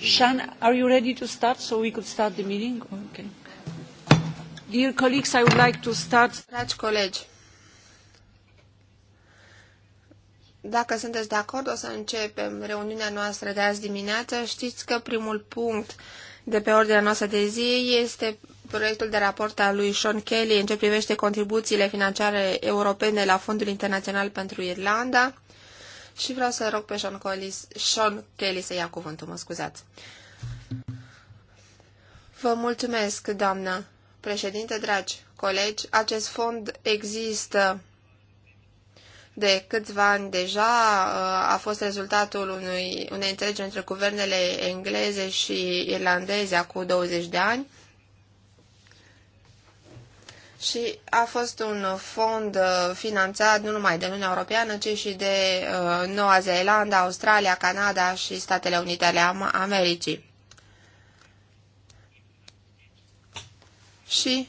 Shan, are you ready to start so we could start the meeting? Okay. Dear colleagues, I would like to start. Dragi colegi, dacă sunteți de acord, o să începem reuniunea noastră de azi dimineață. Știți că primul punct de pe ordinea noastră de zi este proiectul de raport al lui Sean Kelly în ce privește contribuțiile financiare europene la Fondul Internațional pentru Irlanda și vreau să rog pe Sean, Collis, Sean Kelly să ia cuvântul, mă scuzați. Vă mulțumesc, doamnă președinte, dragi colegi. Acest fond există de câțiva ani deja, a fost rezultatul unui, unei înțelegeri între guvernele engleze și irlandeze acum 20 de ani și a fost un fond uh, finanțat nu numai de Uniunea Europeană, ci și de uh, Noua Zeelandă, Australia, Canada și Statele Unite ale Americii. Și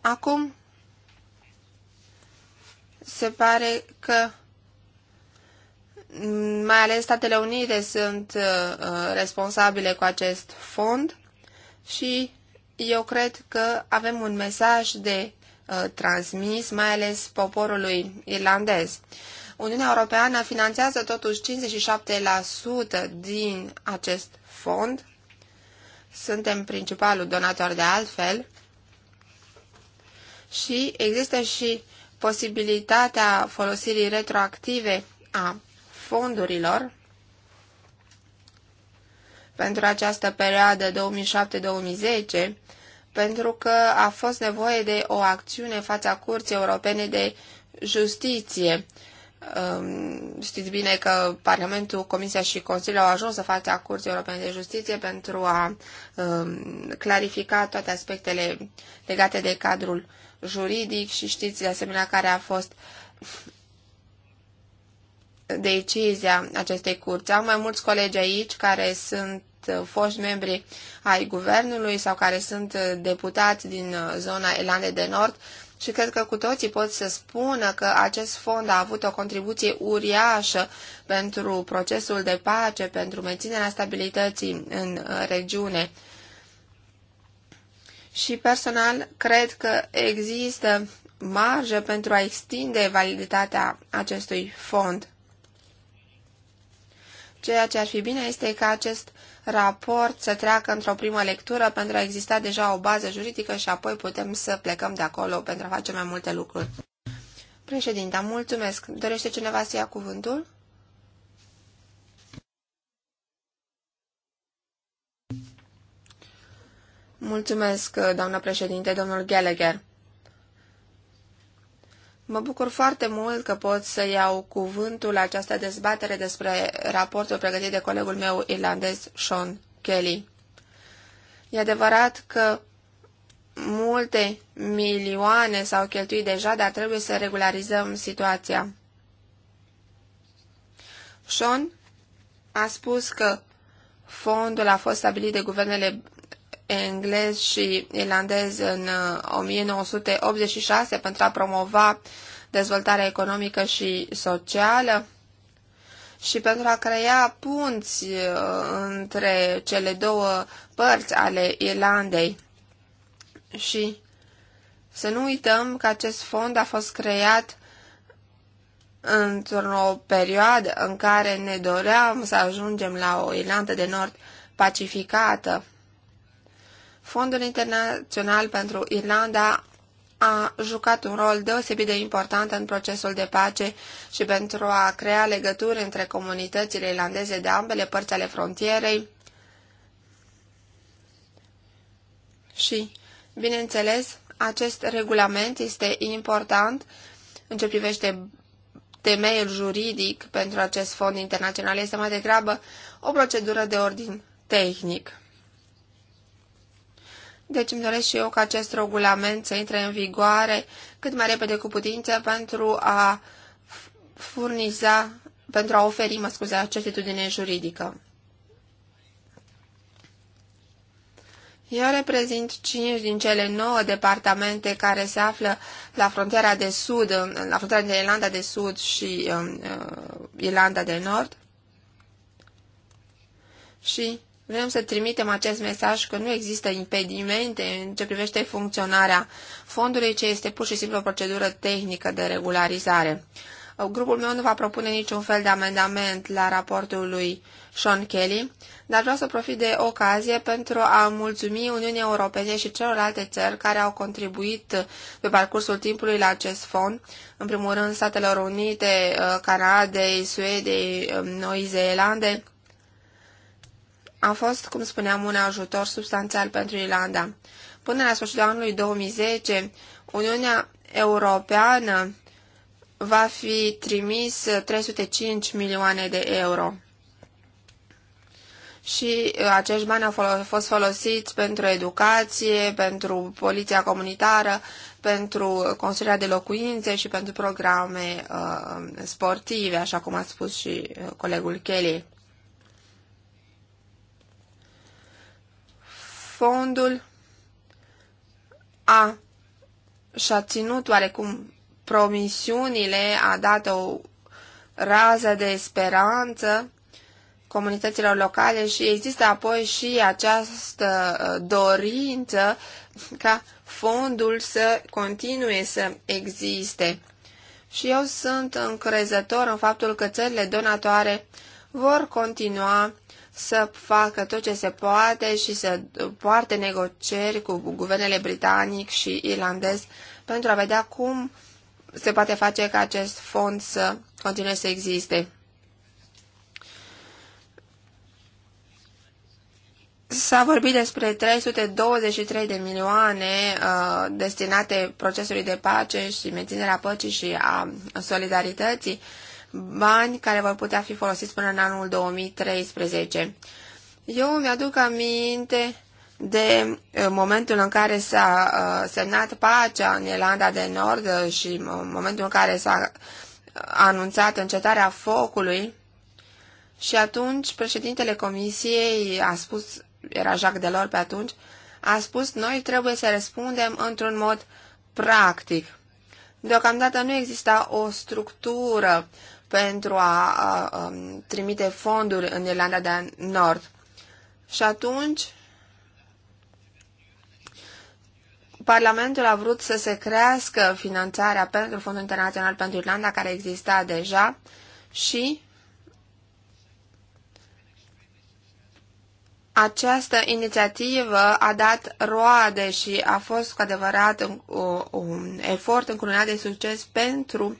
acum se pare că mai ales Statele Unite sunt uh, responsabile cu acest fond și eu cred că avem un mesaj de uh, transmis, mai ales poporului irlandez. Uniunea Europeană finanțează totuși 57% din acest fond. Suntem principalul donator de altfel. Și există și posibilitatea folosirii retroactive a fondurilor pentru această perioadă 2007-2010, pentru că a fost nevoie de o acțiune fața Curții Europene de Justiție. Um, știți bine că Parlamentul, Comisia și Consiliul au ajuns să fața Curții Europene de Justiție pentru a um, clarifica toate aspectele legate de cadrul juridic și știți de asemenea care a fost decizia acestei curți. Am mai mulți colegi aici care sunt uh, foști membri ai guvernului sau care sunt uh, deputați din uh, zona Elande de Nord și cred că cu toții pot să spună că acest fond a avut o contribuție uriașă pentru procesul de pace, pentru menținerea stabilității în regiune. Și personal, cred că există marjă pentru a extinde validitatea acestui fond. Ceea ce ar fi bine este ca acest raport să treacă într-o primă lectură pentru a exista deja o bază juridică și apoi putem să plecăm de acolo pentru a face mai multe lucruri. Președinta, mulțumesc. Dorește cineva să ia cuvântul? Mulțumesc, doamnă președinte, domnul Gallagher. Mă bucur foarte mult că pot să iau cuvântul la această dezbatere despre raportul pregătit de colegul meu irlandez, Sean Kelly. E adevărat că multe milioane s-au cheltuit deja, dar trebuie să regularizăm situația. Sean a spus că fondul a fost stabilit de guvernele englez și irlandez în 1986 uh, pentru a promova dezvoltarea economică și socială și pentru a crea punți uh, între cele două părți ale Irlandei. Și să nu uităm că acest fond a fost creat într-o perioadă în care ne doream să ajungem la o Irlandă de Nord pacificată. Fondul Internațional pentru Irlanda a jucat un rol deosebit de important în procesul de pace și pentru a crea legături între comunitățile irlandeze de ambele părți ale frontierei și, bineînțeles, acest regulament este important în ce privește temeiul juridic pentru acest fond internațional. Este mai degrabă o procedură de ordin tehnic. Deci îmi doresc și eu ca acest regulament să intre în vigoare cât mai repede cu putință pentru a furniza, pentru a oferi, mă scuze, certitudine juridică. Eu reprezint cinci din cele nouă departamente care se află la frontiera de sud, la frontiera de Irlanda de Sud și um, uh, Irlanda de Nord. Și Vrem să trimitem acest mesaj că nu există impedimente în ce privește funcționarea fondului, ce este pur și simplu o procedură tehnică de regularizare. Grupul meu nu va propune niciun fel de amendament la raportul lui Sean Kelly, dar vreau să profit de ocazie pentru a mulțumi Uniunii Europene și celorlalte țări care au contribuit pe parcursul timpului la acest fond, în primul rând Statelor Unite, uh, Canadei, Suediei, uh, Noi Zeelande, a fost, cum spuneam, un ajutor substanțial pentru Irlanda. Până la sfârșitul anului 2010, Uniunea Europeană va fi trimis 305 milioane de euro. Și uh, acești bani au fost folosiți pentru educație, pentru poliția comunitară, pentru construirea de locuințe și pentru programe uh, sportive, așa cum a spus și uh, colegul Kelly. fondul a și-a ținut oarecum promisiunile, a dat o rază de speranță comunităților locale și există apoi și această uh, dorință ca fondul să continue să existe. Și eu sunt încrezător în faptul că țările donatoare vor continua să facă tot ce se poate și să poarte negocieri cu guvernele britanic și irlandez pentru a vedea cum se poate face ca acest fond să continue să existe. S-a vorbit despre 323 de milioane uh, destinate procesului de pace și menținerea păcii și a solidarității. Uh, bani care vor putea fi folosiți până în anul 2013. Eu mi-aduc aminte de uh, momentul în care s-a uh, semnat pacea în Irlanda de Nord uh, și momentul în care s-a anunțat încetarea focului și atunci președintele comisiei a spus, era Jacques Delors pe atunci, a spus noi trebuie să răspundem într-un mod practic. Deocamdată nu exista o structură pentru a, a, a trimite fonduri în Irlanda de Nord. Și atunci Parlamentul a vrut să se crească finanțarea pentru Fondul Internațional pentru Irlanda, care exista deja, și această inițiativă a dat roade și a fost cu adevărat un, un efort încununat de succes pentru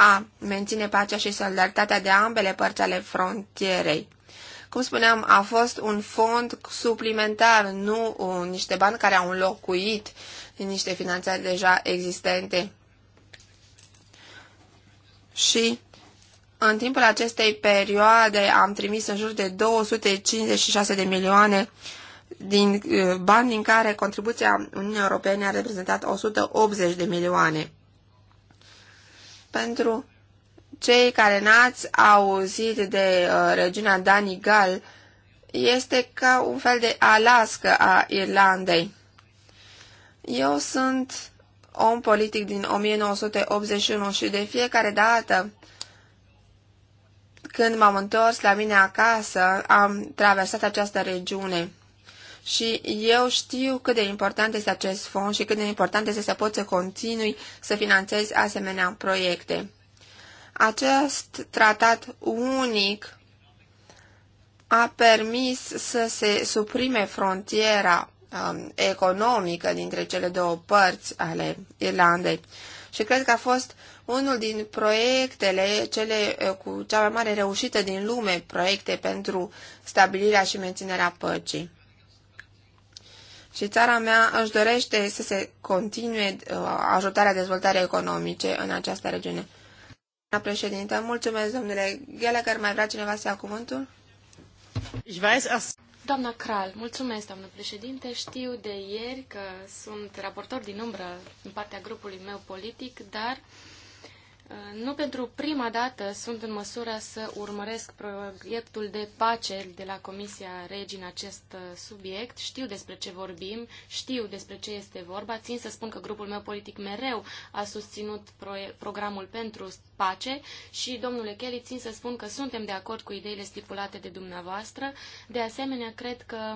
a menține pacea și solidaritatea de ambele părți ale frontierei. Cum spuneam, a fost un fond suplimentar, nu un niște bani care au înlocuit niște finanțări deja existente. Și în timpul acestei perioade am trimis în jur de 256 de milioane din eh, bani din care contribuția Uniunii Europene a reprezentat 180 de milioane pentru cei care n-ați auzit de uh, regiunea Danigal, este ca un fel de Alaska a Irlandei. Eu sunt om politic din 1981 și de fiecare dată când m-am întors la mine acasă, am traversat această regiune. Și eu știu cât de important este acest fond și cât de important este să poți să continui să finanțezi asemenea proiecte. Acest tratat unic a permis să se suprime frontiera um, economică dintre cele două părți ale Irlandei. Și cred că a fost unul din proiectele cele uh, cu cea mai mare reușită din lume, proiecte pentru stabilirea și menținerea păcii. Și țara mea își dorește să se continue uh, ajutarea dezvoltării economice în această regiune. Doamna președintă, mulțumesc, domnule Gallagher. Mai vrea cineva să ia cuvântul? Doamna Kral, mulțumesc, doamnă președinte. Știu de ieri că sunt raportor din umbră în partea grupului meu politic, dar uh, Uh, nu pentru prima dată sunt în măsură să urmăresc proiectul de pace de la Comisia Regi în acest uh, subiect. Știu despre ce vorbim, știu despre ce este vorba. Țin să spun că grupul meu politic mereu a susținut programul pentru pace și, domnule Kelly, țin să spun că suntem de acord cu ideile stipulate de dumneavoastră. De asemenea, cred că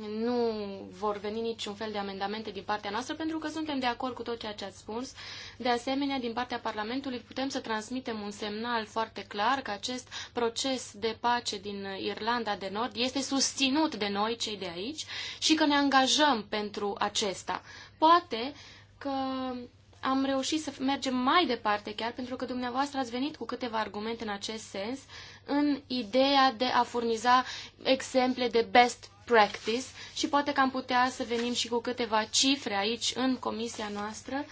nu vor veni niciun fel de amendamente din partea noastră, pentru că suntem de acord cu tot ceea ce ați spus. De asemenea, din partea Parlamentului putem să transmitem un semnal foarte clar că acest proces de pace din Irlanda de Nord este susținut de noi, cei de aici, și că ne angajăm pentru acesta. Poate că am reușit să mergem mai departe chiar, pentru că dumneavoastră ați venit cu câteva argumente în acest sens, în ideea de a furniza exemple de best practice și poate că am putea să venim și cu câteva cifre aici în comisia noastră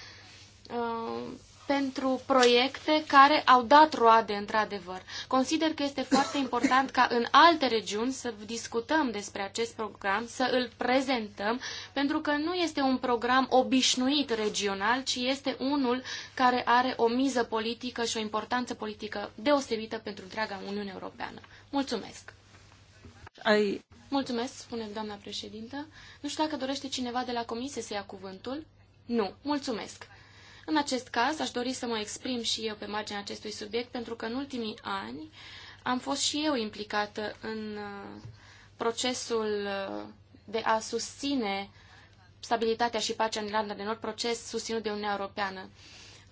uh, pentru proiecte care au dat roade într-adevăr. Consider că este foarte important ca în alte regiuni să discutăm despre acest program, să îl prezentăm, pentru că nu este un program obișnuit regional, ci este unul care are o miză politică și o importanță politică deosebită pentru întreaga Uniune Europeană. Mulțumesc! Mulțumesc, spune doamna președintă. Nu știu dacă dorește cineva de la comisie să ia cuvântul. Nu, mulțumesc. În acest caz, aș dori să mă exprim și eu pe marginea acestui subiect, pentru că în ultimii ani am fost și eu implicată în uh, procesul uh, de a susține stabilitatea și pacea în Irlanda de Nord, proces susținut de Uniunea Europeană.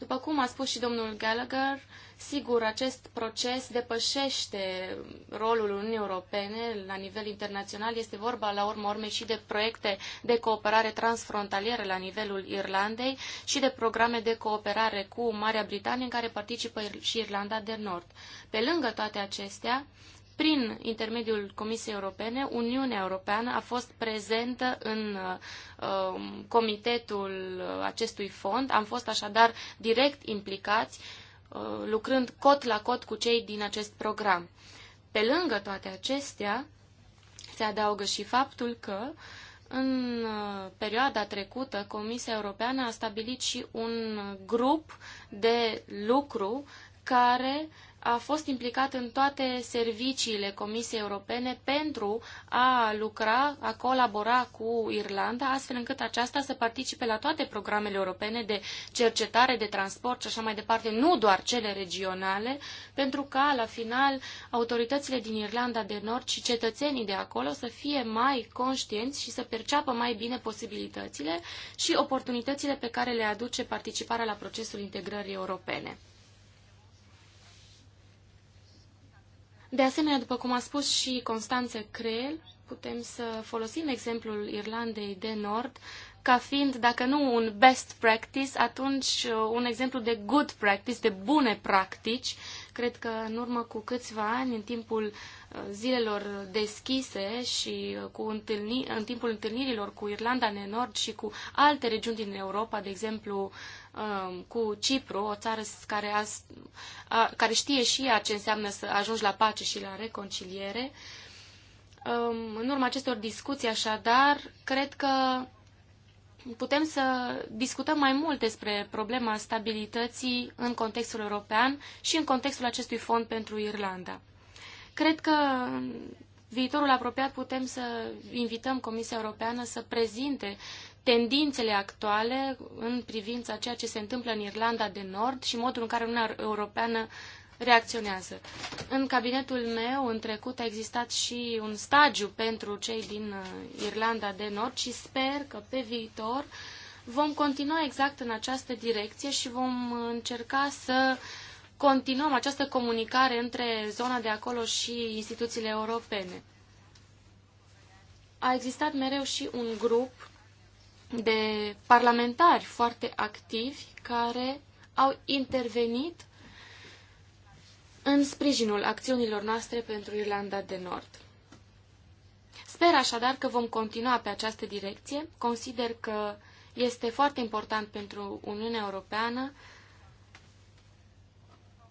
După cum a spus și domnul Gallagher, sigur, acest proces depășește rolul Uniunii Europene la nivel internațional. Este vorba, la urmă urme, și de proiecte de cooperare transfrontalieră la nivelul Irlandei și de programe de cooperare cu Marea Britanie, în care participă și Irlanda de Nord. Pe lângă toate acestea, prin intermediul Comisiei Europene, Uniunea Europeană a fost prezentă în uh, um, comitetul acestui fond. Am fost așadar direct implicați, uh, lucrând cot la cot cu cei din acest program. Pe lângă toate acestea, se adaugă și faptul că în uh, perioada trecută, Comisia Europeană a stabilit și un grup de lucru care uh, a fost implicat în toate serviciile Comisiei Europene pentru a lucra, a colabora cu Irlanda, astfel încât aceasta să participe la toate programele europene de cercetare, de transport și așa mai departe, nu doar cele regionale, pentru ca, la final, autoritățile din Irlanda de Nord și cetățenii de acolo să fie mai conștienți și să perceapă mai bine posibilitățile și oportunitățile pe care le aduce participarea la procesul integrării europene. De asemenea, după cum a spus și Constanță Creel, putem să folosim exemplul Irlandei de Nord ca fiind, dacă nu un best practice, atunci uh, un exemplu de good practice, de bune practici. Cred că în urmă cu câțiva ani, în timpul uh, zilelor deschise și uh, cu întâlni, în timpul întâlnirilor cu Irlanda de Nord și cu alte regiuni din Europa, de exemplu Um, cu Cipru, o țară care, a, a, care știe și ea ce înseamnă să ajungi la pace și la reconciliere. Um, în urma acestor discuții, așadar, cred că putem să discutăm mai mult despre problema stabilității în contextul european și în contextul acestui fond pentru Irlanda. Cred că viitorul apropiat putem să invităm Comisia Europeană să prezinte tendințele actuale în privința ceea ce se întâmplă în Irlanda de Nord și modul în care Uniunea Europeană reacționează. În cabinetul meu, în trecut, a existat și un stagiu pentru cei din uh, Irlanda de Nord și sper că pe viitor vom continua exact în această direcție și vom uh, încerca să continuăm această comunicare între zona de acolo și instituțiile europene. A existat mereu și un grup de parlamentari foarte activi care au intervenit în sprijinul acțiunilor noastre pentru Irlanda de Nord. Sper așadar că vom continua pe această direcție. Consider că este foarte important pentru Uniunea Europeană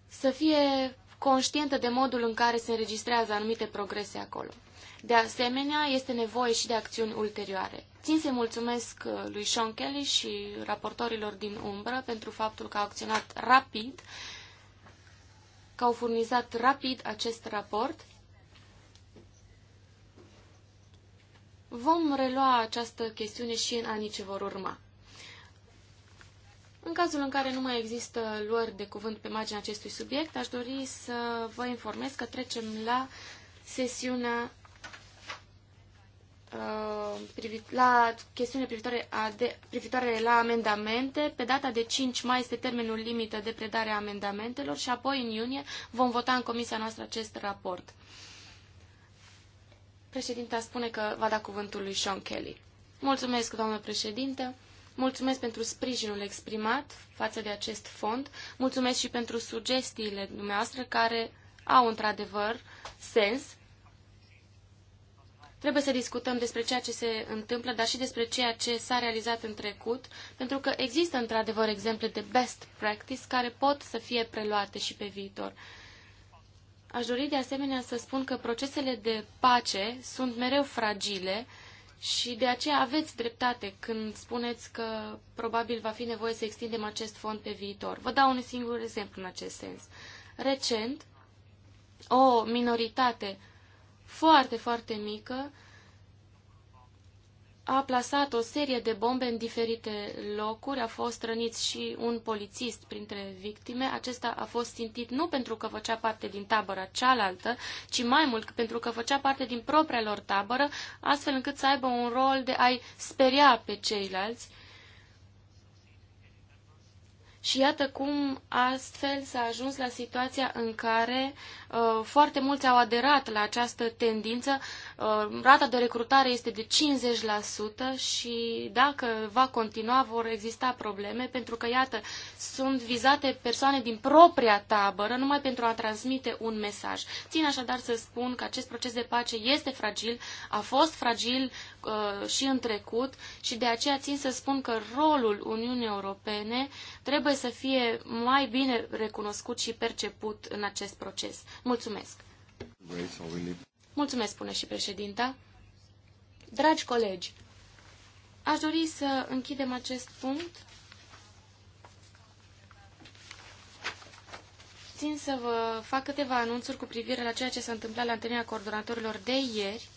să fie conștientă de modul în care se înregistrează anumite progrese acolo. De asemenea, este nevoie și de acțiuni ulterioare. Țin să-i mulțumesc uh, lui Sean Kelly și raportorilor din umbră pentru faptul că au acționat rapid, că au furnizat rapid acest raport. Vom relua această chestiune și în anii ce vor urma. În cazul în care nu mai există luări de cuvânt pe marginea acestui subiect, aș dori să vă informez că trecem la sesiunea Uh, la chestiune privitoare, de, privitoare la amendamente. Pe data de 5 mai este termenul limită de predare a amendamentelor și apoi în iunie vom vota în comisia noastră acest raport. Președinta spune că va da cuvântul lui Sean Kelly. Mulțumesc, doamnă președinte. Mulțumesc pentru sprijinul exprimat față de acest fond. Mulțumesc și pentru sugestiile dumneavoastră care au într-adevăr sens Trebuie să discutăm despre ceea ce se întâmplă, dar și despre ceea ce s-a realizat în trecut, pentru că există într-adevăr exemple de best practice care pot să fie preluate și pe viitor. Aș dori de asemenea să spun că procesele de pace sunt mereu fragile și de aceea aveți dreptate când spuneți că probabil va fi nevoie să extindem acest fond pe viitor. Vă dau un singur exemplu în acest sens. Recent, o minoritate foarte, foarte mică a plasat o serie de bombe în diferite locuri. A fost rănit și un polițist printre victime. Acesta a fost simțit nu pentru că făcea parte din tabăra cealaltă, ci mai mult pentru că făcea parte din propria lor tabără, astfel încât să aibă un rol de a-i speria pe ceilalți. Și iată cum astfel s-a ajuns la situația în care Uh, foarte mulți au aderat la această tendință. Uh, rata de recrutare este de 50% și dacă va continua vor exista probleme pentru că, iată, sunt vizate persoane din propria tabără numai pentru a transmite un mesaj. Țin așadar să spun că acest proces de pace este fragil, a fost fragil uh, și în trecut și de aceea țin să spun că rolul Uniunii Europene trebuie să fie mai bine recunoscut și perceput în acest proces. Mulțumesc! Mulțumesc, spune și președinta. Dragi colegi, aș dori să închidem acest punct. Țin să vă fac câteva anunțuri cu privire la ceea ce s-a întâmplat la întâlnirea coordonatorilor de ieri.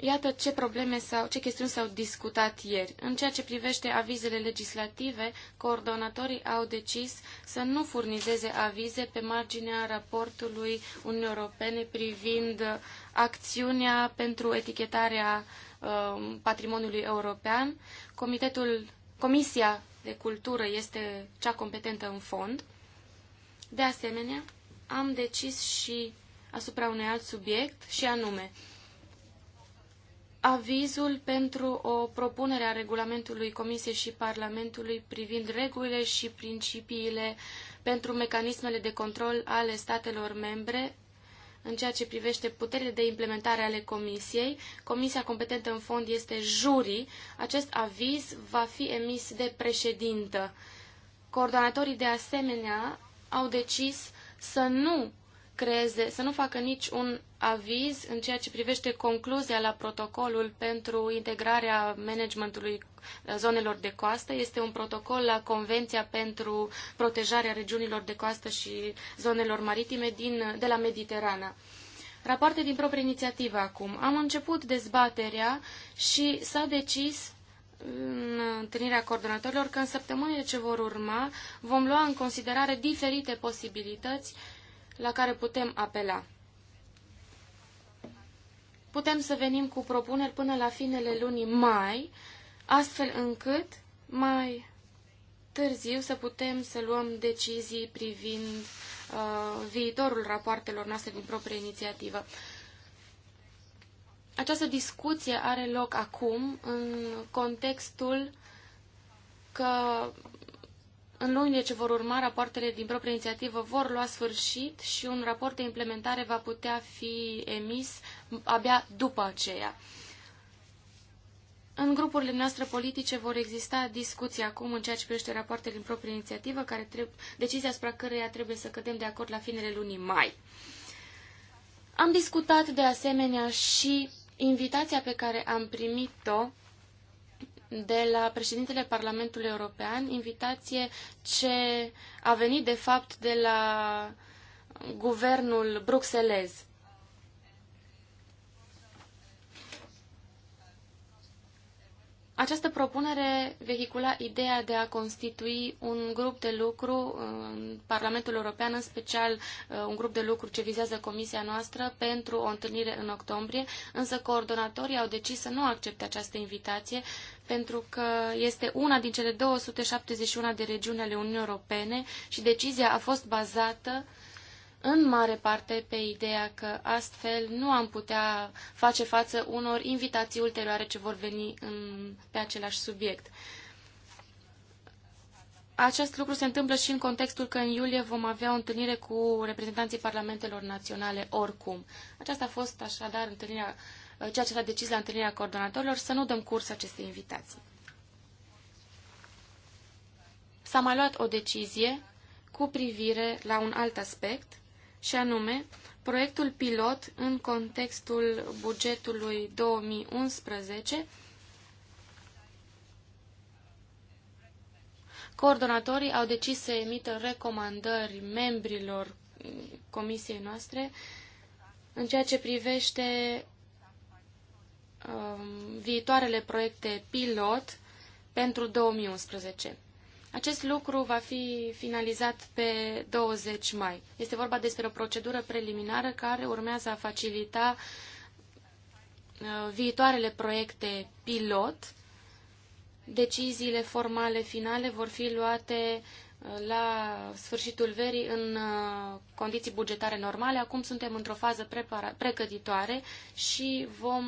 Iată ce probleme sau ce chestiuni s-au discutat ieri. În ceea ce privește avizele legislative, coordonatorii au decis să nu furnizeze avize pe marginea raportului Uniunii Europene privind acțiunea pentru etichetarea um, patrimoniului european. Comitetul, Comisia de Cultură este cea competentă în fond. De asemenea, am decis și asupra unui alt subiect și anume avizul pentru o propunere a regulamentului Comisiei și Parlamentului privind regulile și principiile pentru mecanismele de control ale statelor membre în ceea ce privește puterile de implementare ale Comisiei. Comisia competentă în fond este Juri. Acest aviz va fi emis de președintă. Coordonatorii de asemenea au decis să nu creeze, să nu facă nici un aviz în ceea ce privește concluzia la protocolul pentru integrarea managementului uh, zonelor de coastă. Este un protocol la Convenția pentru protejarea regiunilor de coastă și zonelor maritime din, de la Mediterana. Rapoarte din proprie inițiativă acum. Am început dezbaterea și s-a decis în întâlnirea coordonatorilor că în săptămânile ce vor urma vom lua în considerare diferite posibilități la care putem apela. Putem să venim cu propuneri până la finele lunii mai, astfel încât mai târziu să putem să luăm decizii privind uh, viitorul rapoartelor noastre din proprie inițiativă. Această discuție are loc acum în contextul că în lunile ce vor urma, rapoartele din proprie inițiativă vor lua sfârșit și un raport de implementare va putea fi emis abia după aceea. În grupurile noastre politice vor exista discuții acum în ceea ce privește rapoartele din proprie inițiativă, care trebuie, decizia asupra căreia trebuie să cădem de acord la finele lunii mai. Am discutat de asemenea și invitația pe care am primit-o de la președintele Parlamentului European, invitație ce a venit de fapt de la guvernul bruxelez. Această propunere vehicula ideea de a constitui un grup de lucru în Parlamentul European, în special uh, un grup de lucru ce vizează comisia noastră pentru o întâlnire în octombrie, însă coordonatorii au decis să nu accepte această invitație pentru că este una din cele 271 de regiuni ale Uniunii Europene și decizia a fost bazată uh, în mare parte pe ideea că astfel nu am putea face față unor invitații ulterioare ce vor veni în, pe același subiect. Acest lucru se întâmplă și în contextul că în iulie vom avea o întâlnire cu reprezentanții parlamentelor naționale oricum. Aceasta a fost așadar întâlnirea, ceea ce s-a decis la întâlnirea coordonatorilor, să nu dăm curs acestei invitații. S-a mai luat o decizie cu privire la un alt aspect – și anume proiectul pilot în contextul bugetului 2011 Coordonatorii au decis să emită recomandări membrilor comisiei noastre în ceea ce privește um, viitoarele proiecte pilot pentru 2011. Acest lucru va fi finalizat pe 20 mai. Este vorba despre o procedură preliminară care urmează a facilita uh, viitoarele proiecte pilot. Deciziile formale finale vor fi luate uh, la sfârșitul verii în uh, condiții bugetare normale. Acum suntem într-o fază pregătitoare și vom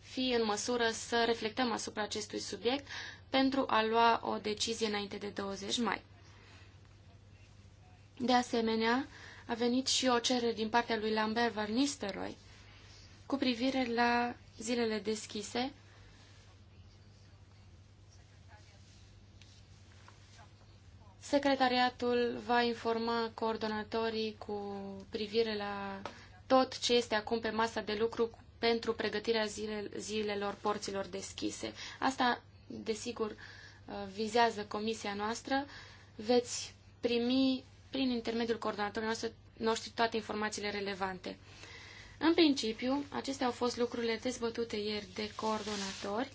fi în măsură să reflectăm asupra acestui subiect pentru a lua o decizie înainte de 20 mai. De asemenea, a venit și o cerere din partea lui Lambert Van Nistelrooy cu privire la zilele deschise Secretariatul va informa coordonatorii cu privire la tot ce este acum pe masa de lucru pentru pregătirea zile, zilelor porților deschise. Asta desigur, uh, vizează comisia noastră, veți primi prin intermediul coordonatorilor noștri toate informațiile relevante. În principiu, acestea au fost lucrurile dezbătute ieri de coordonatori.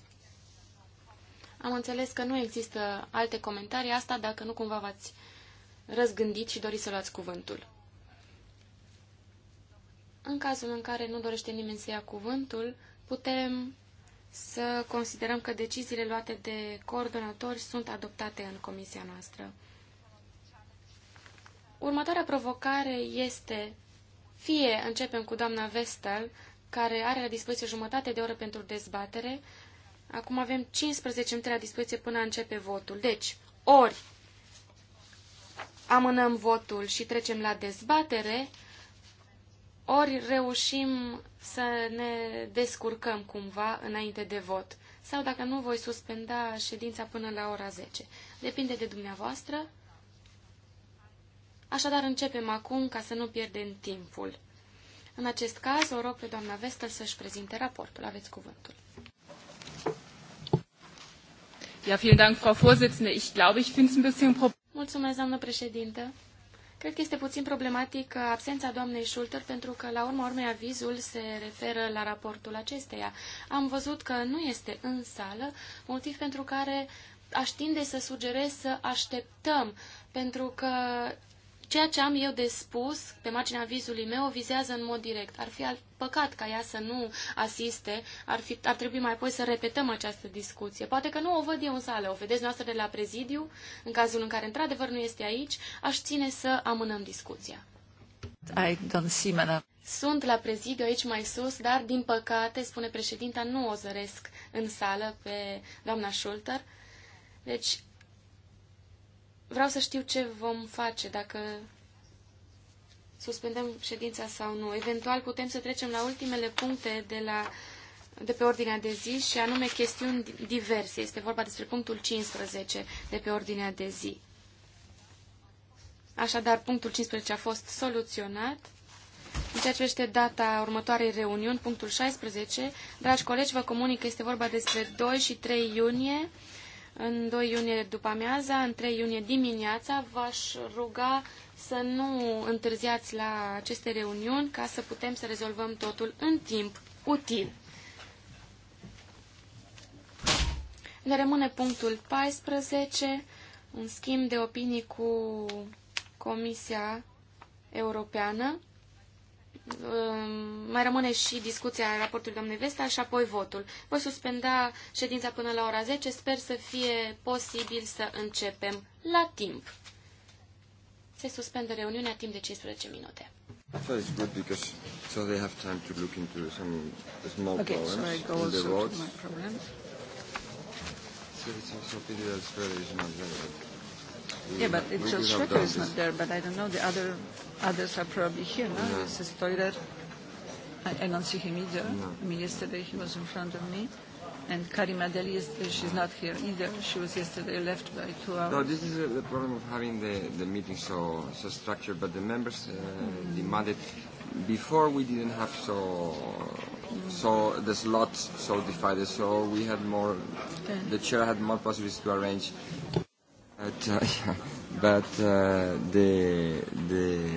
Am înțeles că nu există alte comentarii, asta dacă nu cumva v-ați răzgândit și doriți să luați cuvântul. În cazul în care nu dorește nimeni să ia cuvântul, putem să considerăm că deciziile luate de coordonatori sunt adoptate în comisia noastră. Următoarea provocare este fie începem cu doamna Vestel, care are la dispoziție jumătate de oră pentru dezbatere. Acum avem 15 minute la dispoziție până începe votul. Deci, ori amânăm votul și trecem la dezbatere, ori reușim să ne descurcăm cumva înainte de vot, sau dacă nu, voi suspenda ședința până la ora 10. Depinde de dumneavoastră. Așadar, începem acum ca să nu pierdem timpul. În acest caz, o rog pe doamna Vestel să-și prezinte raportul. Aveți cuvântul. Ja, vielen Dank, Frau Vorsitzende. Ich glaube, ich finde es ein bisschen... Mulțumesc, doamnă președintă. Cred că este puțin problematică absența doamnei Schulter, pentru că, la urma urmei, avizul se referă la raportul acesteia. Am văzut că nu este în sală, motiv pentru care aș tinde să sugerez să așteptăm, pentru că Ceea ce am eu de spus pe marginea vizului meu o vizează în mod direct. Ar fi păcat ca ea să nu asiste, ar, fi, ar trebui mai apoi să repetăm această discuție. Poate că nu o văd eu în sală, o vedeți noastră de la prezidiu, în cazul în care într-adevăr nu este aici, aș ține să amânăm discuția. I don't see, Sunt la prezidiu aici mai sus, dar din păcate, spune președinta, nu o zăresc în sală pe doamna Schulter. Deci Vreau să știu ce vom face, dacă suspendăm ședința sau nu. Eventual putem să trecem la ultimele puncte de, la, de pe ordinea de zi și anume chestiuni diverse. Este vorba despre punctul 15 de pe ordinea de zi. Așadar, punctul 15 a fost soluționat. În ceea ce este data următoarei reuniuni, punctul 16, dragi colegi, vă comunic că este vorba despre 2 și 3 iunie în 2 iunie după amiaza, în 3 iunie dimineața, v-aș ruga să nu întârziați la aceste reuniuni ca să putem să rezolvăm totul în timp util. Ne rămâne punctul 14, un schimb de opinii cu Comisia Europeană mai rămâne și discuția raportului doamnei Vesta și apoi votul. Voi suspenda ședința până la ora 10. Sper să fie posibil să începem la timp. Se suspendă reuniunea timp de 15 minute. So it's good because so they have time to look into some small okay, problems so in the roads. So it's also pity that is not there. But yeah, but it's Australia is not there, but I don't know the other Others are probably here, no? no. This is Toiler. I, I don't see him either. No. I mean, yesterday he was in front of me. And Karima Deli, is, she's not here either. She was yesterday left by two hours. No, this is uh, the problem of having the, the meeting so, so structured, but the members uh, mm. demanded. Before we didn't have so so the slots so divided, so we had more, okay. the chair had more possibilities to arrange. But, uh, yeah but uh, the the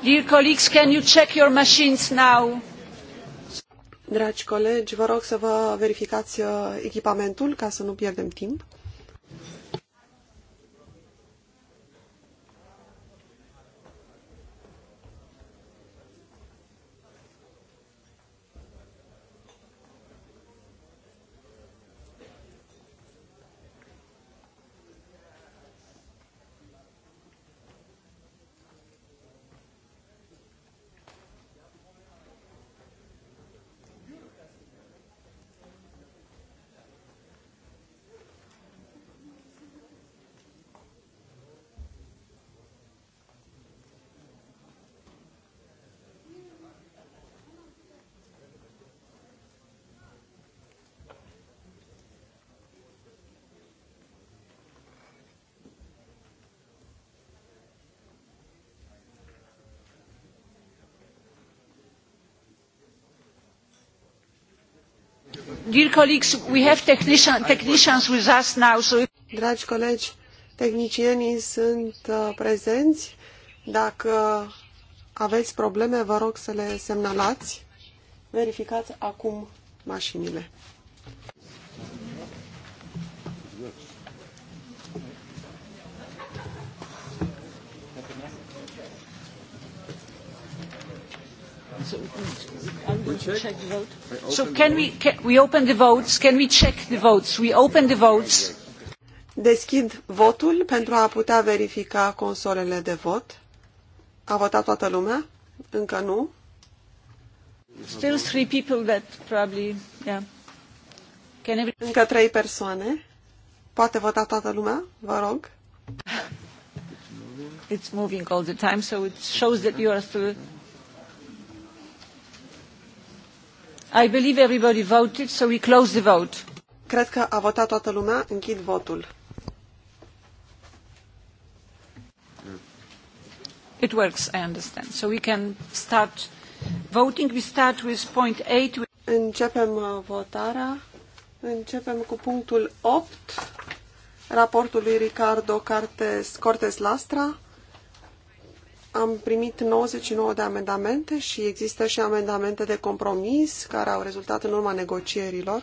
Dear colleagues, can you check your machines now? Dragi colegi, vă rog să vă verificați uh, echipamentul ca să nu pierdem timp. Dear colleagues, we have technicians with us now, so... Dragi colegi, tehnicienii sunt uh, prezenți. Dacă aveți probleme, vă rog să le semnalați. Verificați acum mașinile. So, So can we, we open the votes? Can we check the votes? We open the votes. Deschid votul pentru a putea verifica consolele de vot. A votat toată lumea? Încă nu. Still three people that probably, yeah. Can every... Încă trei persoane. Poate vota toată lumea, vă rog. It's moving all the time, so it shows that you are still I believe everybody voted, so we close the vote. Cred că a votat toată lumea. Închid votul. It works, I understand. So we can start voting. We start with Începem uh, votarea. Începem cu punctul 8 raportului Ricardo Cortes Lastra am primit 99 de amendamente și există și amendamente de compromis care au rezultat în urma negocierilor.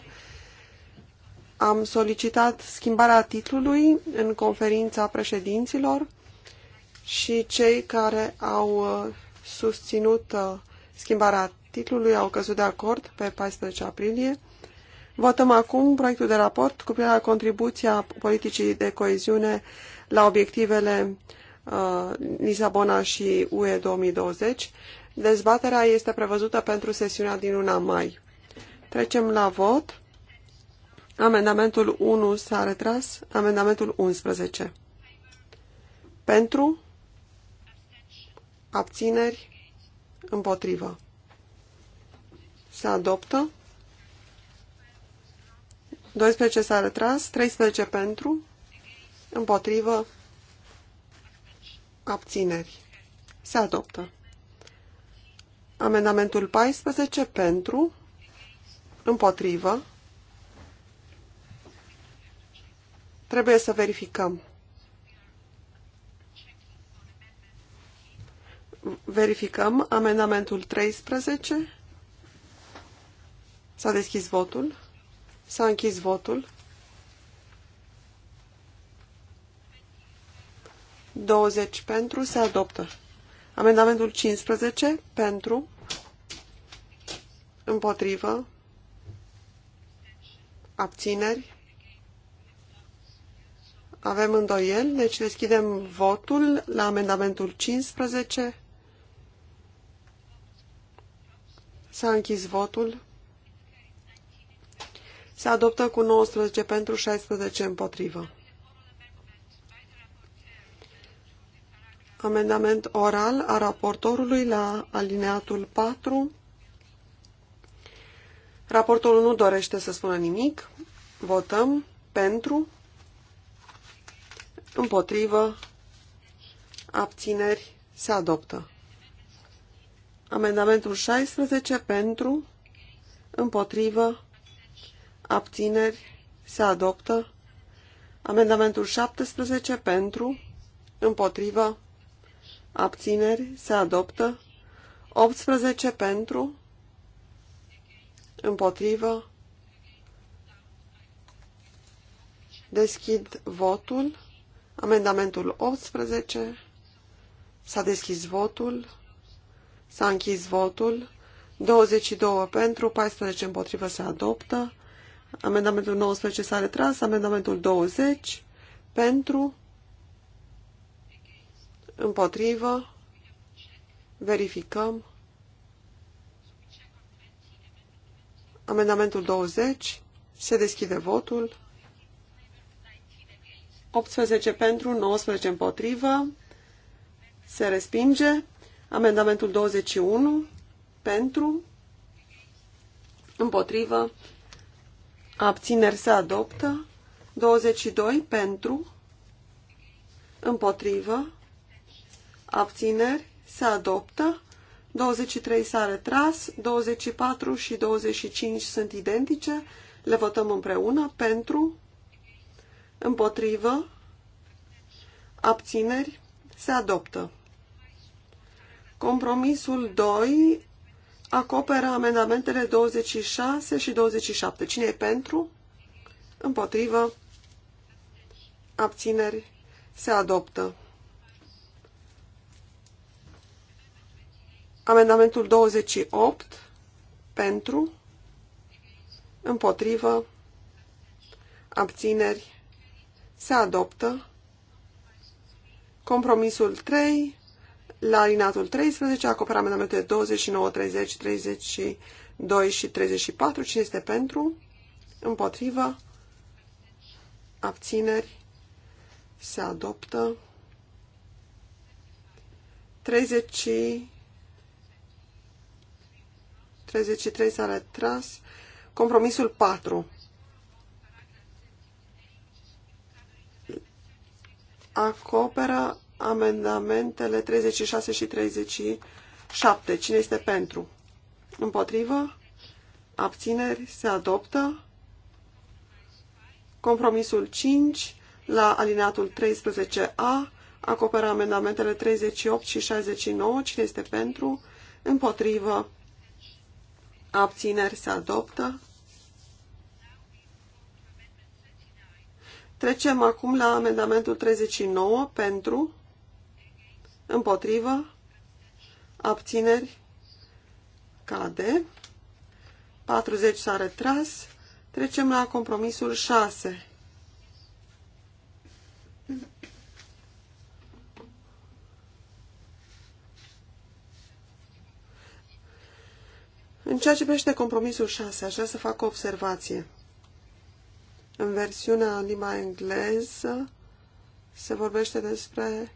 Am solicitat schimbarea titlului în conferința președinților și cei care au uh, susținut uh, schimbarea titlului au căzut de acord pe 14 aprilie. Votăm acum proiectul de raport cu privire la contribuția politicii de coeziune la obiectivele Uh, Lisabona și UE 2020. Dezbaterea este prevăzută pentru sesiunea din luna mai. Trecem la vot. Amendamentul 1 s-a retras. Amendamentul 11. Pentru. Abțineri. Împotrivă. Se adoptă. 12 s-a retras. 13 pentru. Împotrivă abțineri, se adoptă. Amendamentul 14 pentru, împotrivă, trebuie să verificăm. Verificăm amendamentul 13. S-a deschis votul. S-a închis votul. 20 pentru, se adoptă. Amendamentul 15 pentru, împotrivă, abțineri. Avem îndoieli, deci deschidem votul la amendamentul 15. S-a închis votul. Se adoptă cu 19 pentru, 16 împotrivă. amendament oral a raportorului la alineatul 4. Raportorul nu dorește să spună nimic. Votăm pentru, împotrivă, abțineri, se adoptă. Amendamentul 16 pentru, împotrivă, abțineri, se adoptă. Amendamentul 17 pentru, împotrivă, abțineri, se adoptă. 18 pentru, împotrivă, deschid votul. Amendamentul 18, s-a deschis votul, s-a închis votul. 22 pentru, 14 împotrivă se adoptă. Amendamentul 19 s-a retras, amendamentul 20 pentru, împotrivă, verificăm. Amendamentul 20, se deschide votul. 18 pentru, 19 împotrivă, se respinge. Amendamentul 21, pentru, împotrivă, abțineri se adoptă. 22 pentru, împotrivă, abțineri, se adoptă. 23 s-a retras, 24 și 25 sunt identice, le votăm împreună, pentru, împotrivă, abțineri, se adoptă. Compromisul 2 acoperă amendamentele 26 și 27. Cine e pentru? Împotrivă, abțineri, se adoptă. Amendamentul 28 pentru, împotrivă, abțineri, se adoptă. Compromisul 3, la alinatul 13, acoperă amendamentele 29, 30, 32 și 34. Cine este pentru? Împotrivă, abțineri, se adoptă. 30 173 s-a retras. Compromisul 4. Acoperă amendamentele 36 și 37. Cine este pentru? Împotrivă? Abțineri? Se adoptă? Compromisul 5 la alineatul 13A acoperă amendamentele 38 și 69. Cine este pentru? Împotrivă? abțineri se adoptă. Trecem acum la amendamentul 39 pentru, împotrivă, abțineri, cade, 40 s-a retras, trecem la compromisul 6 În ceea ce privește compromisul 6, aș vrea să fac o observație. În versiunea în limba engleză se vorbește despre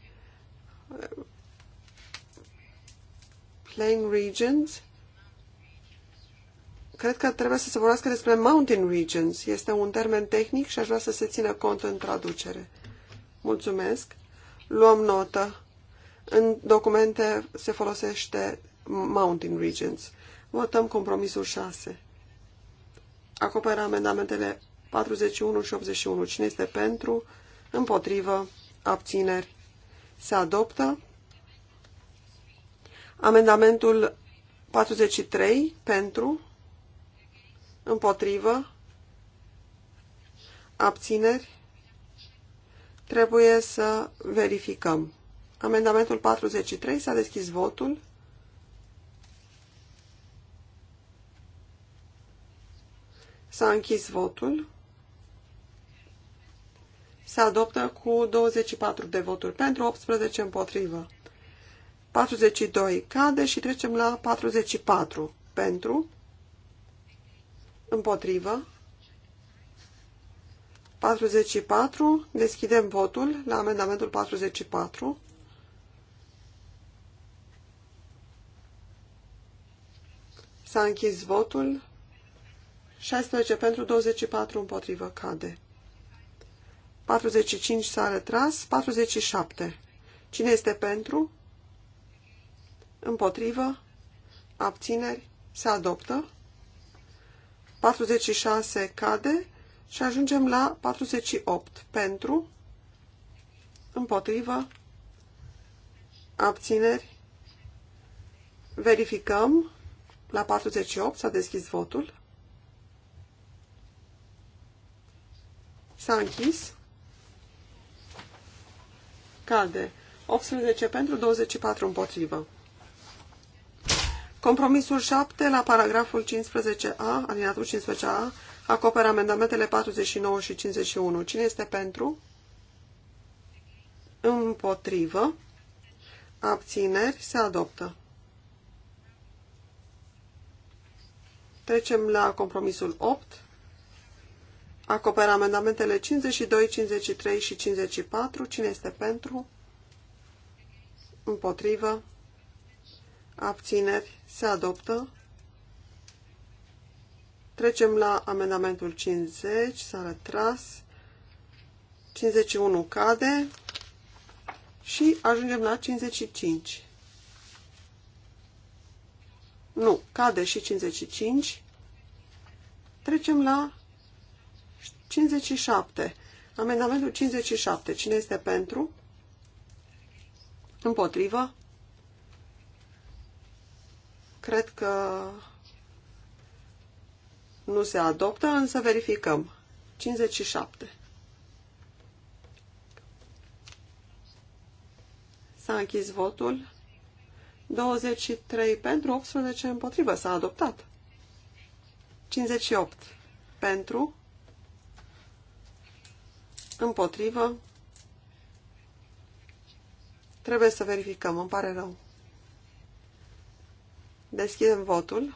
uh, plain regions. Cred că trebuie să se vorbească despre mountain regions. Este un termen tehnic și aș vrea să se țină cont în traducere. Mulțumesc. Luăm notă. În documente se folosește mountain regions. Votăm compromisul 6. Acoperă amendamentele 41 și 81. Cine este pentru? Împotrivă? Abțineri? Se adoptă. Amendamentul 43 pentru, împotrivă, abțineri, trebuie să verificăm. Amendamentul 43 s-a deschis votul. S-a închis votul. Se adoptă cu 24 de voturi pentru, 18 împotrivă. 42 cade și trecem la 44 pentru, împotrivă. 44, deschidem votul la amendamentul 44. S-a închis votul. 16 pentru 24 împotrivă cade. 45 s-a retras. 47. Cine este pentru? Împotrivă. Abțineri. Se adoptă. 46 cade. Și ajungem la 48. Pentru. Împotrivă. Abțineri. Verificăm. La 48 s-a deschis votul. S-a închis. Cade. 18 pentru, 24 împotrivă. Compromisul 7 la paragraful 15a, alineatul 15a, acoperă amendamentele 49 și 51. Cine este pentru? Împotrivă. Abțineri. Se adoptă. Trecem la compromisul 8 acoperă amendamentele 52, 53 și 54. Cine este pentru? Împotrivă? Abțineri? Se adoptă. Trecem la amendamentul 50. S-a retras. 51 cade. Și ajungem la 55. Nu, cade și 55. Trecem la 57. Amendamentul 57. Cine este pentru? Împotrivă? Cred că nu se adoptă, însă verificăm. 57. S-a închis votul. 23 pentru, 18 împotrivă. S-a adoptat. 58 pentru, împotrivă, trebuie să verificăm, îmi pare rău. Deschidem votul.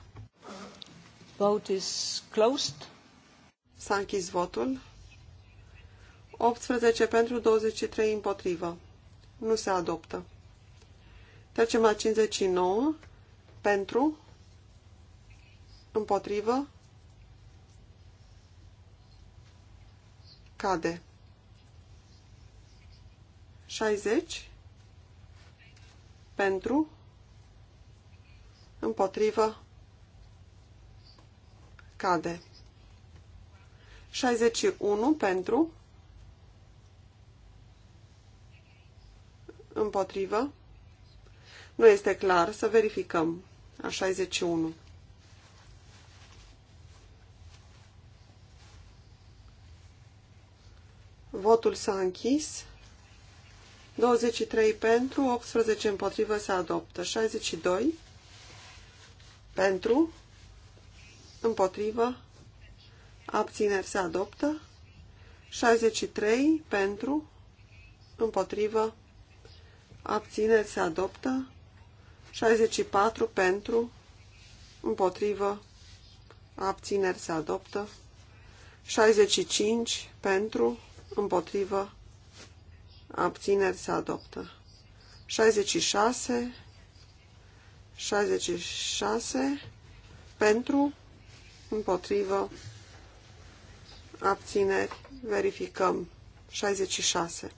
Vote is closed. S-a închis votul. 18 pentru, 23 împotrivă. Nu se adoptă. Trecem la 59 pentru, împotrivă, cade. 60 pentru, împotrivă, cade. 61 pentru, împotrivă, nu este clar, să verificăm. A 61. Votul s-a închis. 23 pentru, 18 împotrivă se adoptă. 62 pentru, împotrivă, abțineri se adoptă. 63 pentru, împotrivă, abțineri se adoptă. 64 pentru, împotrivă, abțineri se adoptă. 65 pentru, împotrivă, abțineri se adoptă. 66, 66, pentru, împotrivă, abțineri, verificăm, 66.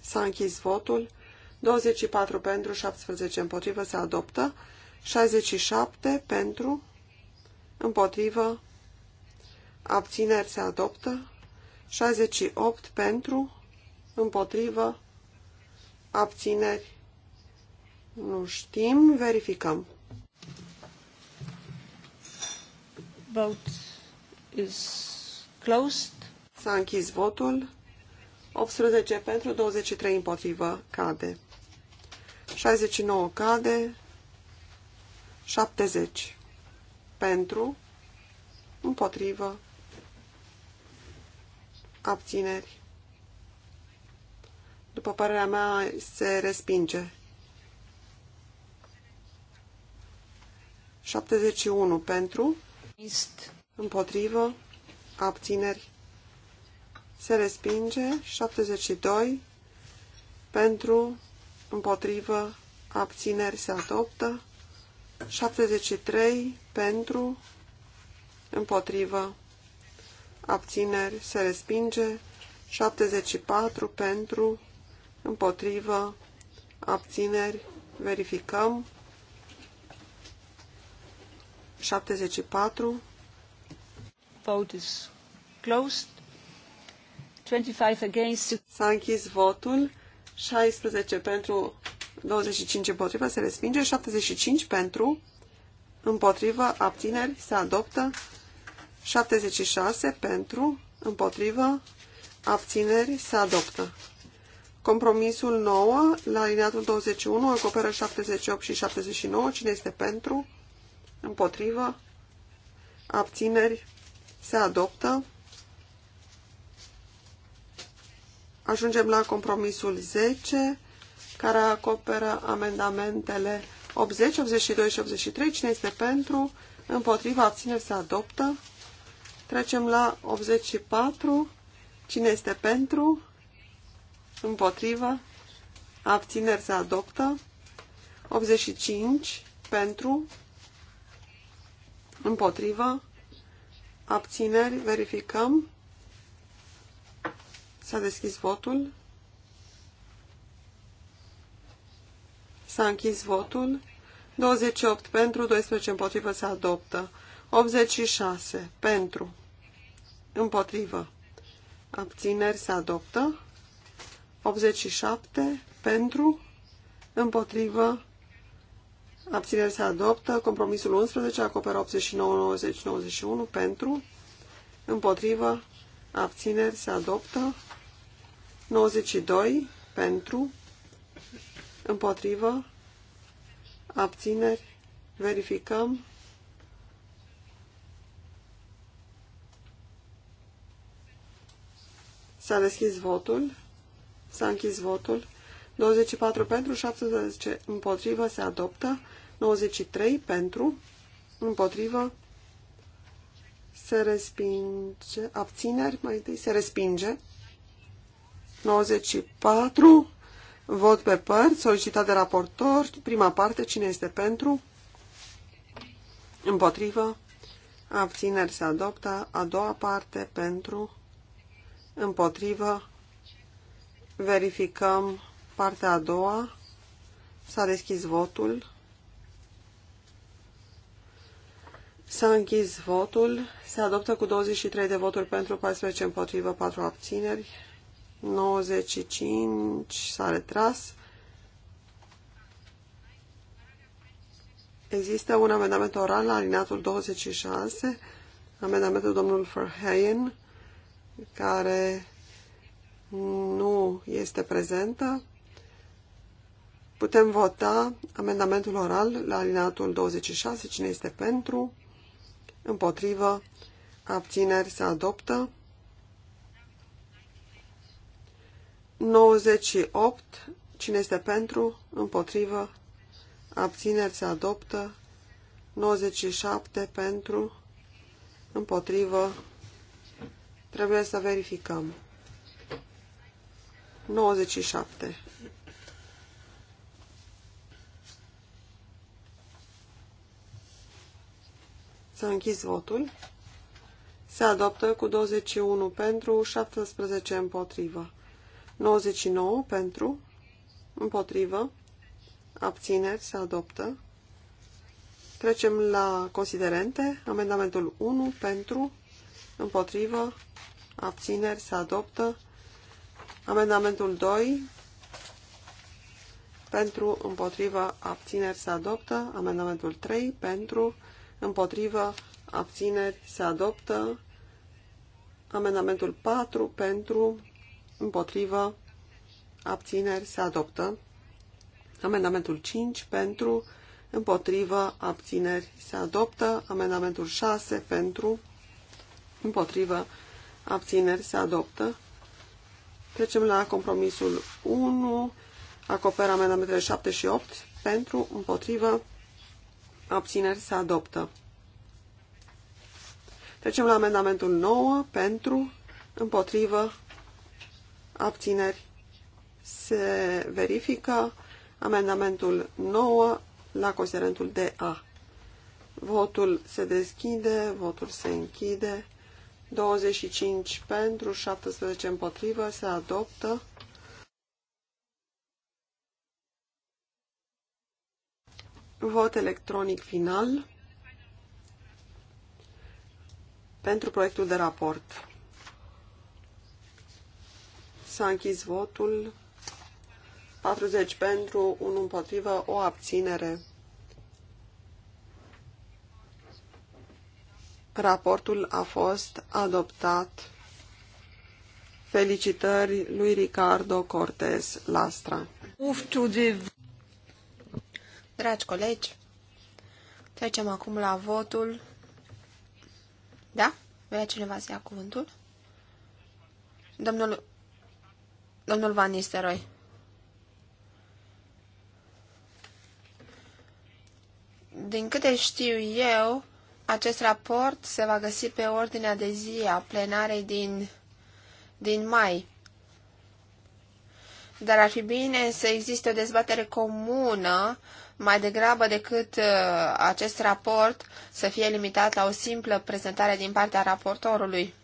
S-a închis votul, 24 pentru, 17 împotrivă, se adoptă, 67 pentru, împotrivă, abțineri se adoptă, 68 pentru, împotrivă, abțineri, nu știm, verificăm. Vote is closed. S-a închis votul. 18 pentru, 23 împotrivă, cade. 69 cade, 70 pentru, împotrivă, abțineri. După părerea mea, se respinge. 71 pentru, Ist. împotrivă, abțineri. Se respinge. 72 pentru, împotrivă, abțineri se adoptă. 73 pentru, împotrivă, abțineri, se respinge. 74 pentru, împotrivă, abțineri, verificăm. 74. Vote is closed. 25 against. S-a închis votul. 16 pentru, 25 împotrivă, se respinge. 75 pentru, împotrivă, abțineri, se adoptă. 76 pentru, împotrivă, abțineri, se adoptă. Compromisul 9, la alineatul 21, acoperă 78 și 79. Cine este pentru? Împotrivă? Abțineri? Se adoptă. Ajungem la compromisul 10, care acoperă amendamentele 80, 82 și 83. Cine este pentru? Împotrivă? Abțineri? Se adoptă. Trecem la 84. Cine este pentru? Împotrivă. Abțineri se adoptă. 85. Pentru. Împotrivă. Abțineri. Verificăm. S-a deschis votul. S-a închis votul. 28 pentru, 12 împotrivă se adoptă. 86. Pentru. Împotrivă. Abțineri se adoptă. 87. Pentru. Împotrivă. Abțineri se adoptă. Compromisul 11 acoperă 89, 90, 91. Pentru. Împotrivă. Abțineri se adoptă. 92. Pentru. Împotrivă. Abțineri. Verificăm. S-a deschis votul. S-a închis votul. 24 pentru, 17 împotrivă, se adoptă. 93 pentru, împotrivă, se respinge. Abțineri, mai întâi, se respinge. 94, vot pe părți, solicitat de raportor. Prima parte, cine este pentru? Împotrivă. Abțineri se adoptă. A doua parte, pentru împotrivă, verificăm partea a doua, s-a deschis votul, s-a închis votul, se adoptă cu 23 de voturi pentru, 14 împotrivă, 4 abțineri, 95 s-a retras, Există un amendament oral la alineatul 26, amendamentul domnului Verheyen, care nu este prezentă, putem vota amendamentul oral la alineatul 26, cine este pentru, împotrivă, abțineri se adoptă. 98, cine este pentru, împotrivă, abțineri se adoptă. 97 pentru, împotrivă, Trebuie să verificăm. 97. S-a închis votul. Se adoptă cu 21 pentru, 17 împotrivă. 99 pentru, împotrivă, abțineri, se adoptă. Trecem la considerente. Amendamentul 1 pentru, împotrivă, abțineri, se adoptă. Amendamentul 2, pentru, împotrivă, abțineri, se adoptă. Amendamentul 3, pentru, împotrivă, abțineri, se adoptă. Amendamentul 4, pentru, împotrivă, abțineri, se adoptă. Amendamentul 5, pentru, împotrivă, abțineri, se adoptă. Amendamentul 6, pentru, împotrivă, abțineri se adoptă. Trecem la compromisul 1, acoperă amendamentele 7 și 8, pentru, împotrivă, abțineri se adoptă. Trecem la amendamentul 9, pentru, împotrivă, abțineri se verifică amendamentul 9 la considerentul DA. Votul se deschide, votul se închide, 25 pentru, 17 împotrivă, se adoptă. Vot electronic final pentru proiectul de raport. S-a închis votul. 40 pentru, 1 împotrivă, o abținere. Raportul a fost adoptat. Felicitări lui Ricardo Cortez Lastra. Dragi colegi, trecem acum la votul. Da? Vrea cineva să ia cuvântul? Domnul, domnul Van Nisteroi. Din câte știu eu, acest raport se va găsi pe ordinea de zi a plenarei din, din mai. Dar ar fi bine să existe o dezbatere comună mai degrabă decât uh, acest raport să fie limitat la o simplă prezentare din partea raportorului.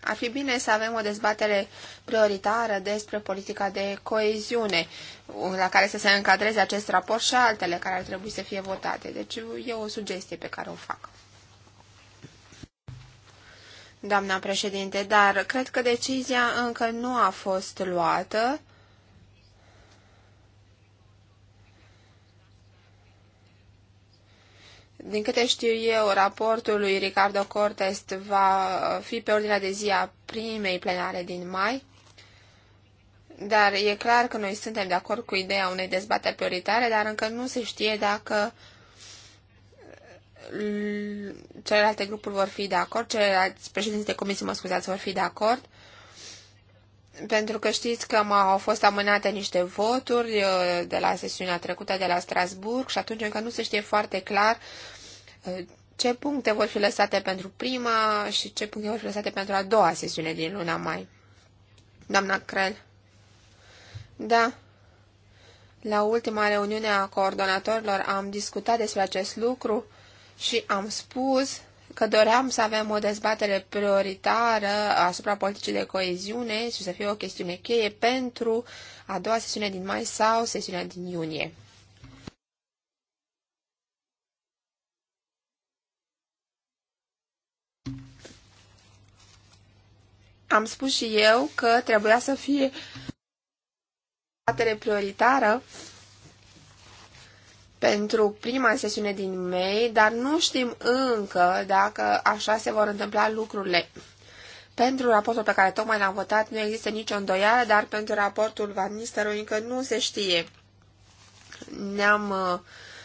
Ar fi bine să avem o dezbatere prioritară despre politica de coeziune, uh, la care să se încadreze acest raport și altele care ar trebui să fie votate. Deci e o sugestie pe care o fac doamna președinte, dar cred că decizia încă nu a fost luată. Din câte știu eu, raportul lui Ricardo Cortes va fi pe ordinea de zi a primei plenare din mai, dar e clar că noi suntem de acord cu ideea unei dezbateri prioritare, dar încă nu se știe dacă celelalte grupuri vor fi de acord, celelalte președinți de comisii, mă scuzați, vor fi de acord, pentru că știți că au fost amânate niște voturi uh, de la sesiunea trecută de la Strasburg și atunci încă nu se știe foarte clar uh, ce puncte vor fi lăsate pentru prima și ce puncte vor fi lăsate pentru a doua sesiune din luna mai. Doamna Crel. Da. La ultima reuniune a coordonatorilor am discutat despre acest lucru și am spus că doream să avem o dezbatere prioritară asupra politicii de coeziune și să fie o chestiune cheie pentru a doua sesiune din mai sau sesiunea din iunie. Am spus și eu că trebuia să fie dezbatere prioritară pentru prima sesiune din mei, dar nu știm încă dacă așa se vor întâmpla lucrurile. Pentru raportul pe care tocmai l-am votat nu există nicio îndoială, dar pentru raportul Van Nistelrooy încă nu se știe. Ne-am uh,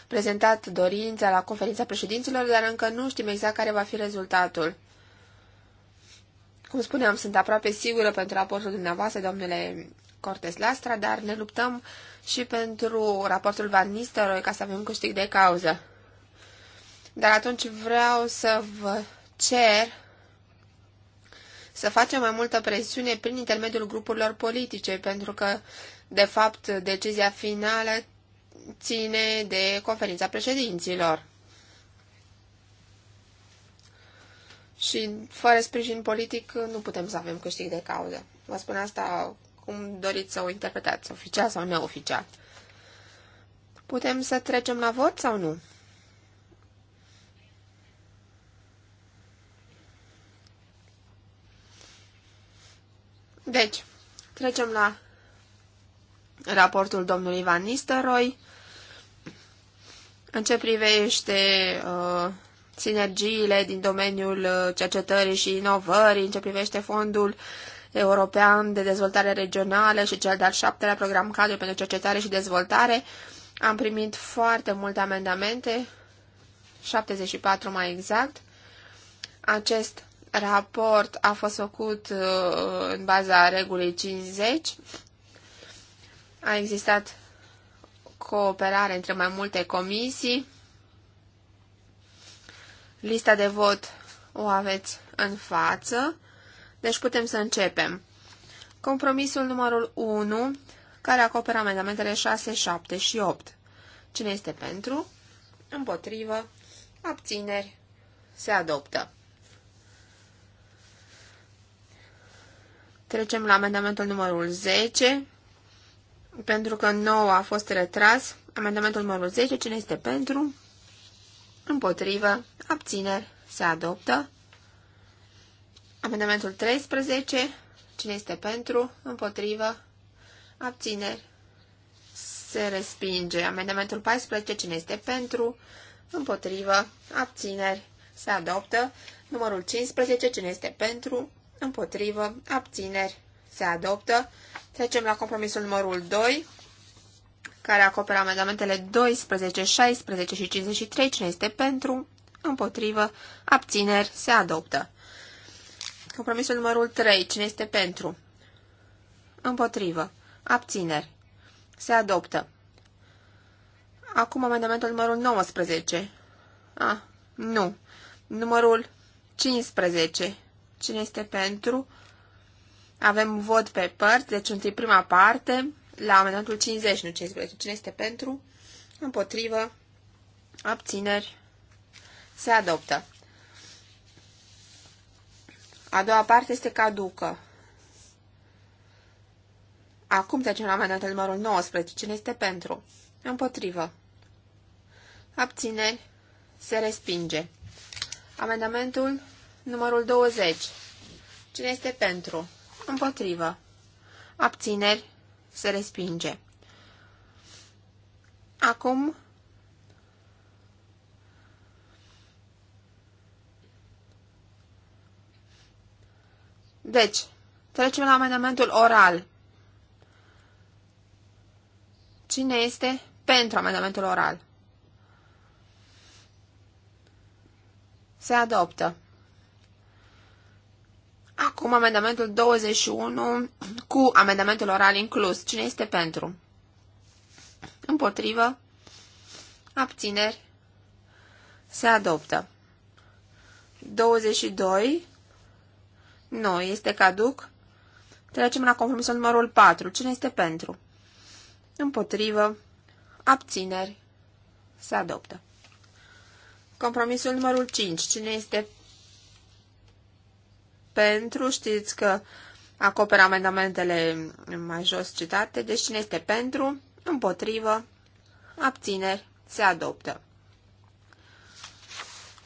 prezentat dorința la conferința președinților, dar încă nu știm exact care va fi rezultatul. Cum spuneam, sunt aproape sigură pentru raportul dumneavoastră, domnule Cortes Lastra, dar ne luptăm și pentru raportul Van Nistelrooy ca să avem câștig de cauză. Dar atunci vreau să vă cer să facem mai multă presiune prin intermediul grupurilor politice, pentru că, de fapt, decizia finală ține de conferința președinților. Și fără sprijin politic nu putem să avem câștig de cauză. Vă spun asta cum doriți să o interpretați, oficial sau neoficial. Putem să trecem la vot sau nu? Deci, trecem la raportul domnului Van Nistelrooy în ce privește uh, sinergiile din domeniul uh, cercetării și inovării, în ce privește fondul European de Dezvoltare Regională și cel de-al șaptelea program cadru pentru cercetare și dezvoltare, am primit foarte multe amendamente, 74 mai exact. Acest raport a fost făcut uh, în baza regulii 50. A existat cooperare între mai multe comisii. Lista de vot o aveți în față. Deci putem să începem. Compromisul numărul 1, care acoperă amendamentele 6, 7 și 8. Cine este pentru? Împotrivă. Abțineri. Se adoptă. Trecem la amendamentul numărul 10. Pentru că 9 a fost retras, amendamentul numărul 10, cine este pentru? Împotrivă. Abțineri. Se adoptă. Amendamentul 13. Cine este pentru? Împotrivă? Abțineri? Se respinge. Amendamentul 14. Cine este pentru? Împotrivă? Abțineri? Se adoptă. Numărul 15. Cine este pentru? Împotrivă? Abțineri? Se adoptă. Trecem la compromisul numărul 2 care acoperă amendamentele 12, 16 și 53. Cine este pentru? Împotrivă? Abțineri? Se adoptă. Compromisul numărul 3. Cine este pentru? Împotrivă. Abțineri. Se adoptă. Acum amendamentul numărul 19. Ah, nu. Numărul 15. Cine este pentru? Avem vot pe părți, deci întâi prima parte, la amendamentul 50, nu 15. Cine este pentru? Împotrivă. Abțineri. Se adoptă. A doua parte este caducă. Acum trecem la amendamentul numărul 19. Cine este pentru? Împotrivă. Abțineri. Se respinge. Amendamentul numărul 20. Cine este pentru? Împotrivă. Abțineri. Se respinge. Acum Deci, trecem la amendamentul oral. Cine este pentru amendamentul oral? Se adoptă. Acum amendamentul 21 cu amendamentul oral inclus. Cine este pentru? Împotrivă? Abțineri? Se adoptă. 22 nu, este caduc. Trecem la compromisul numărul 4. Cine este pentru? Împotrivă. Abțineri. Se adoptă. Compromisul numărul 5. Cine este pentru? Știți că acoperă amendamentele mai jos citate. Deci cine este pentru? Împotrivă. Abțineri. Se adoptă.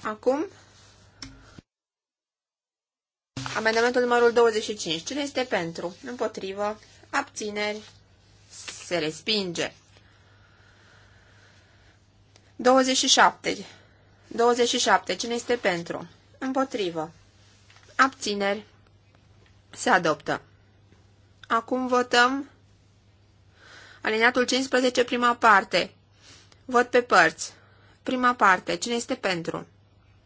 Acum Amendamentul numărul 25. Cine este pentru? Împotrivă. Abțineri. Se respinge. 27. 27. Cine este pentru? Împotrivă. Abțineri. Se adoptă. Acum votăm alineatul 15, prima parte. Vot pe părți. Prima parte. Cine este pentru?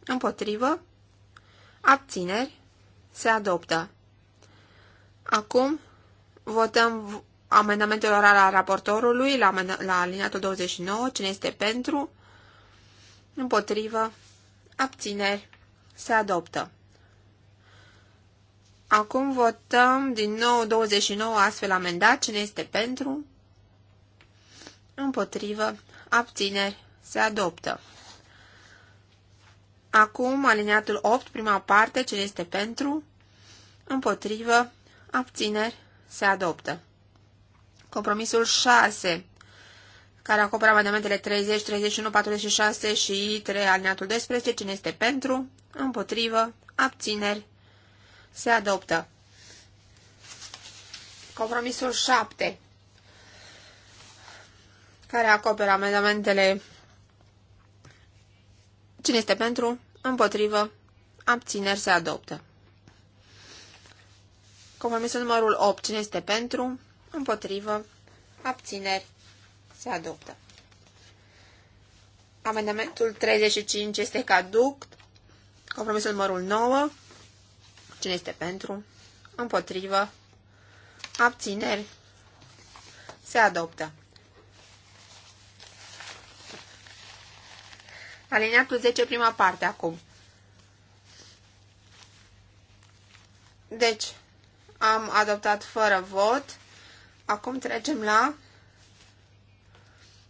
Împotrivă. Abțineri. Se adoptă. Acum votăm amendamentul oral al raportorului la, la aliniatul 29. Cine este pentru? Împotrivă. Abțineri. Se adoptă. Acum votăm din nou 29 astfel amendat. Cine este pentru? Împotrivă. Abțineri. Se adoptă. Acum, aliniatul 8, prima parte, ce este pentru, împotrivă, abțineri, se adoptă. Compromisul 6, care acoperă amendamentele 30, 31, 46 și 3 aliniatul 12, cine este pentru, împotrivă, abțineri, se adoptă. Compromisul 7, care acoperă amendamentele Cine este pentru? Împotrivă. Abțineri se adoptă. Compromisul numărul 8. Cine este pentru? Împotrivă. Abțineri se adoptă. Amendamentul 35 este caduc. Compromisul numărul 9. Cine este pentru? Împotrivă. Abțineri se adoptă. Alineatul 10, prima parte, acum. Deci, am adoptat fără vot. Acum trecem la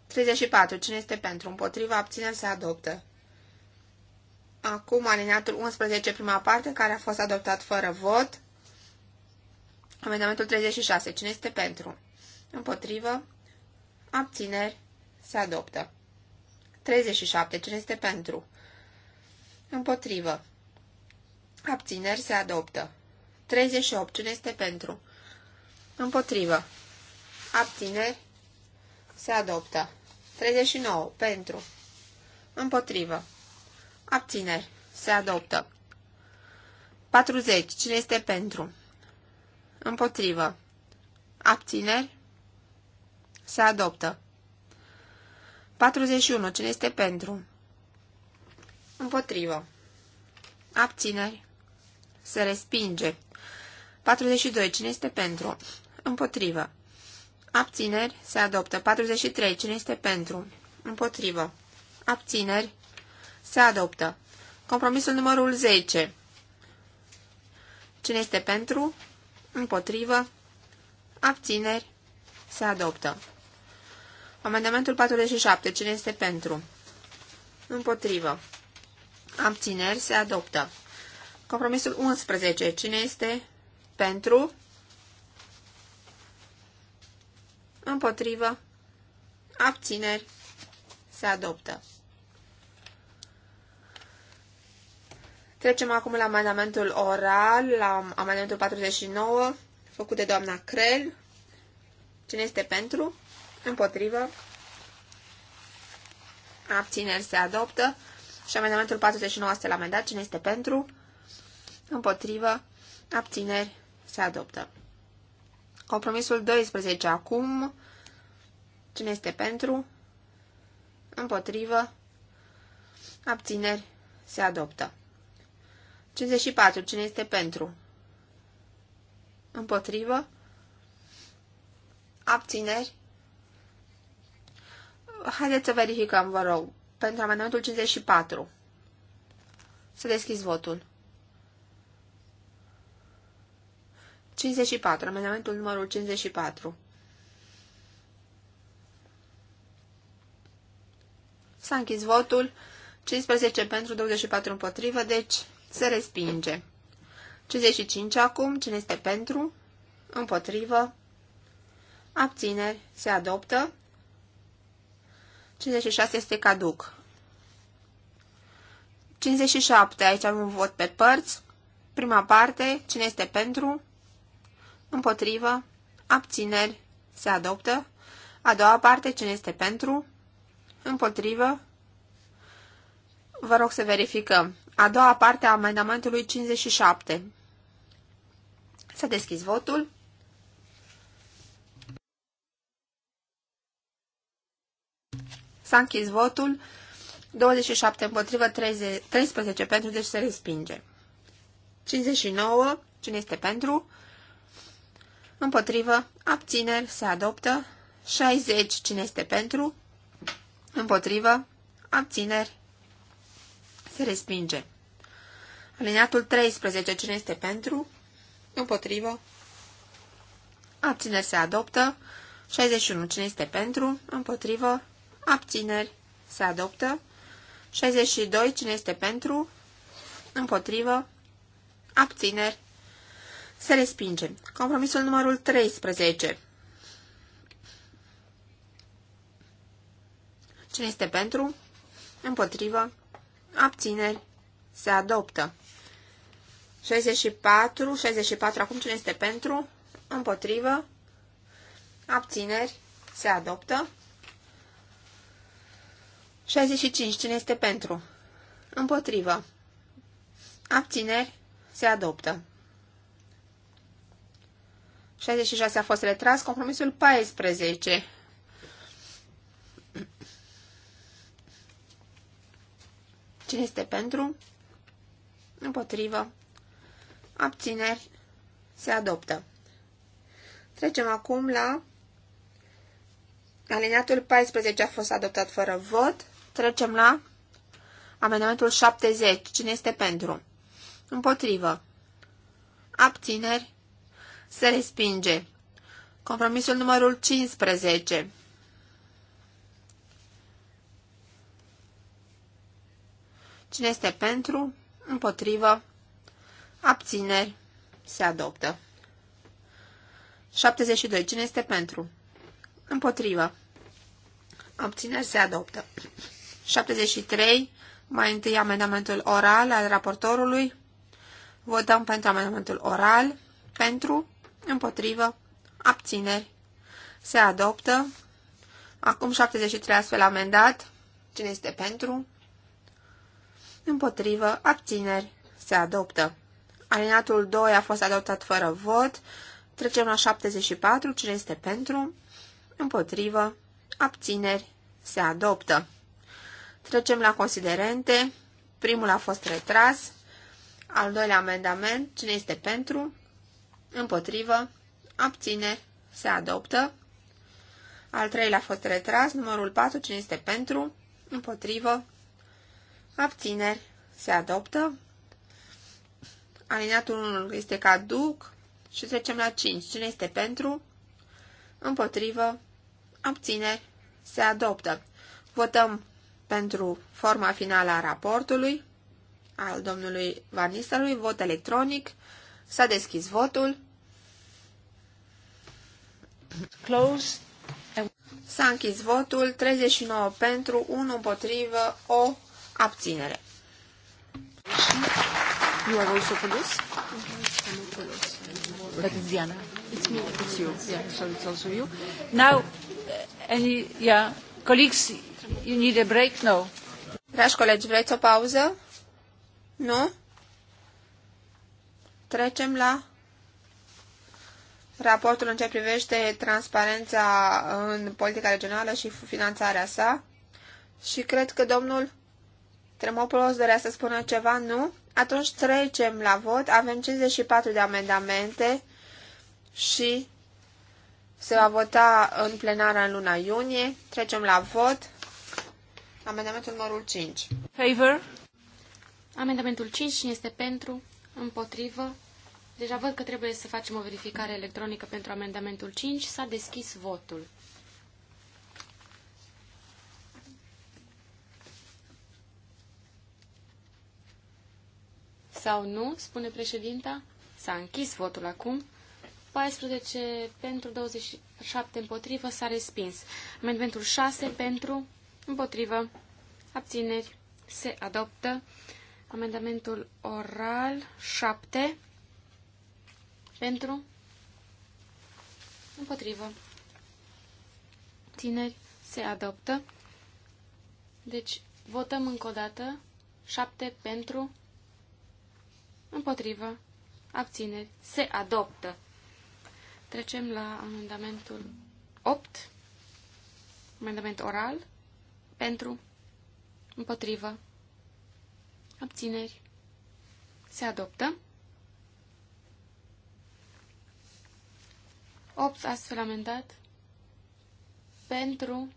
34. Cine este pentru? Împotriva, abține, se adoptă. Acum, alineatul 11, prima parte, care a fost adoptat fără vot. Amendamentul 36. Cine este pentru? Împotrivă, abțineri, se adoptă. 37. Cine este pentru? Împotrivă. Abțineri se adoptă. 38. Cine este pentru? Împotrivă. Abțineri se adoptă. 39. Pentru. Împotrivă. Abțineri se adoptă. 40. Cine este pentru? Împotrivă. Abțineri se adoptă. 41. Cine este pentru? Împotrivă. Abțineri. Se respinge. 42. Cine este pentru? Împotrivă. Abțineri. Se adoptă. 43. Cine este pentru? Împotrivă. Abțineri. Se adoptă. Compromisul numărul 10. Cine este pentru? Împotrivă. Abțineri. Se adoptă. Amendamentul 47. Cine este pentru? Împotrivă. Abțineri se adoptă. Compromisul 11. Cine este pentru? Împotrivă. Abțineri se adoptă. Trecem acum la amendamentul oral, la amendamentul 49, făcut de doamna Crel. Cine este pentru? Împotrivă. Abțineri se adoptă. Și amendamentul 49 este la amendat. Cine este pentru? Împotrivă. Abțineri se adoptă. Compromisul 12 acum. Cine este pentru? Împotrivă. Abțineri se adoptă. 54. Cine este pentru? Împotrivă. Abțineri Haideți să verificăm, vă rog, pentru amendamentul 54. Să deschizi votul. 54, amendamentul numărul 54. S-a închis votul, 15 pentru, 24 împotrivă, deci se respinge. 55 acum, cine este pentru, împotrivă, abțineri, se adoptă. 56 este caduc. 57, aici am un vot pe părți. Prima parte, cine este pentru? Împotrivă. Abțineri. Se adoptă. A doua parte, cine este pentru? Împotrivă. Vă rog să verificăm. A doua parte a amendamentului 57. S-a deschis votul. S-a închis votul. 27 împotrivă, 30, 13 pentru, deci se respinge. 59, cine este pentru? Împotrivă, abțineri, se adoptă. 60, cine este pentru? Împotrivă, abțineri, se respinge. Alineatul 13, cine este pentru? Împotrivă, abțineri, se adoptă. 61, cine este pentru? Împotrivă, abțineri, se adoptă. 62, cine este pentru, împotrivă, abțineri, se respinge. Compromisul numărul 13. Cine este pentru? Împotrivă. Abțineri. Se adoptă. 64. 64. Acum cine este pentru? Împotrivă. Abțineri. Se adoptă. 65. Cine este pentru? Împotrivă. Abțineri. Se adoptă. 66 a fost retras. Compromisul 14. Cine este pentru? Împotrivă. Abțineri. Se adoptă. Trecem acum la alineatul 14 a fost adoptat fără vot. Trecem la amendamentul 70. Cine este pentru? Împotrivă. Abțineri. Se respinge. Compromisul numărul 15. Cine este pentru? Împotrivă. Abțineri. Se adoptă. 72. Cine este pentru? Împotrivă. Abțineri se adoptă. 73, mai întâi amendamentul oral al raportorului. Votăm pentru amendamentul oral, pentru, împotrivă, abțineri. Se adoptă. Acum 73 astfel amendat. Cine este pentru? Împotrivă, abțineri. Se adoptă. Alinatul 2 a fost adoptat fără vot. Trecem la 74. Cine este pentru? Împotrivă, abțineri. Se adoptă. Trecem la considerente. Primul a fost retras. Al doilea amendament. Cine este pentru? Împotrivă. Abține. Se adoptă. Al treilea a fost retras. Numărul 4. Cine este pentru? Împotrivă. Abțineri. Se adoptă. Alineatul 1 este caduc. Și trecem la 5. Cine este pentru? Împotrivă. Abțineri. Se adoptă. Votăm pentru forma finală a raportului al domnului Van Nistelrooy, vot electronic. S-a deschis votul. Close. S-a închis votul, 39 pentru, 1 împotrivă, o abținere. You are also Poulos? That is Diana. It's me. It's you. Yeah, so it's also you. Now, uh, any, yeah, colleagues, You need a break? No. Dragi colegi, vreți o pauză? Nu? Trecem la raportul în ce privește transparența în politica regională și finanțarea sa. Și cred că domnul Tremopoulos dorea să spună ceva, nu? Atunci trecem la vot. Avem 54 de amendamente și se va vota în plenară în luna iunie. Trecem la vot. Amendamentul numărul 5. Favor. Amendamentul 5 este pentru, împotrivă. Deja văd că trebuie să facem o verificare electronică pentru amendamentul 5. S-a deschis votul. Sau nu, spune președinta. S-a închis votul acum. 14 pentru 27 împotrivă s-a respins. Amendamentul 6 pentru Împotrivă. Abțineri. Se adoptă. Amendamentul oral 7. Pentru. Împotrivă. Tineri se adoptă. Deci, votăm încă o dată. 7 pentru. Împotrivă. Abțineri. Se adoptă. Trecem la amendamentul 8. Amendament oral. Pentru. Împotrivă. Abțineri. Se adoptă. 8 astfel amendat. Pentru.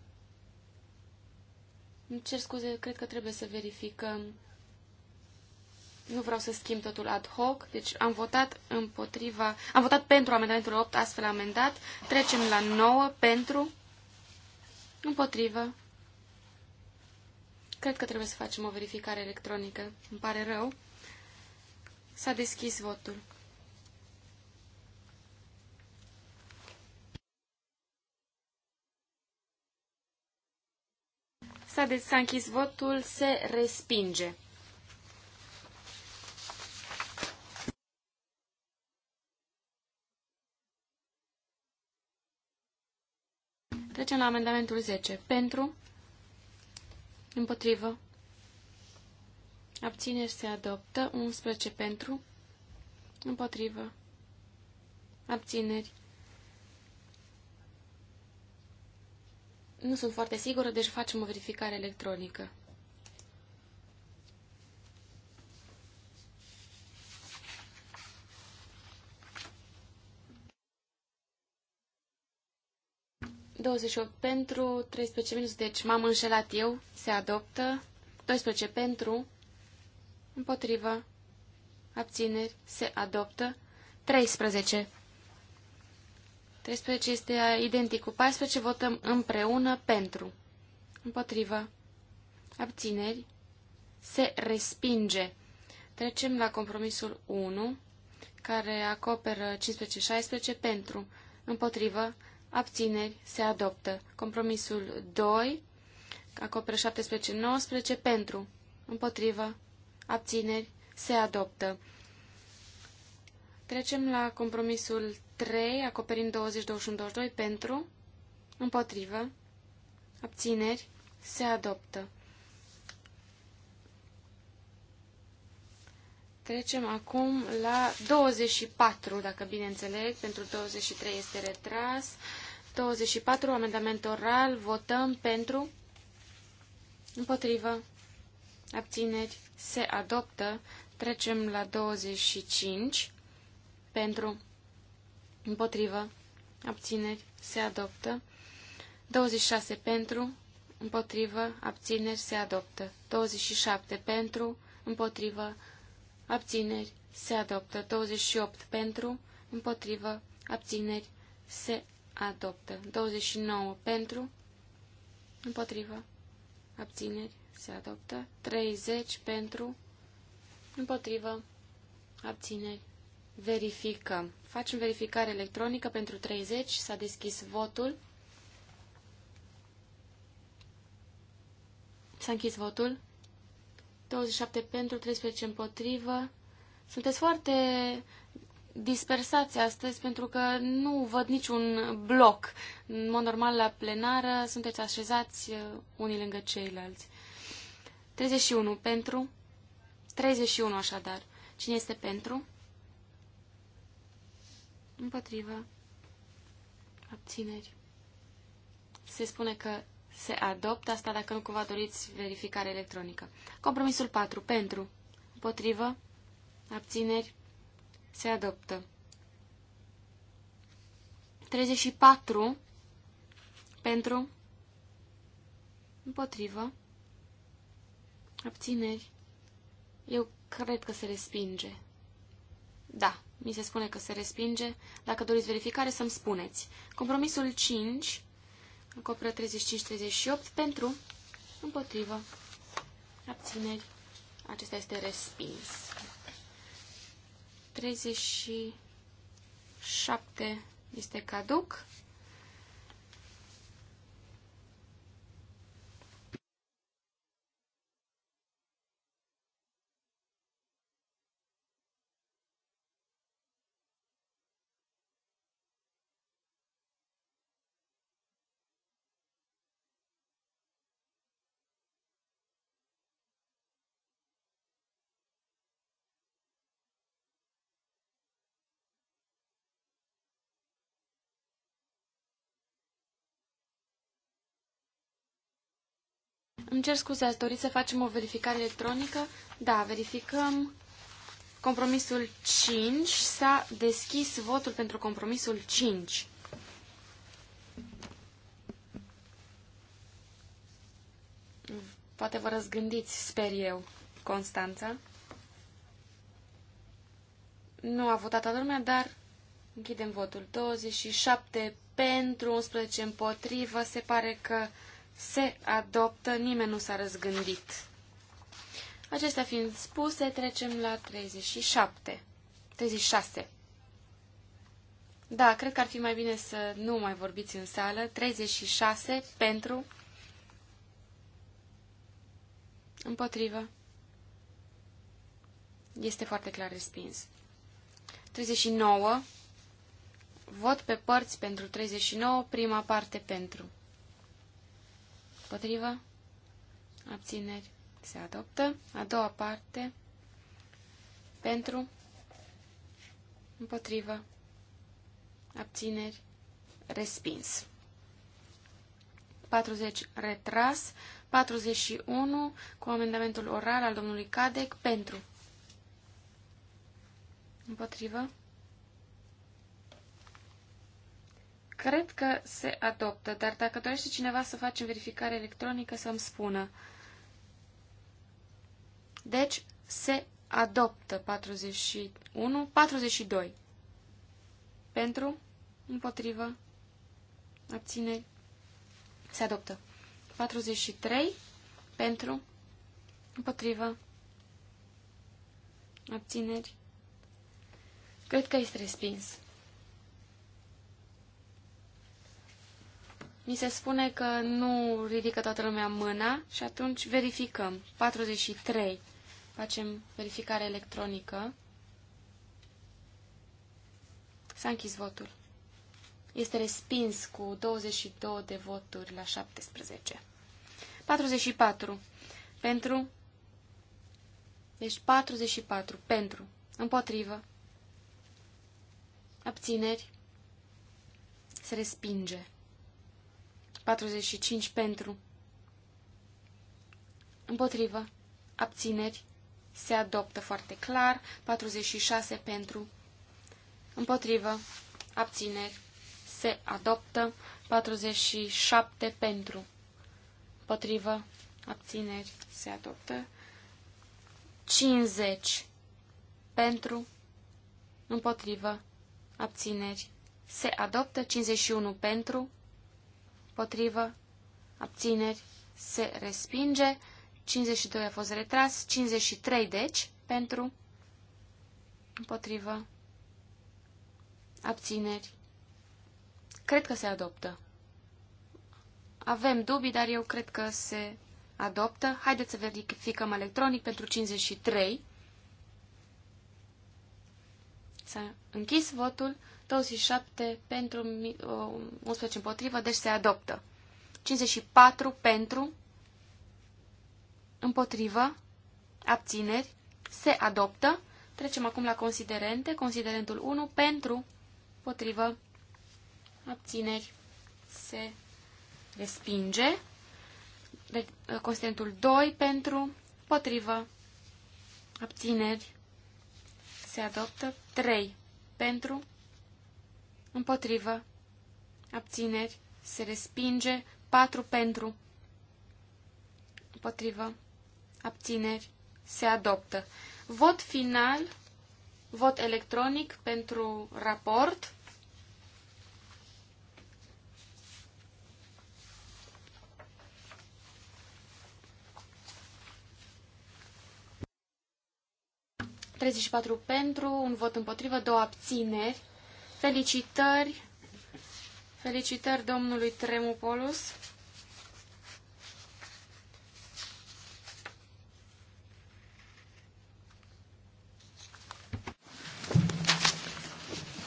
Îmi cer scuze, cred că trebuie să verificăm. Nu vreau să schimb totul ad hoc, deci am votat împotriva, am votat pentru amendamentul 8 astfel amendat. Trecem la 9 pentru, împotrivă, Cred că trebuie să facem o verificare electronică. Îmi pare rău. S-a deschis votul. S-a închis votul, se respinge. Trecem la amendamentul 10. Pentru, Împotrivă. Abțineri se adoptă. 11 pentru. Împotrivă. Abțineri. Nu sunt foarte sigură, deci facem o verificare electronică. 28 pentru, 13 minus, deci m-am înșelat eu, se adoptă. 12 pentru, împotrivă, abțineri, se adoptă. 13. 13 este identic cu 14, votăm împreună pentru, împotrivă, abțineri, se respinge. Trecem la compromisul 1, care acoperă 15-16 pentru, împotrivă, abțineri, se adoptă. Compromisul 2 acoperă 17-19 pentru, împotrivă, abțineri, se adoptă. Trecem la compromisul 3, acoperind 20, 21, 22 pentru, împotrivă, abțineri, se adoptă. Trecem acum la 24, dacă bine înțeleg, pentru 23 este retras. 24, amendament oral, votăm pentru, împotrivă, abțineri, se adoptă. Trecem la 25, pentru, împotrivă, abțineri, se adoptă. 26 pentru, împotrivă, abțineri, se adoptă. 27 pentru, împotrivă, abțineri, se adoptă. 28 pentru, împotrivă, abțineri, se adoptă. 29 pentru, împotrivă, abțineri, se adoptă. 30 pentru, împotrivă, abțineri. Verificăm. Facem verificare electronică pentru 30. S-a deschis votul. S-a închis votul. 27 pentru, 13 împotrivă. Sunteți foarte dispersați astăzi pentru că nu văd niciun bloc. În mod normal, la plenară sunteți așezați uh, unii lângă ceilalți. 31 pentru. 31 așadar. Cine este pentru? Împotrivă. Abțineri. Se spune că se adoptă, asta dacă nu cumva doriți verificare electronică. Compromisul 4. Pentru, împotrivă, abțineri, se adoptă. 34. Pentru, împotrivă, abțineri, eu cred că se respinge. Da, mi se spune că se respinge. Dacă doriți verificare, să-mi spuneți. Compromisul 5 acoperă 35-38 pentru, împotrivă, abțineri, acesta este respins. 37 este caduc, Îmi cer scuze, ați dori să facem o verificare electronică? Da, verificăm compromisul 5. S-a deschis votul pentru compromisul 5. Poate vă răzgândiți, sper eu, Constanța. Nu a votat toată lumea, dar închidem votul. 27 pentru, 11 împotrivă. Se pare că se adoptă, nimeni nu s-a răzgândit. Acestea fiind spuse, trecem la 37. 36. Da, cred că ar fi mai bine să nu mai vorbiți în sală. 36 pentru... Împotrivă. Este foarte clar respins. 39. Vot pe părți pentru 39, prima parte pentru. Împotrivă. Abțineri. Se adoptă. A doua parte. Pentru. Împotrivă. Abțineri. Respins. 40 retras, 41 cu amendamentul oral al domnului Cadec pentru. Împotrivă. Cred că se adoptă, dar dacă dorește cineva să facem verificare electronică, să-mi spună. Deci, se adoptă 41, 42. Pentru, împotrivă, abține, se adoptă. 43, pentru, împotrivă, abțineri. Cred că este respins. Mi se spune că nu ridică toată lumea mâna și atunci verificăm. 43. Facem verificare electronică. S-a închis votul. Este respins cu 22 de voturi la 17. 44. Pentru. Deci 44. Pentru. Împotrivă. Abțineri. Se respinge. 45 pentru. Împotrivă. Abțineri. Se adoptă foarte clar. 46 pentru. Împotrivă. Abțineri. Se adoptă. 47 pentru. Împotrivă. Abțineri. Se adoptă. 50 pentru. Împotrivă. Abțineri. Se adoptă. 51 pentru împotrivă, abțineri, se respinge. 52 a fost retras, 53 deci, pentru, împotrivă, abțineri. Cred că se adoptă. Avem dubii, dar eu cred că se adoptă. Haideți să verificăm electronic pentru 53. S-a închis votul 27 pentru, 11 uh, împotrivă, deci se adoptă. 54 pentru, împotrivă, abțineri, se adoptă. Trecem acum la considerente. Considerentul 1 pentru, împotrivă, abțineri, se respinge. Deci, uh, considerentul 2 pentru, împotrivă, abțineri, se adoptă. 3 pentru, împotrivă, abțineri, se respinge, patru pentru, împotrivă, abțineri, se adoptă. Vot final, vot electronic pentru raport. Treizeci și patru pentru, un vot împotrivă, două abțineri. Felicitări! Felicitări domnului Tremopolus!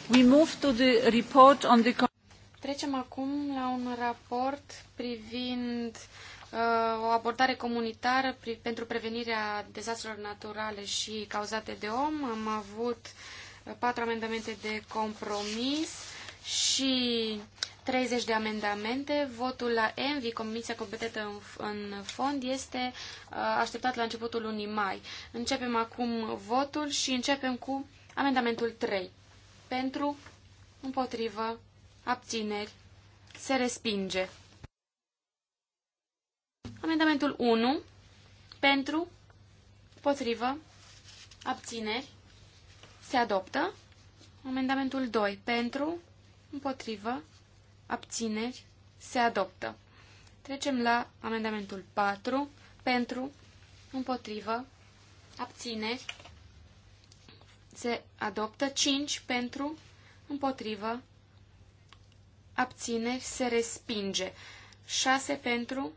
We move to the report on the... Trecem acum la un raport privind uh, o abordare comunitară pri, pentru prevenirea dezastrelor naturale și cauzate de om. Am avut uh, patru amendamente de compromis și 30 de amendamente. Votul la ENVI, Comisia Competentă în, în Fond, este uh, așteptat la începutul lunii mai. Începem acum votul și începem cu amendamentul 3. Pentru, împotrivă, abțineri, se respinge. Amendamentul 1. Pentru, împotrivă, abțineri, se adoptă. Amendamentul 2. Pentru, împotrivă, abțineri, se adoptă. Trecem la amendamentul 4. Pentru, împotrivă, abțineri, se adoptă. 5. Pentru, împotrivă, abțineri, se respinge. 6. Pentru,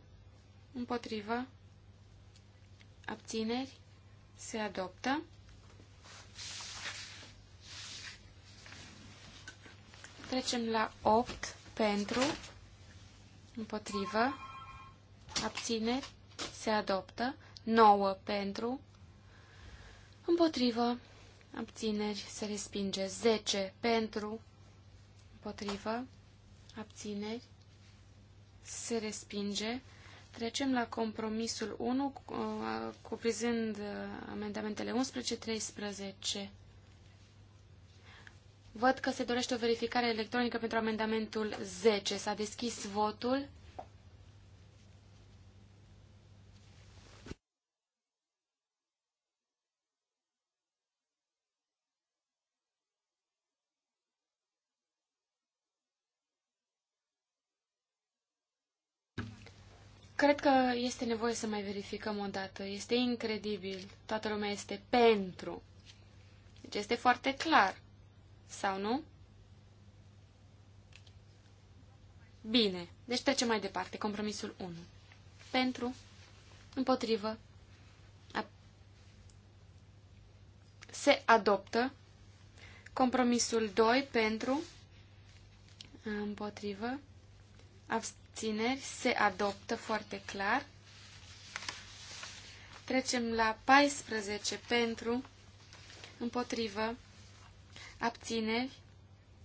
împotrivă, abțineri, se adoptă. Trecem la 8 pentru, împotrivă, abține, se adoptă. 9 pentru, împotrivă, abțineri, se respinge. 10 pentru, împotrivă, abțineri, se respinge. Trecem la compromisul 1, uh, cuprizând uh, amendamentele 11-13. Văd că se dorește o verificare electronică pentru amendamentul 10. S-a deschis votul. Cred că este nevoie să mai verificăm o dată. Este incredibil. Toată lumea este pentru. Deci este foarte clar sau nu? Bine, deci trecem mai departe. Compromisul 1. Pentru, împotrivă, a... se adoptă. Compromisul 2 pentru, împotrivă, abțineri, se adoptă foarte clar. Trecem la 14 pentru, împotrivă, abțineri,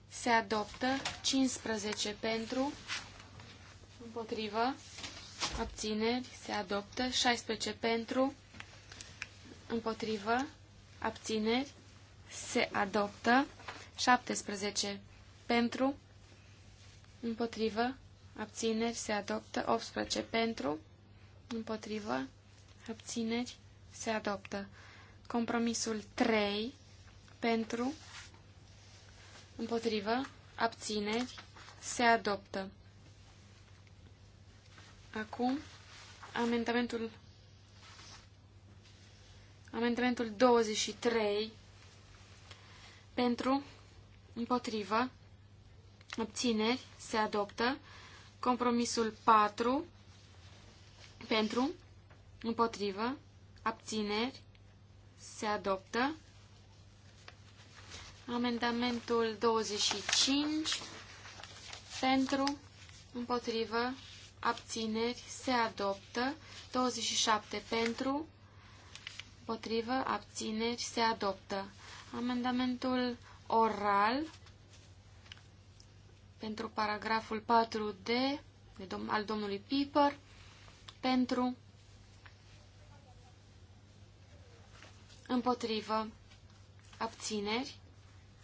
se adoptă 15 pentru, împotrivă, abțineri, se adoptă 16 pentru, împotrivă, abțineri, se adoptă 17 pentru, împotrivă, abțineri, se adoptă 18 pentru, împotrivă, abțineri, se adoptă. Compromisul 3 pentru, împotrivă, abțineri, se adoptă. Acum, amendamentul, amendamentul 23 pentru, împotrivă, abțineri, se adoptă. Compromisul 4 pentru, împotrivă, abțineri, se adoptă. Amendamentul 25 pentru, împotrivă, abțineri, se adoptă. 27 pentru, împotrivă, abțineri, se adoptă. Amendamentul oral pentru paragraful 4D al domnului Piper pentru împotrivă abțineri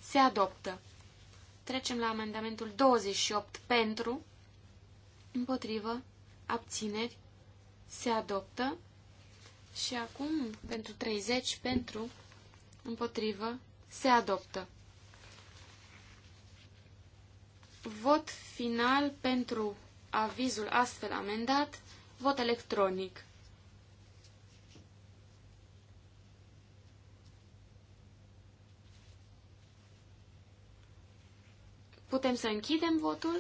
se adoptă. Trecem la amendamentul 28 pentru, împotrivă, abțineri, se adoptă. Și acum, pentru 30, pentru, împotrivă, se adoptă. Vot final pentru avizul astfel amendat, vot electronic. Putem să închidem votul.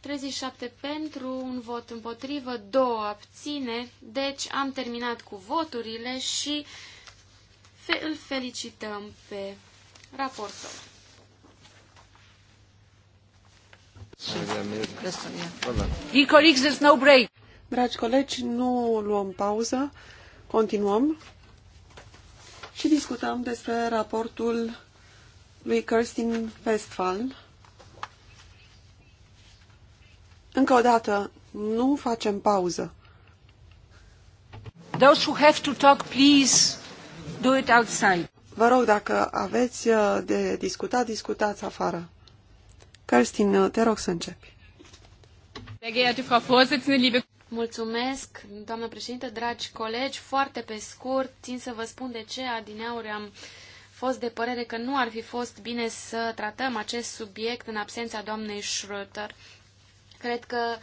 37 pentru, un vot împotrivă, două abțineri. Deci am terminat cu voturile și fe îl felicităm pe raportor. Dear colleagues, there's no break. Dragi colegi, nu luăm pauză, continuăm și discutăm despre raportul lui Kirstin Westphal. Încă o dată, nu facem pauză. Those who have to talk, please do it outside. Vă rog, dacă aveți uh, de discutat, discutați afară. Kirstin, uh, te rog să începi. Mulțumesc, doamnă președinte, dragi colegi. Foarte pe scurt, țin să vă spun de ce adineauri am fost de părere că nu ar fi fost bine să tratăm acest subiect în absența doamnei Schröter. Cred că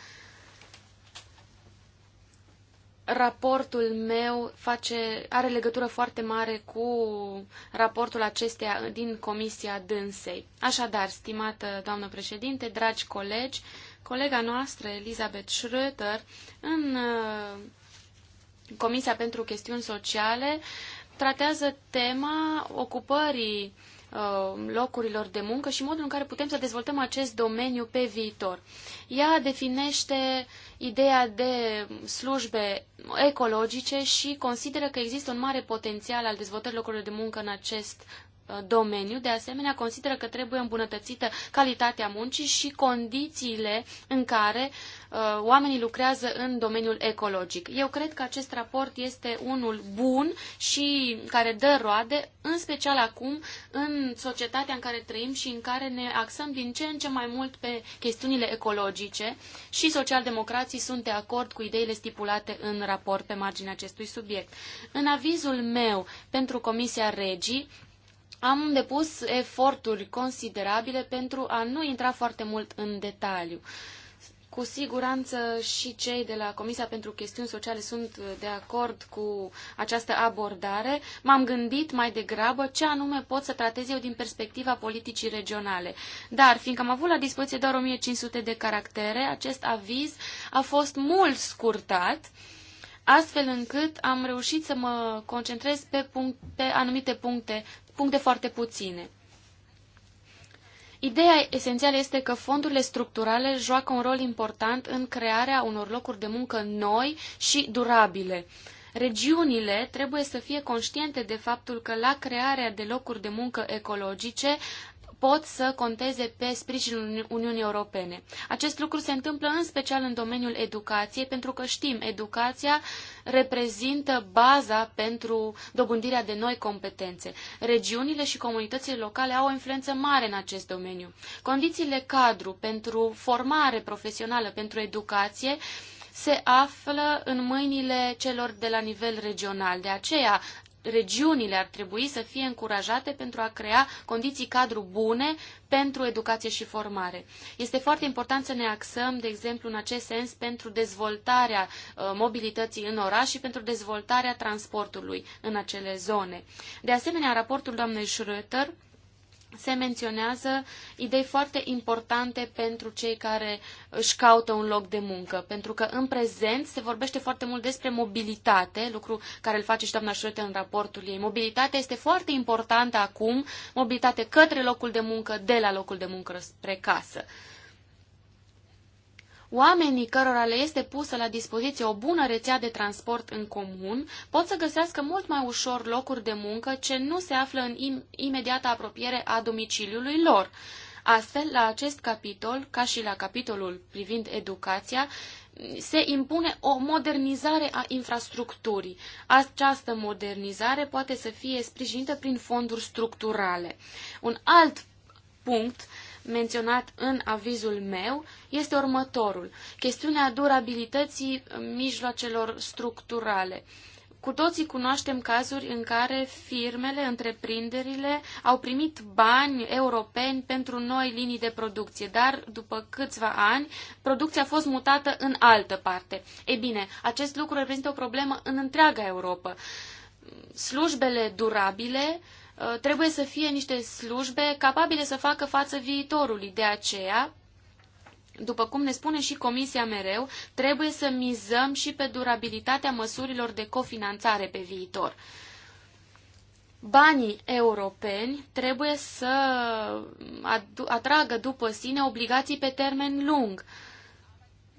raportul meu face, are legătură foarte mare cu raportul acesteia din Comisia Dânsei. Așadar, stimată doamnă președinte, dragi colegi, colega noastră, Elizabeth Schröter, în uh, Comisia pentru Chestiuni Sociale, tratează tema ocupării uh, locurilor de muncă și modul în care putem să dezvoltăm acest domeniu pe viitor. Ea definește ideea de slujbe ecologice și consideră că există un mare potențial al dezvoltării locurilor de muncă în acest domeniu, de asemenea, consideră că trebuie îmbunătățită calitatea muncii și condițiile în care uh, oamenii lucrează în domeniul ecologic. Eu cred că acest raport este unul bun și care dă roade, în special acum, în societatea în care trăim și în care ne axăm din ce în ce mai mult pe chestiunile ecologice și socialdemocrații sunt de acord cu ideile stipulate în raport pe marginea acestui subiect. În avizul meu pentru Comisia Regii, am depus eforturi considerabile pentru a nu intra foarte mult în detaliu. Cu siguranță și cei de la Comisia pentru Chestiuni Sociale sunt de acord cu această abordare. M-am gândit mai degrabă ce anume pot să tratez eu din perspectiva politicii regionale. Dar, fiindcă am avut la dispoziție doar 1500 de caractere, acest aviz a fost mult scurtat astfel încât am reușit să mă concentrez pe, punct, pe anumite puncte puncte foarte puține. Ideea esențială este că fondurile structurale joacă un rol important în crearea unor locuri de muncă noi și durabile. Regiunile trebuie să fie conștiente de faptul că la crearea de locuri de muncă ecologice pot să conteze pe sprijinul Uniunii Europene. Acest lucru se întâmplă în special în domeniul educației, pentru că știm, educația reprezintă baza pentru dobândirea de noi competențe. Regiunile și comunitățile locale au o influență mare în acest domeniu. Condițiile cadru pentru formare profesională, pentru educație, se află în mâinile celor de la nivel regional. De aceea, regiunile ar trebui să fie încurajate pentru a crea condiții cadru bune pentru educație și formare. Este foarte important să ne axăm, de exemplu, în acest sens, pentru dezvoltarea uh, mobilității în oraș și pentru dezvoltarea transportului în acele zone. De asemenea, raportul doamnei Schröter se menționează idei foarte importante pentru cei care își caută un loc de muncă, pentru că în prezent se vorbește foarte mult despre mobilitate, lucru care îl face și doamna Șurete în raportul ei. Mobilitatea este foarte importantă acum, mobilitate către locul de muncă, de la locul de muncă spre casă. Oamenii cărora le este pusă la dispoziție o bună rețea de transport în comun pot să găsească mult mai ușor locuri de muncă ce nu se află în im imediată apropiere a domiciliului lor. Astfel, la acest capitol, ca și la capitolul privind educația, se impune o modernizare a infrastructurii. Această modernizare poate să fie sprijinită prin fonduri structurale. Un alt punct uh, menționat în avizul meu este următorul. Chestiunea durabilității mijloacelor structurale. Cu toții cunoaștem cazuri în care firmele, întreprinderile au primit bani europeni pentru noi linii de producție, dar după câțiva ani producția a fost mutată în altă parte. Ei bine, acest lucru reprezintă o problemă în întreaga Europa. Slujbele durabile uh, Uh, trebuie să fie niște slujbe capabile să facă față viitorului. De aceea, după cum ne spune și Comisia mereu, trebuie să mizăm și pe durabilitatea măsurilor de cofinanțare pe viitor. Banii europeni trebuie să atragă după sine obligații pe termen lung. Uh,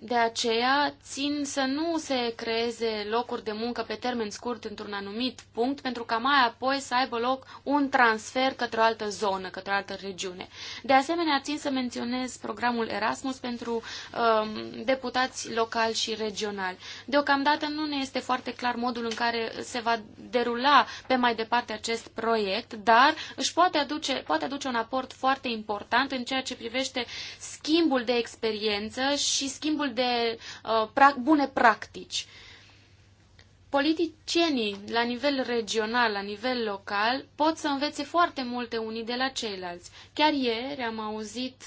de aceea țin să nu se creeze locuri de muncă pe termen scurt într-un anumit punct, pentru ca mai apoi să aibă loc un transfer către o altă zonă, către o altă regiune. De asemenea, țin să menționez programul Erasmus pentru um, deputați locali și regionali. Deocamdată nu ne este foarte clar modul în care se va derula pe mai departe acest proiect, dar își poate aduce, poate aduce un aport foarte important în ceea ce privește schimbul de experiență și schimbul schimbul de uh, bune practici. Politicienii la nivel regional, la nivel local, pot să învețe foarte multe unii de la ceilalți. Chiar ieri am auzit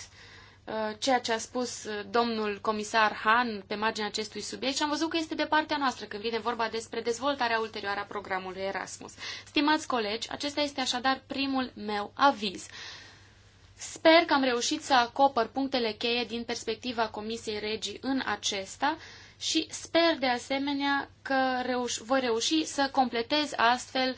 uh, ceea ce a spus uh, domnul comisar Han pe marginea acestui subiect și am văzut că este de partea noastră când vine vorba despre dezvoltarea ulterioară a programului Erasmus. Stimați colegi, acesta este așadar primul meu aviz. Sper că am reușit să acopăr punctele cheie din perspectiva Comisiei Regii în acesta și sper de asemenea că reuș voi reuși să completez astfel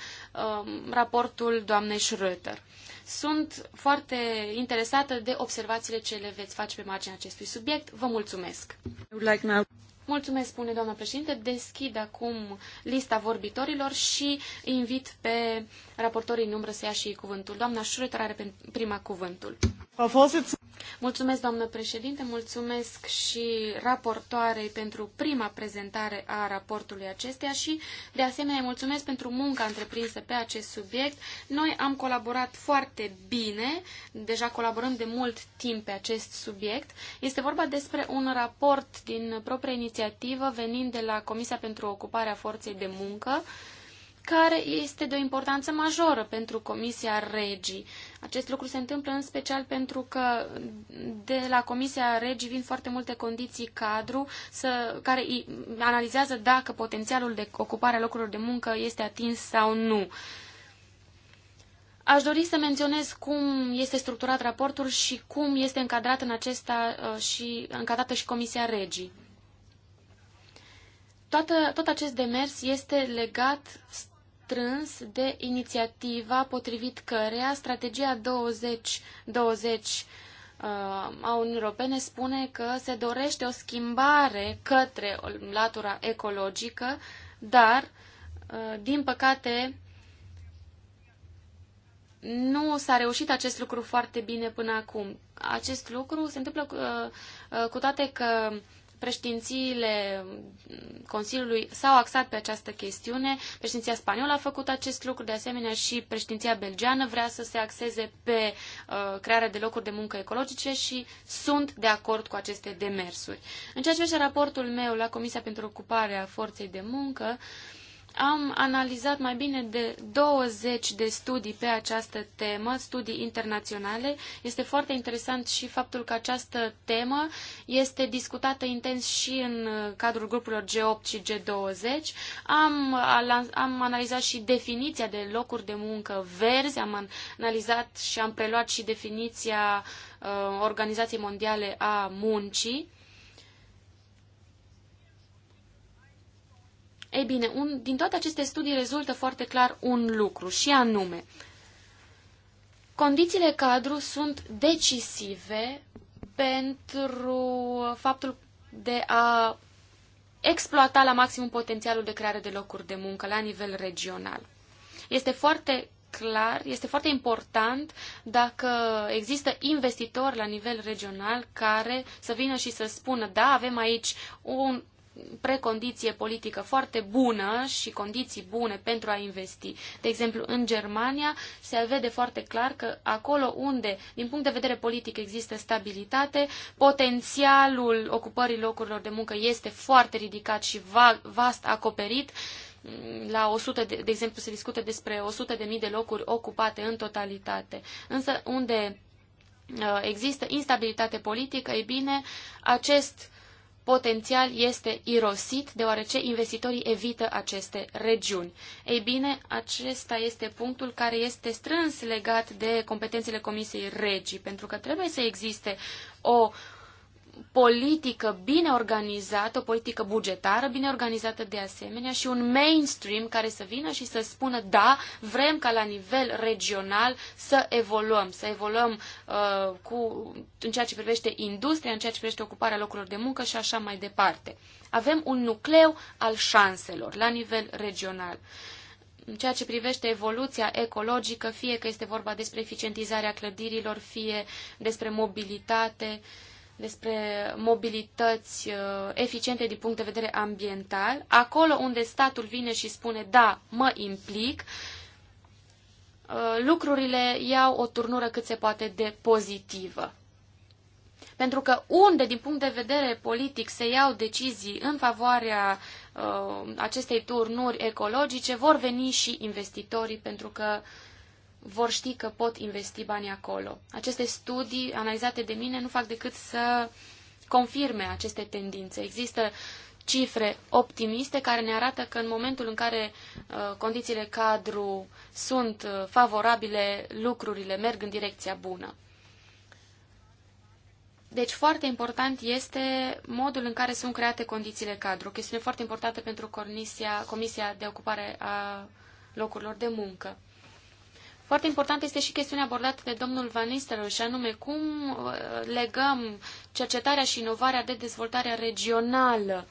um, raportul doamnei Schröter. Sunt foarte interesată de observațiile ce le veți face pe marginea acestui subiect. Vă mulțumesc! Mulțumesc, spune doamna președinte. Deschid acum lista vorbitorilor și invit pe raportorii în umbră să ia și cuvântul. Doamna Șuretor are prima cuvântul. Mulțumesc, doamnă președinte, mulțumesc și raportoarei pentru prima prezentare a raportului acesteia și, de asemenea, mulțumesc pentru munca întreprinsă pe acest subiect. Noi am colaborat foarte bine, deja colaborăm de mult timp pe acest subiect. Este vorba despre un raport din proprie inițiativă inițiativă venind de la Comisia pentru Ocuparea Forței de Muncă, care este de o importanță majoră pentru Comisia Regii. Acest lucru se întâmplă în special pentru că de la Comisia Regii vin foarte multe condiții cadru să, care analizează dacă potențialul de ocupare a locurilor de muncă este atins sau nu. Aș dori să menționez cum este structurat raportul și cum este încadrat în acesta uh, și încadrată și Comisia Regii. Toată, tot acest demers este legat strâns de inițiativa potrivit căreia strategia 2020 uh, a Uniunii Europene spune că se dorește o schimbare către latura ecologică, dar, uh, din păcate, nu s-a reușit acest lucru foarte bine până acum. Acest lucru se întâmplă uh, cu toate că președințiile Consiliului s-au axat pe această chestiune. Președinția spaniolă a făcut acest lucru, de asemenea și președinția belgeană vrea să se axeze pe uh, crearea de locuri de muncă ecologice și sunt de acord cu aceste demersuri. În ceea ce privește raportul meu la Comisia pentru Ocuparea Forței de Muncă, uh, am analizat mai bine de 20 de studii pe această temă, studii internaționale. Este foarte interesant și faptul că această temă este discutată intens și în uh, cadrul grupurilor G8 și G20. Am, am analizat și definiția de locuri de muncă verzi, am analizat și am preluat și definiția uh, Organizației Mondiale a Muncii. Ei bine, un, din toate aceste studii rezultă foarte clar un lucru, și anume, condițiile cadru sunt decisive pentru faptul de a exploata la maximum potențialul de creare de locuri de muncă la nivel regional. Este foarte clar, este foarte important dacă există investitori la nivel regional care să vină și să spună, da, avem aici un, precondiție politică foarte bună și condiții bune pentru a investi. De exemplu, în Germania se vede foarte clar că acolo unde, din punct de vedere politic, există stabilitate, potențialul ocupării locurilor de muncă este foarte ridicat și vast acoperit la 100 de, de exemplu, se discută despre 100.000 de, de locuri ocupate în totalitate. Însă, unde uh, există instabilitate politică, e bine, acest potențial este irosit, deoarece investitorii evită aceste regiuni. Ei bine, acesta este punctul care este strâns legat de competențele Comisiei Regii, pentru că trebuie să existe o politică bine organizată, o politică bugetară bine organizată de asemenea și un mainstream care să vină și să spună da, vrem ca la nivel regional să evoluăm, să evoluăm uh, cu, în ceea ce privește industria, în ceea ce privește ocuparea locurilor de muncă și așa mai departe. Avem un nucleu al șanselor la nivel regional. În ceea ce privește evoluția ecologică, fie că este vorba despre eficientizarea clădirilor, fie despre mobilitate, uh, despre mobilități uh, eficiente din punct de vedere ambiental, acolo unde statul vine și spune, da, mă implic, uh, lucrurile iau o turnură cât se poate de pozitivă. Pentru că unde, din punct de vedere politic, se iau decizii în favoarea uh, acestei turnuri ecologice, vor veni și investitorii, pentru că uh, vor ști că pot investi banii acolo. Aceste studii analizate de mine nu fac decât să confirme aceste tendințe. Există cifre optimiste care ne arată că în momentul în care uh, condițiile cadru sunt uh, favorabile, lucrurile merg în direcția bună. Deci foarte important este modul în care sunt create condițiile cadru, o chestiune foarte importantă pentru Comisia de Ocupare a Locurilor de Muncă. Foarte important este și chestiunea abordată de domnul Van Nistelrooy, și anume cum uh, legăm cercetarea și inovarea de dezvoltare regională.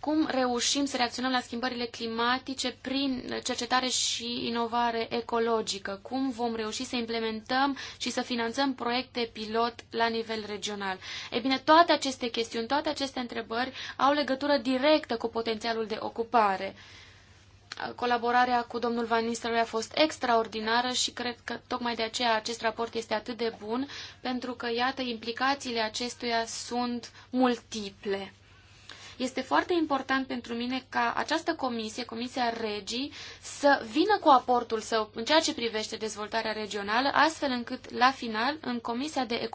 Cum reușim să reacționăm la schimbările climatice prin cercetare și inovare ecologică? Cum vom reuși să implementăm și să finanțăm proiecte pilot la nivel regional? Ei bine, toate aceste chestiuni, toate aceste întrebări au legătură directă cu potențialul de ocupare. Colaborarea cu domnul Van Nistelrooy a fost extraordinară și cred că tocmai de aceea acest raport este atât de bun, pentru că, iată, implicațiile acestuia sunt multiple. Este foarte important pentru mine ca această comisie, Comisia Regii, să vină cu aportul său în ceea ce privește dezvoltarea regională, astfel încât, la final, în Comisia de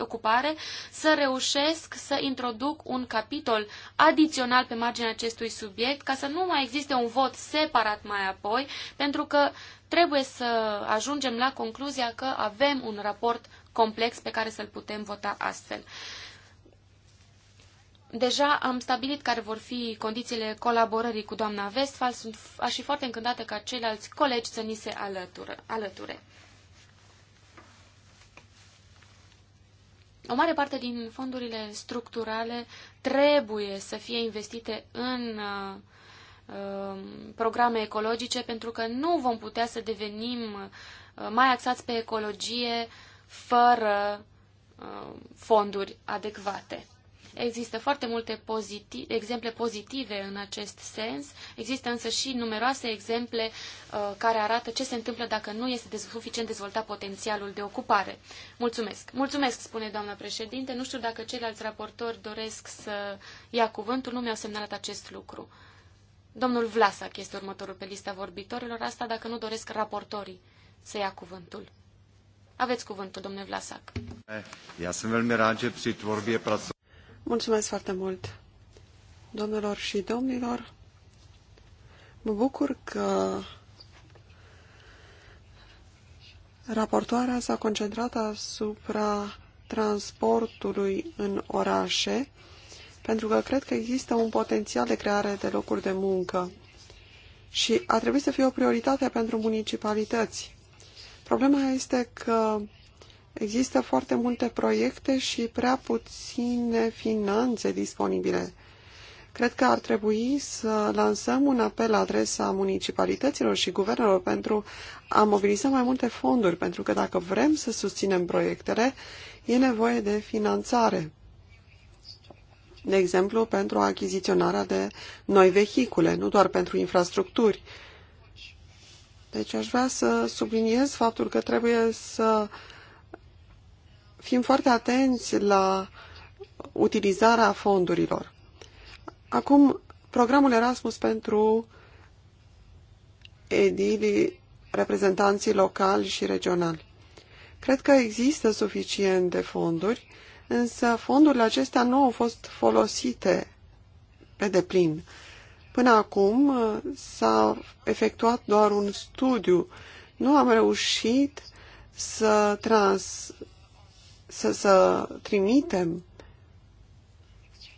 Ocupare, să reușesc să introduc un capitol adițional pe marginea acestui subiect, ca să nu mai existe un vot separat mai apoi, pentru că trebuie să ajungem la concluzia că avem un raport complex pe care să-l putem vota astfel. Deja am stabilit care vor fi condițiile colaborării cu doamna Westphal. Sunt, aș fi foarte încântată ca ceilalți colegi să ni se alătură, alăture. O mare parte din fondurile structurale trebuie să fie investite în uh, um, programe ecologice pentru că nu vom putea să devenim uh, mai axați pe ecologie fără uh, fonduri adecvate. Există foarte multe pozitiv, exemple pozitive în acest sens, există însă și numeroase exemple uh, care arată ce se întâmplă dacă nu este suficient dezvoltat potențialul de ocupare. Mulțumesc! Mulțumesc, spune doamna președinte. Nu știu dacă ceilalți raportori doresc să ia cuvântul, nu mi-au semnalat acest lucru. Domnul Vlasac este următorul pe lista vorbitorilor, asta dacă nu doresc raportorii să ia cuvântul. Aveți cuvântul, domnule Vlasac. Eh, ja sunt veľmi rád, že pri Mulțumesc foarte mult, domnilor și domnilor. Mă bucur că raportoarea s-a concentrat asupra transportului în orașe, pentru că cred că există un potențial de creare de locuri de muncă și a trebuit să fie o prioritate pentru municipalități. Problema este că Există foarte multe proiecte și prea puține finanțe disponibile. Cred că ar trebui să lansăm un apel la adresa municipalităților și guvernelor pentru a mobiliza mai multe fonduri, pentru că dacă vrem să susținem proiectele, e nevoie de finanțare. De exemplu, pentru achiziționarea de noi vehicule, nu doar pentru infrastructuri. Deci aș vrea să subliniez faptul că trebuie să uh, fim foarte atenți la utilizarea fondurilor. Acum, programul Erasmus pentru edilii, reprezentanții locali și regionali. Cred că există suficiente fonduri, însă fondurile acestea nu au fost folosite pe deplin. Până acum uh, s-a efectuat doar un studiu. Nu am reușit să, trans, să, să trimitem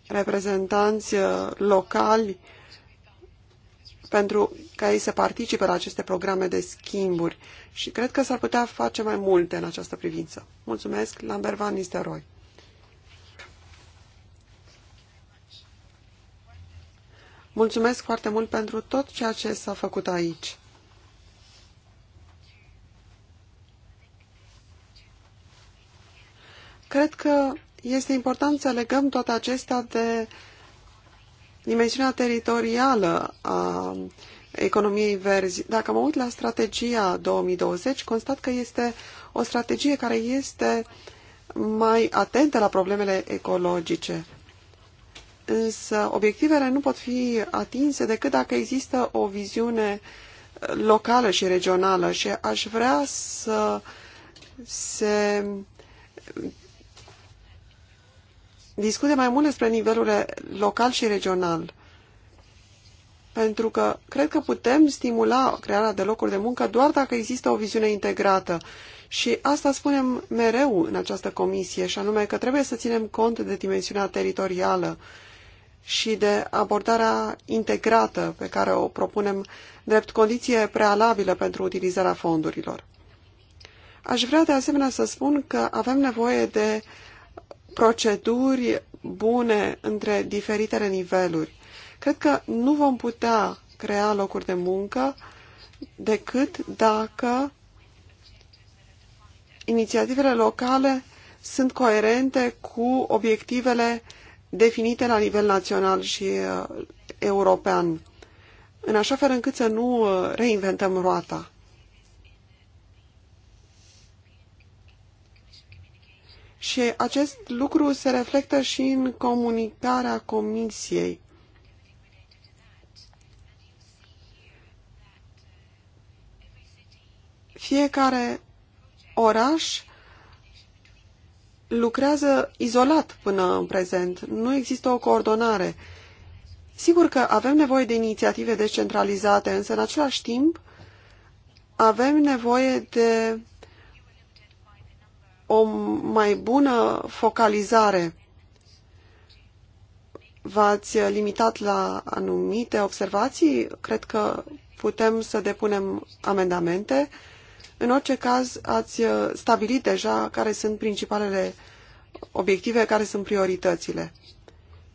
reprezentanți uh, locali pentru ca ei să participe la aceste programe de schimburi și cred că s-ar putea face mai multe în această privință. Mulțumesc, Lambert Van Nistelrooy. Mulțumesc foarte mult pentru tot ceea ce s-a făcut aici. Cred că este important să legăm toate acestea de dimensiunea teritorială a economiei verzi. Dacă mă uit la strategia 2020, constat că este o strategie care este mai atentă la problemele ecologice. Însă obiectivele nu pot fi atinse decât dacă există o viziune locală și regională și aș vrea să se discute mai mult despre nivelurile local și regional. Pentru că cred că putem stimula crearea de locuri de muncă doar dacă există o viziune integrată. Și asta spunem mereu în această comisie, și anume că trebuie să ținem cont de dimensiunea teritorială și de abordarea integrată pe care o propunem drept condiție prealabilă pentru utilizarea fondurilor. Aș vrea de asemenea să spun că avem nevoie de proceduri bune între diferitele niveluri. Cred că nu vom putea crea locuri de muncă decât dacă inițiativele locale sunt coerente cu obiectivele definite la nivel național și uh, european, în așa fel încât să nu uh, reinventăm roata. Și acest lucru se reflectă și în comunicarea Comisiei. Fiecare oraș lucrează izolat până în prezent. Nu există o coordonare. Sigur că avem nevoie de inițiative descentralizate, însă în același timp avem nevoie de o mai bună focalizare. V-ați limitat la anumite observații? Cred că putem să depunem amendamente. În orice caz, ați stabilit deja care sunt principalele obiective, care sunt prioritățile.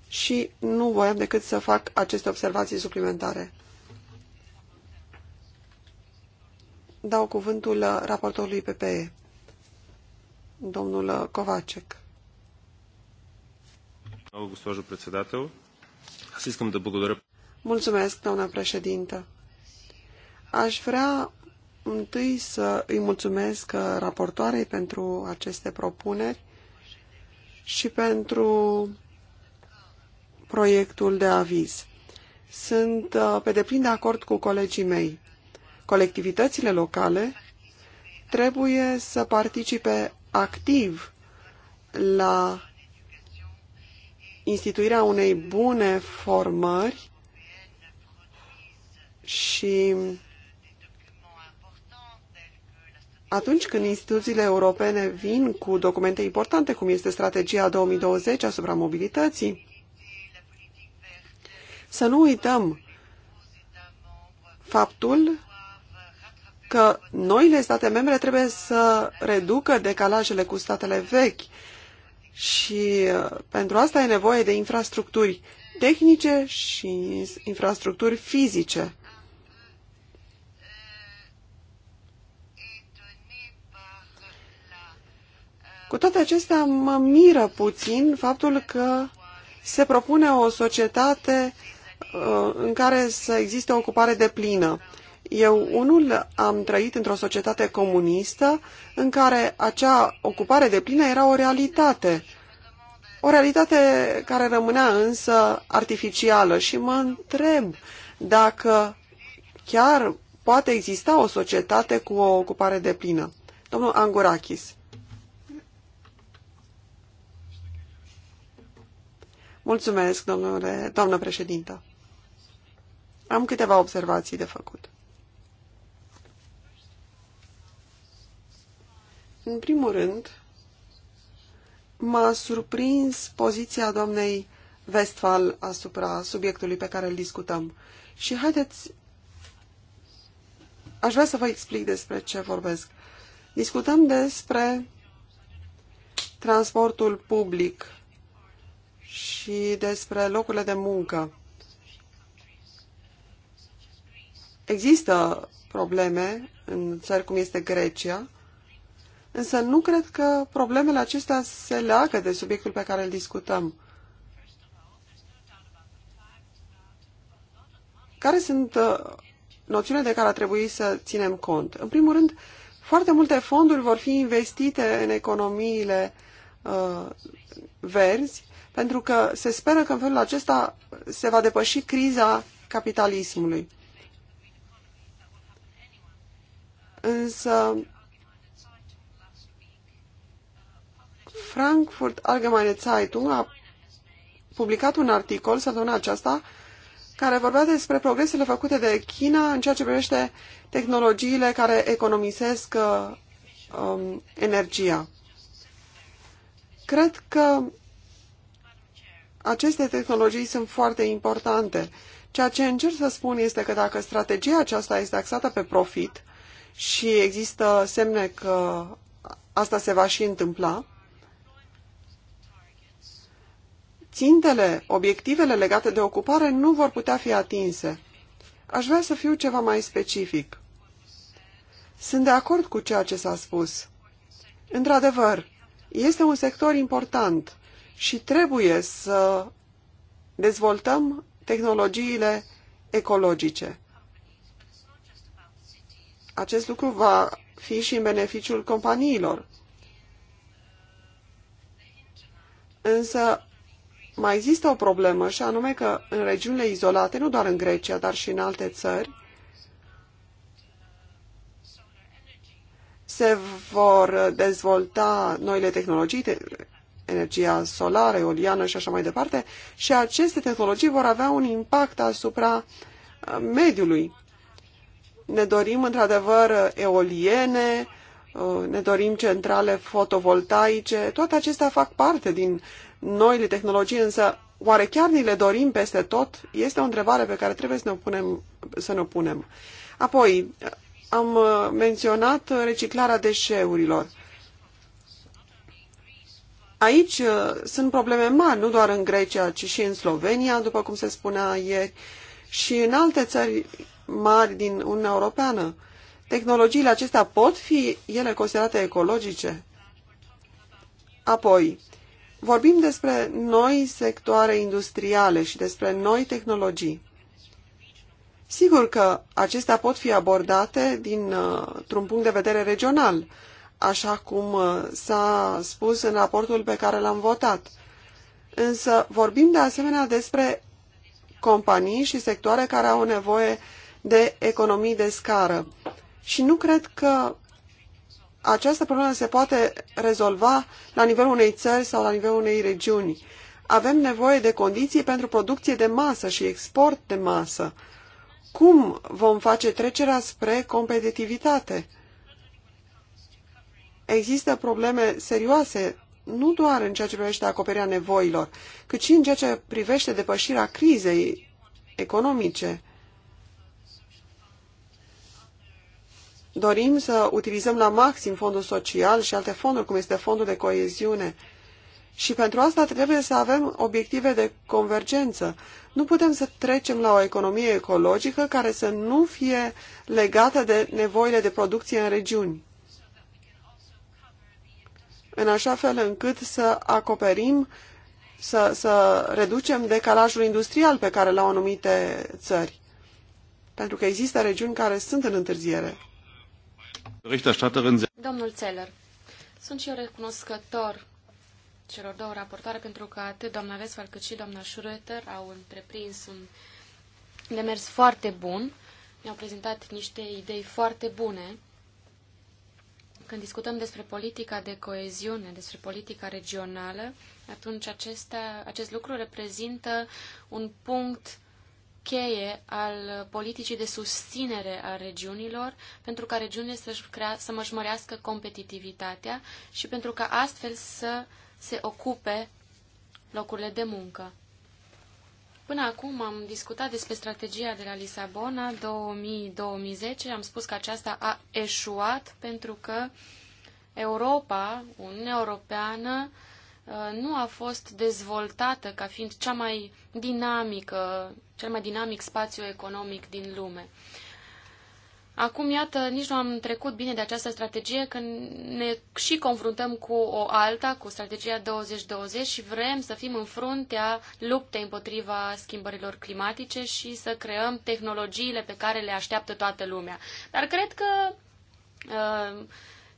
Și nu voiam decât să fac aceste observații suplimentare. Dau cuvântul raportorului PPE domnul Kovacek. Mulțumesc, doamna președintă. Aș vrea întâi să îi mulțumesc raportoarei pentru aceste propuneri și pentru proiectul de aviz. Sunt uh, pe deplin de acord cu colegii mei. Colectivitățile locale trebuie să participe activ la instituirea unei bune formări și atunci când instituțiile europene vin cu documente importante, cum este strategia 2020 asupra mobilității, să nu uităm faptul că noile state membre trebuie să reducă decalajele cu statele vechi și uh, pentru asta e nevoie de infrastructuri tehnice și infrastructuri fizice. Cu toate acestea, mă miră puțin faptul că se propune o societate uh, în care să existe o ocupare de plină. Eu unul am trăit într-o societate comunistă în care acea ocupare de plină era o realitate. O realitate care rămânea însă artificială și mă întreb dacă chiar poate exista o societate cu o ocupare de plină. Domnul Angurakis. Mulțumesc, domnule, doamnă președintă. Am câteva observații de făcut. În primul rând, m-a surprins poziția doamnei Westphal asupra subiectului pe care îl discutăm. Și haideți... Aș vrea să vă explic despre ce vorbesc. Discutăm despre transportul public și despre locurile de muncă. Există probleme în țări cum este Grecia, însă nu cred că problemele acestea se leagă de subiectul pe care îl discutăm. Care sunt uh, noțiunile de care ar trebui să ținem cont? În primul rând, foarte multe fonduri vor fi investite în economiile uh, verzi, pentru că se speră că în felul acesta se va depăși criza capitalismului. Însă Frankfurt Allgemeine Zeitung a publicat un articol săptămâna aceasta care vorbea despre progresele făcute de China în ceea ce privește tehnologiile care economisesc uh, um, energia. Cred că aceste tehnologii sunt foarte importante. Ceea ce încerc să spun este că dacă strategia aceasta este axată pe profit și există semne că asta se va și întâmpla, țintele, obiectivele legate de ocupare nu vor putea fi atinse. Aș vrea să fiu ceva mai specific. Sunt de acord cu ceea ce s-a spus. Într-adevăr, este un sector important și trebuie să dezvoltăm tehnologiile ecologice. Acest lucru va fi și în beneficiul companiilor. Însă mai există o problemă și anume că în regiunile izolate, nu doar în Grecia, dar și în alte țări, se vor dezvolta noile tehnologii, energia solară, eoliană și așa mai departe, și aceste tehnologii vor avea un impact asupra uh, mediului. Ne dorim într-adevăr eoliene, uh, ne dorim centrale fotovoltaice, toate acestea fac parte din noile tehnologii, însă oare chiar ni le dorim peste tot? Este o întrebare pe care trebuie să ne, punem, să ne punem. Apoi, am uh, menționat reciclarea deșeurilor. Aici uh, sunt probleme mari, nu doar în Grecia, ci și în Slovenia, după cum se spunea ieri, și în alte țări mari din Uniunea Europeană. Tehnologiile acestea pot fi ele considerate ecologice? Apoi, Vorbim despre noi sectoare industriale și despre noi tehnologii. Sigur că acestea pot fi abordate dintr-un uh, punct de vedere regional, așa cum uh, s-a spus în raportul pe care l-am votat. Însă vorbim de asemenea despre companii și sectoare care au nevoie de economii de scară. Și nu cred că această problemă se poate rezolva la nivelul unei țări sau la nivelul unei regiuni. Avem nevoie de condiții pentru producție de masă și export de masă. Cum vom face trecerea spre competitivitate? Există probleme serioase, nu doar în ceea ce privește acoperirea nevoilor, cât și în ceea ce privește depășirea crizei economice. dorim să utilizăm la maxim fondul social și alte fonduri, cum este fondul de coeziune. Și pentru asta trebuie să avem obiective de convergență. Nu putem să trecem la o economie ecologică care să nu fie legată de nevoile de producție în regiuni. În așa fel încât să acoperim, să, să reducem decalajul industrial pe care l-au anumite țări. Pentru că există regiuni care sunt în întârziere. Domnul Țeller, sunt și eu recunoscător celor două raportoare pentru că atât doamna Vesfal cât și doamna Schröter au întreprins un demers foarte bun. Ne-au prezentat niște idei foarte bune. Când discutăm despre politica de coeziune, despre politica regională, atunci acesta, acest lucru reprezintă un punct uh, cheie al politicii de susținere a regiunilor, pentru ca regiunile să-și crea, să mă competitivitatea și pentru ca astfel să se ocupe locurile de muncă. Până acum am discutat despre strategia de la Lisabona 2000-2010, am spus că aceasta a eșuat pentru că Europa, Uniunea Europeană, uh, nu a fost dezvoltată ca fiind cea mai dinamică cel mai dinamic spațiu economic din lume. Acum, iată, nici nu am trecut bine de această strategie, când ne și confruntăm cu o alta, cu strategia 2020 și vrem să fim în fruntea luptei împotriva schimbărilor climatice și să creăm tehnologiile pe care le așteaptă toată lumea. Dar cred că uh,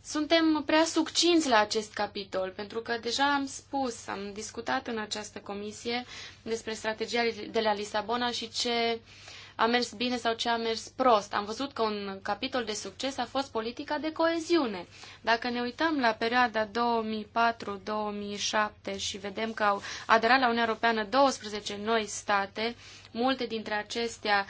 suntem prea succinți la acest capitol, pentru că deja am spus, am discutat în această comisie despre strategia de la Lisabona și ce a mers bine sau ce a mers prost. Am văzut că un capitol de succes a fost politica de coeziune. Dacă ne uităm la perioada 2004-2007 și vedem că au aderat la Uniunea Europeană 12 noi state, multe dintre acestea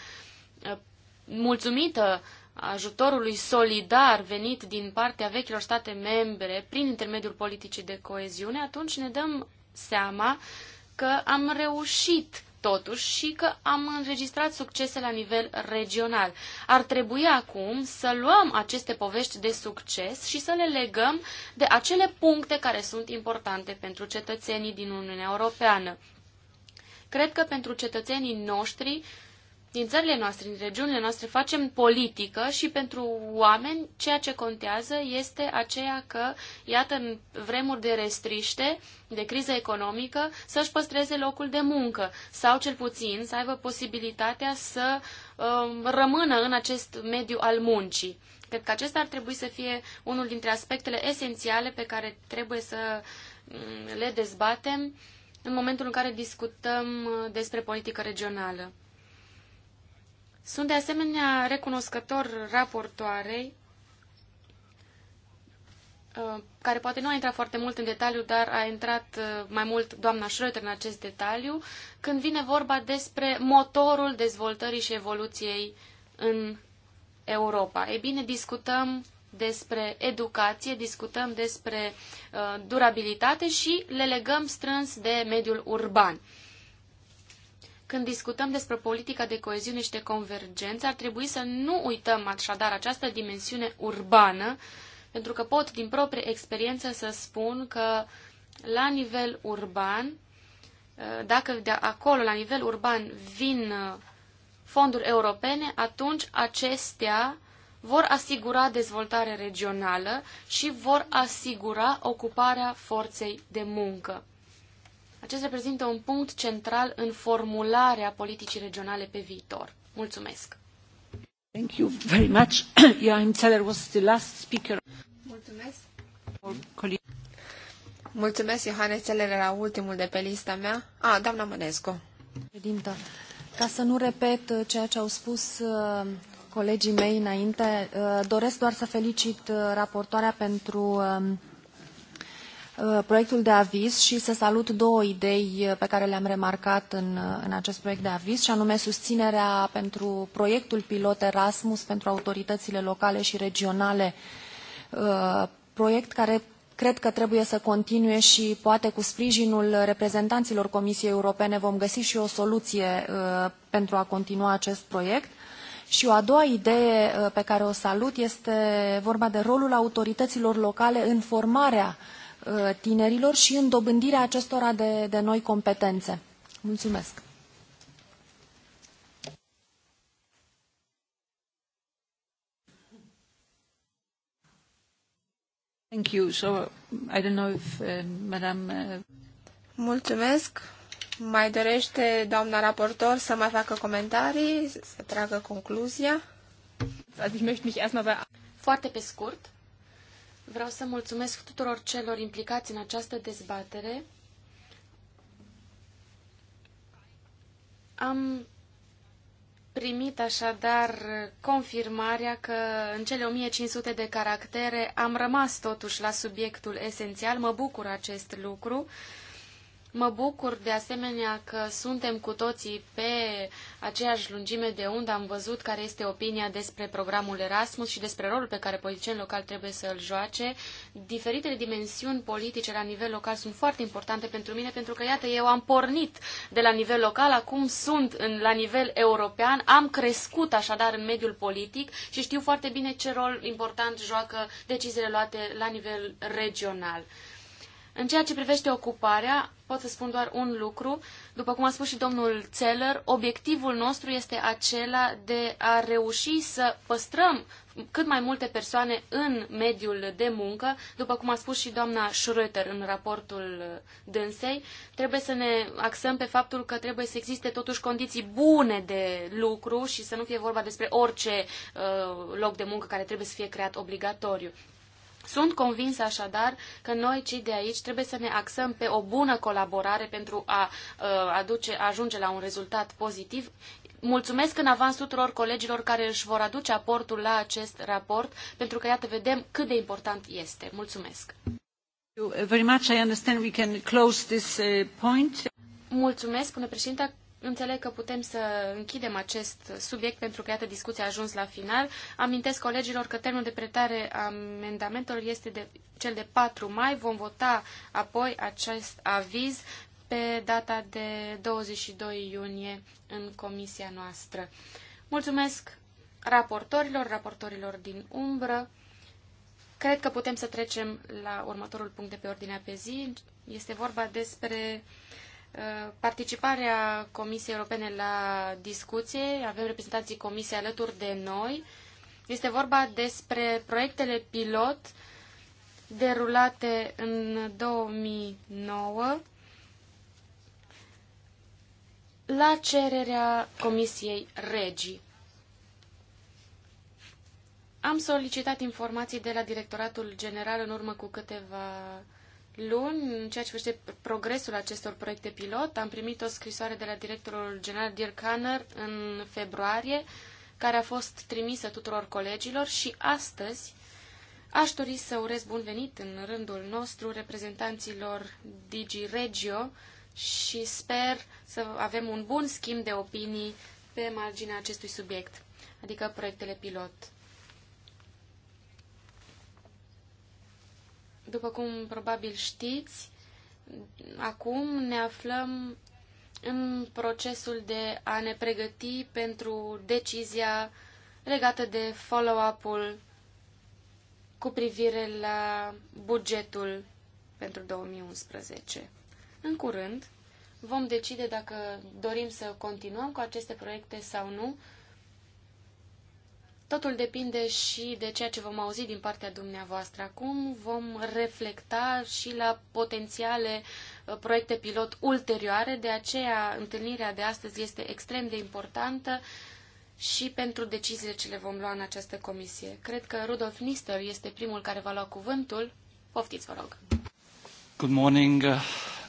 uh, mulțumită ajutorului solidar venit din partea vechilor state membre prin intermediul politicii de coeziune, atunci ne dăm seama că am reușit totuși și că am înregistrat succese la nivel regional. Ar trebui acum să luăm aceste povești de succes și să le legăm de acele puncte care sunt importante pentru cetățenii din Uniunea Europeană. Cred că pentru cetățenii noștri din țările noastre, din regiunile noastre, facem politică și pentru oameni ceea ce contează este aceea că, iată, în vremuri de restriște, de criză economică, să-și păstreze locul de muncă sau cel puțin să aibă posibilitatea să uh, rămână în acest mediu al muncii. Cred că acesta ar trebui să fie unul dintre aspectele esențiale pe care trebuie să mm, le dezbatem în momentul în care discutăm uh, despre politică regională. Sunt de asemenea recunoscător raportoarei, uh, care poate nu a intrat foarte mult în detaliu, dar a intrat uh, mai mult doamna Schröter în acest detaliu, când vine vorba despre motorul dezvoltării și evoluției în Europa. Ei bine, discutăm despre educație, discutăm despre uh, durabilitate și le legăm strâns de mediul urban. Când discutăm despre politica de coeziune și de convergență, ar trebui să nu uităm așadar această dimensiune urbană, pentru că pot din proprie experiență să spun că la nivel urban, eh, dacă de acolo, la nivel urban, vin eh, fonduri europene, atunci acestea vor asigura dezvoltare regională și vor asigura ocuparea forței de muncă. Acest reprezintă un punct central în formularea politicii regionale pe viitor. Mulțumesc! Thank you very much. Joachim Zeller was the last speaker. Mulțumesc. Mulțumesc, Iohannes Zeller era ultimul de pe lista mea. A, ah, doamna Mănescu. Președintă, ca să nu repet uh, ceea ce au spus uh, colegii mei înainte, uh, doresc doar să felicit raportoarea pentru um, Uh, proiectul de aviz și să salut două idei uh, pe care le-am remarcat în, uh, în acest proiect de aviz, și anume susținerea pentru proiectul pilot Erasmus pentru autoritățile locale și regionale, proiect care cred că trebuie să continue și poate cu sprijinul reprezentanților Comisiei Europene vom găsi și o soluție pentru a continua acest proiect. Și o a doua idee pe care o salut este vorba de rolul autorităților locale în formarea uh, Uh, tinerilor și în dobândirea acestora de, de noi competențe. Mulțumesc! Thank you. So, I don't know if, uh, Madame, uh... Mulțumesc. Mai dorește doamna raportor să mai facă comentarii, să tragă concluzia? Foarte pe scurt, Vreau să mulțumesc tuturor celor implicați în această dezbatere. Am primit așadar confirmarea că în cele 1500 de caractere am rămas totuși la subiectul esențial. Mă bucur acest lucru. Mă bucur de asemenea că suntem cu toții pe aceeași lungime de undă. Am văzut care este opinia despre programul Erasmus și despre rolul pe care politicienii locali trebuie să l joace. Diferitele dimensiuni politice la nivel local sunt foarte importante pentru mine, pentru că, iată, eu am pornit de la nivel local, acum sunt în, la nivel european, am crescut așadar în mediul politic și știu foarte bine ce rol important joacă deciziile luate la nivel regional. În ceea ce privește ocuparea, pot să spun doar un lucru. După cum a spus și domnul Zeller, obiectivul nostru este acela de a reuși să păstrăm cât mai multe persoane în mediul de muncă. După cum a spus și doamna Schröter în raportul dânsei, trebuie să ne axăm pe faptul că trebuie să existe totuși condiții bune de lucru și să nu fie vorba despre orice uh, loc de muncă care trebuie să fie creat obligatoriu. Sunt convins așadar că noi, cei de aici, trebuie să ne axăm pe o bună colaborare pentru a, ă, aduce, a ajunge la un rezultat pozitiv. Mulțumesc în avans tuturor colegilor care își vor aduce aportul la acest raport, pentru că, iată, vedem cât de important este. Mulțumesc! Mulțumesc, spune președinta. Înțeleg că putem să închidem acest subiect pentru că, iată, discuția a ajuns la final. Amintesc colegilor că termenul de pretare a amendamentelor este de, cel de 4 mai. Vom vota apoi acest aviz pe data de 22 iunie în comisia noastră. Mulțumesc raportorilor, raportorilor din umbră. Cred că putem să trecem la următorul punct de pe ordinea pe zi. Este vorba despre Uh, participarea Comisiei Europene la discuție, avem reprezentanții Comisiei alături de noi. Este vorba despre proiectele pilot derulate în 2009 la cererea Comisiei Regi. Am solicitat informații de la Directoratul General în urmă cu câteva luni în ceea ce vește progresul acestor proiecte pilot. Am primit o scrisoare de la directorul general Dirk Hanner în februarie, care a fost trimisă tuturor colegilor și astăzi aș dori să urez bun venit în rândul nostru reprezentanților Digi Regio și sper să avem un bun schimb de opinii pe marginea acestui subiect, adică proiectele pilot. După cum probabil știți, acum ne aflăm în procesul de a ne pregăti pentru decizia legată de follow-up-ul cu privire la bugetul pentru 2011. În curând vom decide dacă dorim să continuăm cu aceste proiecte sau nu Totul depinde și de ceea ce vom auzi din partea dumneavoastră. Acum vom reflecta și la potențiale uh, proiecte pilot ulterioare, de aceea întâlnirea de astăzi este extrem de importantă și pentru deciziile ce le vom lua în această comisie. Cred că Rudolf Nister este primul care va lua cuvântul. Poftiți, vă rog. Good morning, uh,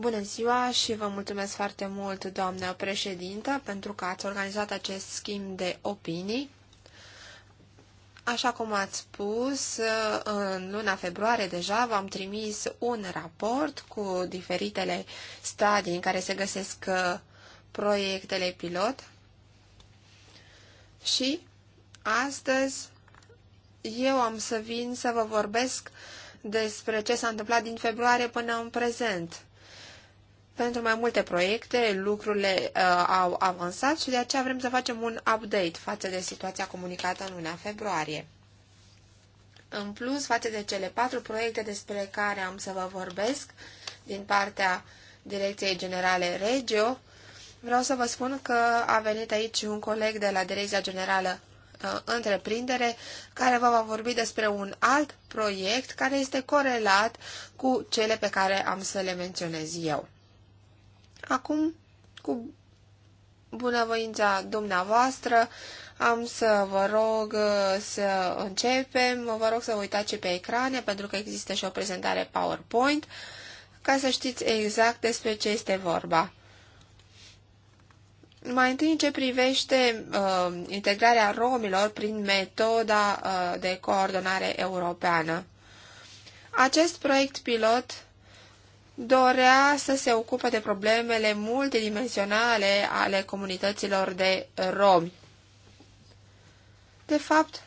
Bună ziua și vă mulțumesc foarte mult, doamnă președintă, pentru că ați organizat acest schimb de opinii. Așa cum ați spus, în luna februarie deja v-am trimis un raport cu diferitele stadii în care se găsesc uh, proiectele pilot și astăzi eu am să vin să vă vorbesc despre ce s-a întâmplat din februarie până în prezent pentru mai multe proiecte, lucrurile uh, au avansat și de aceea vrem să facem un update față de situația comunicată în luna februarie. În plus, față de cele patru proiecte despre care am să vă vorbesc din partea Direcției Generale Regio, vreau să vă spun că a venit aici un coleg de la Direcția Generală uh, întreprindere care vă va vorbi despre un alt proiect care este corelat cu cele pe care am să le menționez eu. Acum, cu bunăvoința dumneavoastră, am să vă rog uh, să începem. Vă rog să vă uitați ce pe ecrane, pentru că există și o prezentare PowerPoint, ca să știți exact despre ce este vorba. Mai întâi, în ce privește uh, integrarea romilor prin metoda uh, de coordonare europeană. Acest proiect pilot dorea să se ocupe de problemele multidimensionale ale comunităților de romi. De fapt,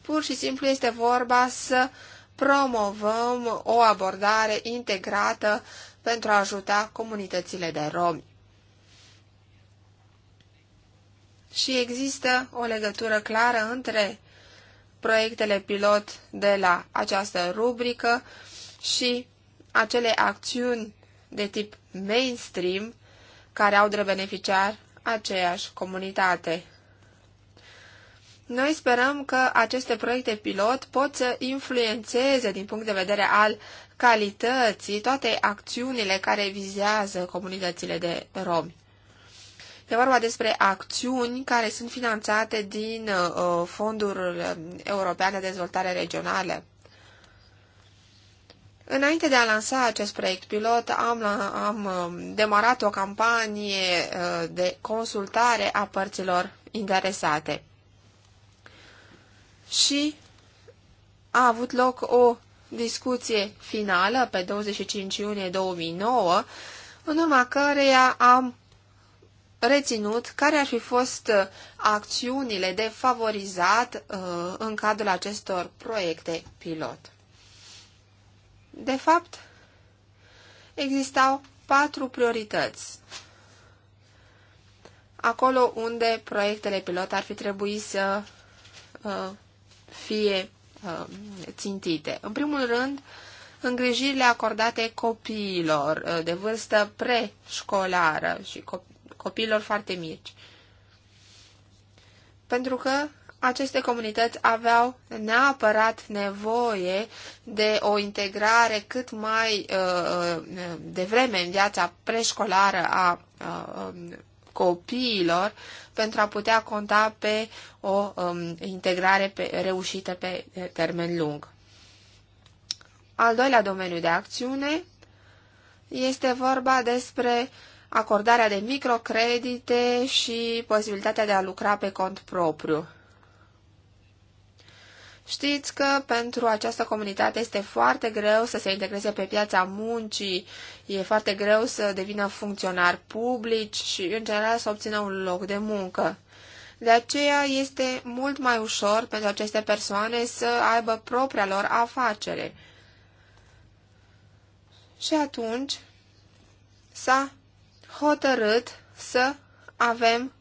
pur și simplu este vorba să promovăm o abordare integrată pentru a ajuta comunitățile de romi. Și există o legătură clară între proiectele pilot de la această rubrică și acele acțiuni de tip mainstream care au de beneficiar aceeași comunitate. Noi sperăm că aceste proiecte pilot pot să influențeze din punct de vedere al calității toate acțiunile care vizează comunitățile de romi. E vorba despre acțiuni care sunt finanțate din uh, Fondul um, European de Dezvoltare Regională Înainte de a lansa acest proiect pilot, am, am um, demarat o campanie uh, de consultare a părților interesate. Și a avut loc o discuție finală pe 25 iunie 2009, în urma căreia am reținut care ar fi fost uh, acțiunile de favorizat uh, în cadrul acestor proiecte pilot. De fapt, existau patru priorități. Acolo unde proiectele pilot ar fi trebuit să uh, fie uh, țintite. În primul rând, îngrijirile acordate copiilor uh, de vârstă preșcolară și copiilor foarte mici. Pentru că aceste comunități aveau neapărat nevoie de o integrare cât mai uh, uh devreme în viața preșcolară a uh, um, copiilor pentru a putea conta pe o um, integrare pe, reușită pe termen lung. Al doilea domeniu de acțiune este vorba despre acordarea de microcredite și posibilitatea de a lucra pe cont propriu. Știți că pentru această comunitate este foarte greu să se integreze pe piața muncii, e foarte greu să devină funcționar public și, în general, să obțină un loc de muncă. De aceea este mult mai ușor pentru aceste persoane să aibă propria lor afacere. Și atunci s-a hotărât să avem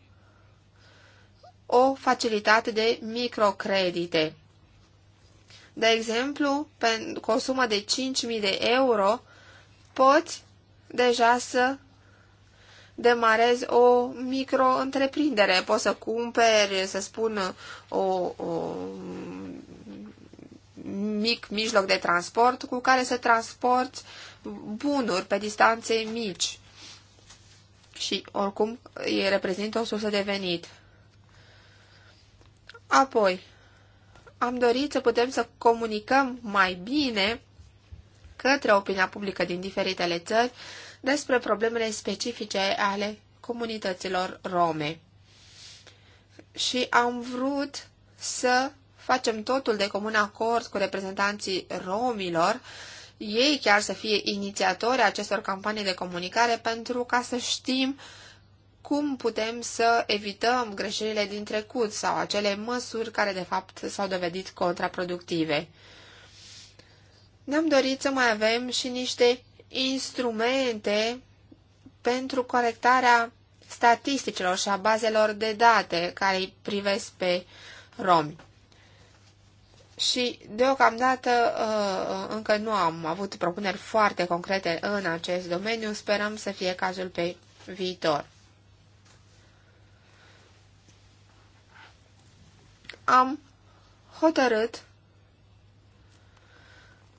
o facilitate de microcredite de exemplu, pentru o sumă de 5.000 de euro, poți deja să demarezi o micro-întreprindere. Poți să cumperi, să spun, o, o mic mijloc de transport cu care să transporti bunuri pe distanțe mici. Și oricum îi reprezintă o sursă de venit. Apoi, am dorit să putem să comunicăm mai bine către opinia publică din diferitele țări despre problemele specifice ale comunităților rome. Și am vrut să facem totul de comun acord cu reprezentanții romilor, ei chiar să fie inițiatori acestor campanii de comunicare pentru ca să știm uh, cum putem să evităm greșelile din trecut sau acele măsuri care de fapt s-au dovedit contraproductive. Ne-am dorit să mai avem și niște instrumente pentru corectarea statisticilor și a bazelor de date care îi privesc pe romi. Și deocamdată uh, încă nu am avut propuneri foarte concrete în acest domeniu, sperăm să fie cazul pe viitor. am hotărât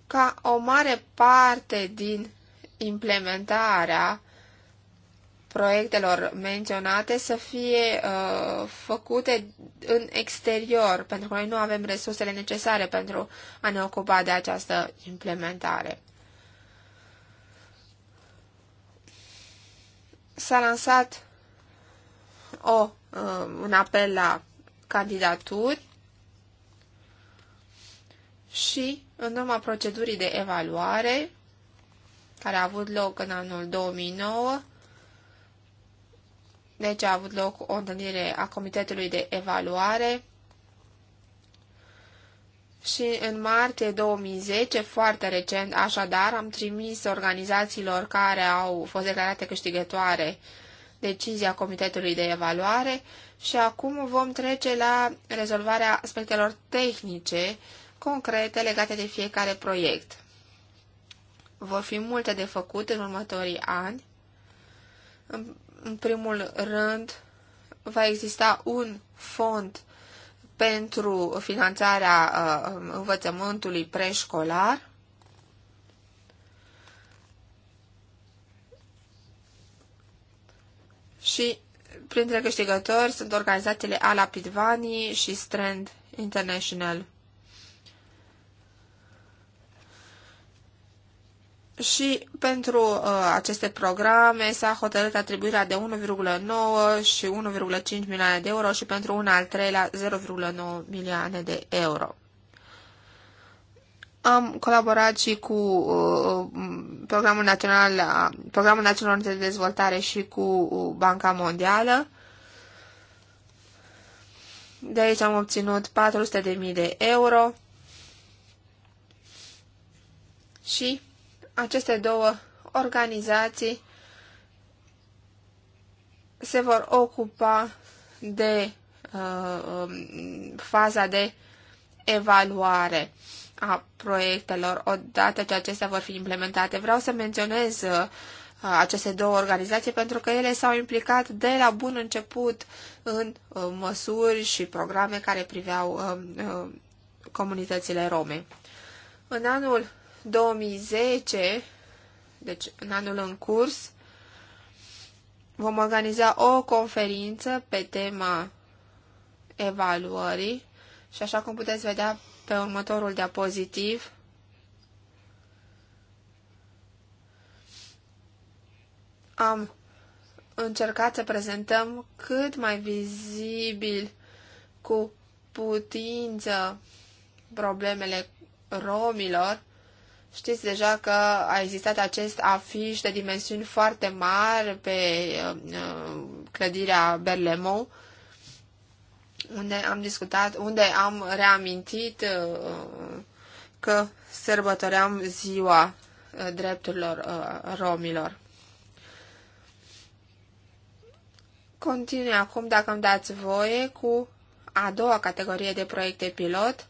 ca o mare parte din implementarea proiectelor menționate să fie uh, făcute în exterior, pentru că noi nu avem resursele necesare pentru a ne ocupa de această implementare. S-a lansat o, uh, un apel la candidaturi și în urma procedurii de evaluare care a avut loc în anul 2009, deci a avut loc o întâlnire a Comitetului de Evaluare și în martie 2010, foarte recent, așadar, am trimis organizațiilor care au fost declarate câștigătoare decizia Comitetului de Evaluare și acum vom trece la rezolvarea aspectelor tehnice concrete legate de fiecare proiect. Vor fi multe de făcut în următorii ani. În primul rând, va exista un fond pentru finanțarea uh, învățământului preșcolar. Și Printre câștigători sunt organizațiile Ala Pidvani și Strand International. Și pentru uh, aceste programe s-a hotărât atribuirea de 1,9 și 1,5 milioane de euro și pentru un al treilea 0,9 milioane de euro. Am colaborat și cu uh, Programul Național, Programul Național de Dezvoltare și cu uh, Banca Mondială. De aici am obținut 400.000 de euro. Și aceste două organizații se vor ocupa de uh, um, faza de evaluare a proiectelor odată ce acestea vor fi implementate. Vreau să menționez uh, aceste două organizații pentru că ele s-au implicat de la bun început în uh, măsuri și programe care priveau uh, comunitățile rome. În anul 2010, deci în anul în curs, vom organiza o conferință pe tema evaluării și așa cum puteți vedea pe următorul diapozitiv. Am încercat să prezentăm cât mai vizibil cu putință problemele romilor. Știți deja că a existat acest afiș de dimensiuni foarte mari pe uh, uh, clădirea Berlemont, unde am discutat, unde am reamintit uh, că sărbătoream ziua uh, drepturilor uh, romilor. Continui acum, dacă îmi dați voie, cu a doua categorie de proiecte pilot,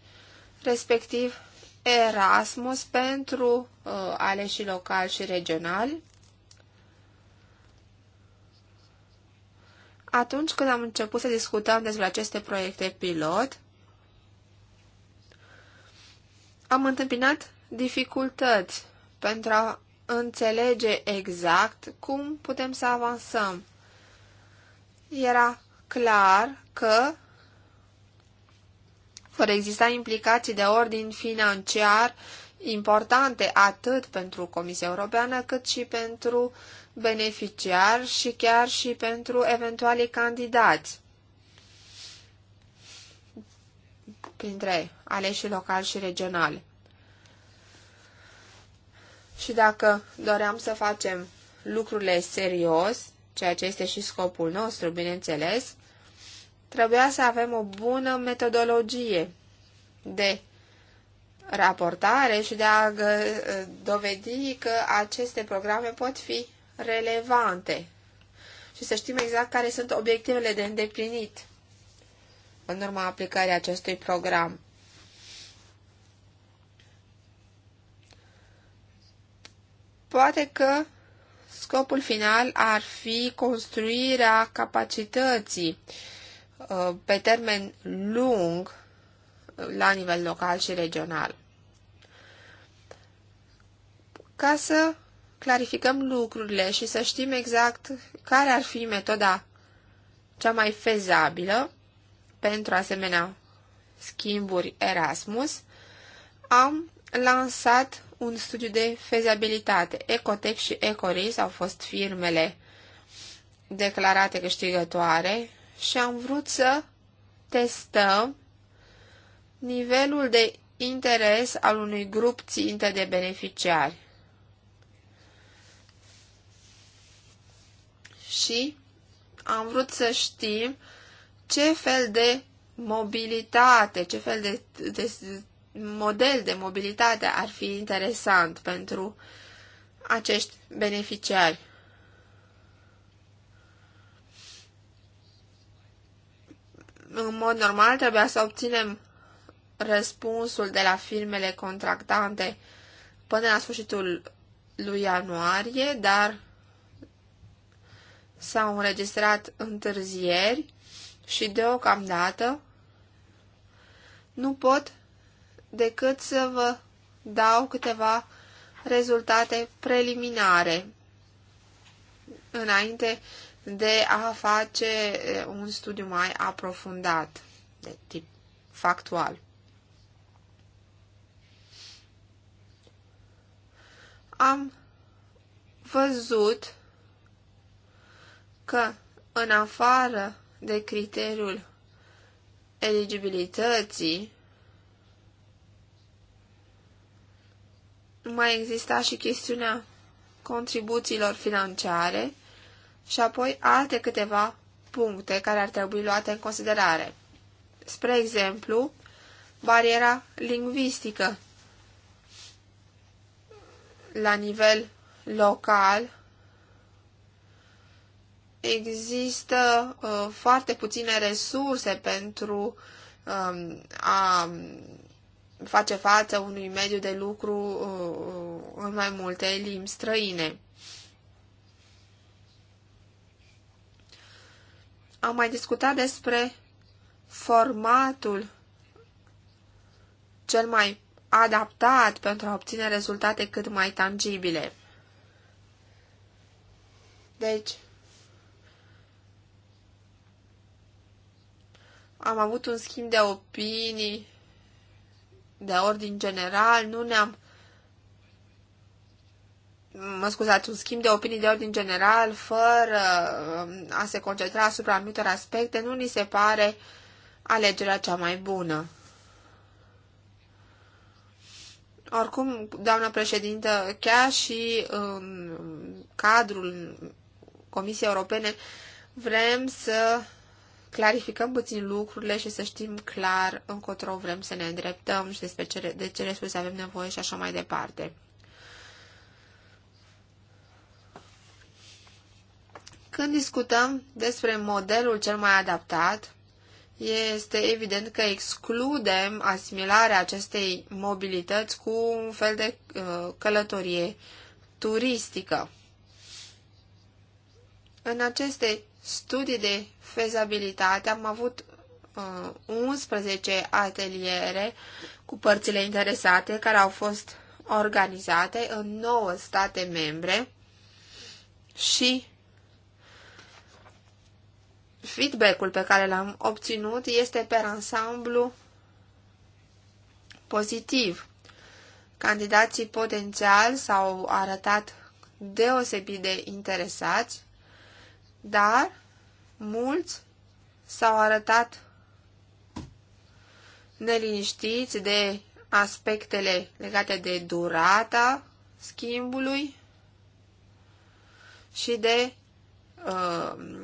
respectiv Erasmus pentru uh, aleșii locali și regionali. Atunci când am început să discutăm despre aceste proiecte pilot, am întâmpinat dificultăți pentru a înțelege exact cum putem să avansăm. Era clar că vor exista implicații de ordin financiar importante atât pentru Comisia Europeană cât și pentru beneficiar și chiar și pentru eventualii candidați printre aleșii locali și regionali. Și dacă doream să facem lucrurile serios, ceea ce este și scopul nostru, bineînțeles, trebuia să avem o bună metodologie de raportare și de a dovedi că aceste programe pot fi relevante și să știm exact care sunt obiectivele de îndeplinit în urma aplicării acestui program. Poate că scopul final ar fi construirea capacității uh, pe termen lung la nivel local și regional. Ca să clarificăm lucrurile și să știm exact care ar fi metoda cea mai fezabilă pentru asemenea schimburi Erasmus, am lansat un studiu de fezabilitate. Ecotech și Ecoris au fost firmele declarate câștigătoare și am vrut să testăm nivelul de interes al unui grup țintă de beneficiari. și am vrut să știm ce fel de mobilitate, ce fel de, de model de mobilitate ar fi interesant pentru acești beneficiari. În mod normal trebuia să obținem răspunsul de la firmele contractante până la sfârșitul lui ianuarie, dar s-au înregistrat întârzieri și deocamdată nu pot decât să vă dau câteva rezultate preliminare înainte de a face eh, un studiu mai aprofundat de tip factual. Am văzut că în afară de criteriul eligibilității, mai exista și chestiunea contribuțiilor financiare și apoi alte câteva puncte care ar trebui luate în considerare. Spre exemplu, bariera lingvistică la nivel local există uh, foarte puține resurse pentru uh, a face față unui mediu de lucru uh, în mai multe limbi străine. Am mai discutat despre formatul cel mai adaptat pentru a obține rezultate cât mai tangibile. Deci, Am avut un schimb de opinii de ordin general, nu ne-am mă scuzați, un schimb de opinii de ordin general, fără um, a se concentra asupra anumitor aspecte, nu ni se pare alegerea cea mai bună. Oricum, doamnă președintă, chiar și în cadrul Comisiei Europene vrem să clarificăm puțin lucrurile și să știm clar încotro vrem să ne îndreptăm și despre ce, de ce resurse avem nevoie și așa mai departe. Când discutăm despre modelul cel mai adaptat, este evident că excludem asimilarea acestei mobilități cu un fel de uh, călătorie turistică. În aceste studii de fezabilitate. Am avut uh, 11 ateliere cu părțile interesate care au fost organizate în 9 state membre și feedback-ul pe care l-am obținut este pe ansamblu pozitiv. Candidații potențiali s-au arătat deosebit de interesați dar mulți s-au arătat neliniștiți de aspectele legate de durata schimbului și de uh,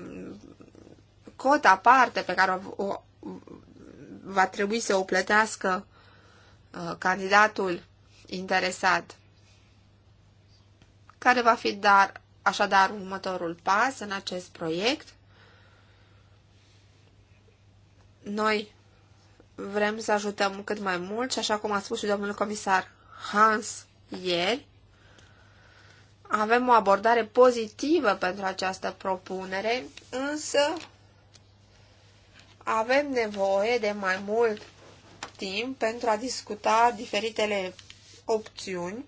cota parte pe care o, o, va trebui să o plătească uh, candidatul interesat, care va fi dar așadar următorul pas în acest proiect. Noi vrem să ajutăm cât mai mult și așa cum a spus și domnul comisar Hans ieri, avem o abordare pozitivă pentru această propunere, însă avem nevoie de mai mult timp pentru a discuta diferitele opțiuni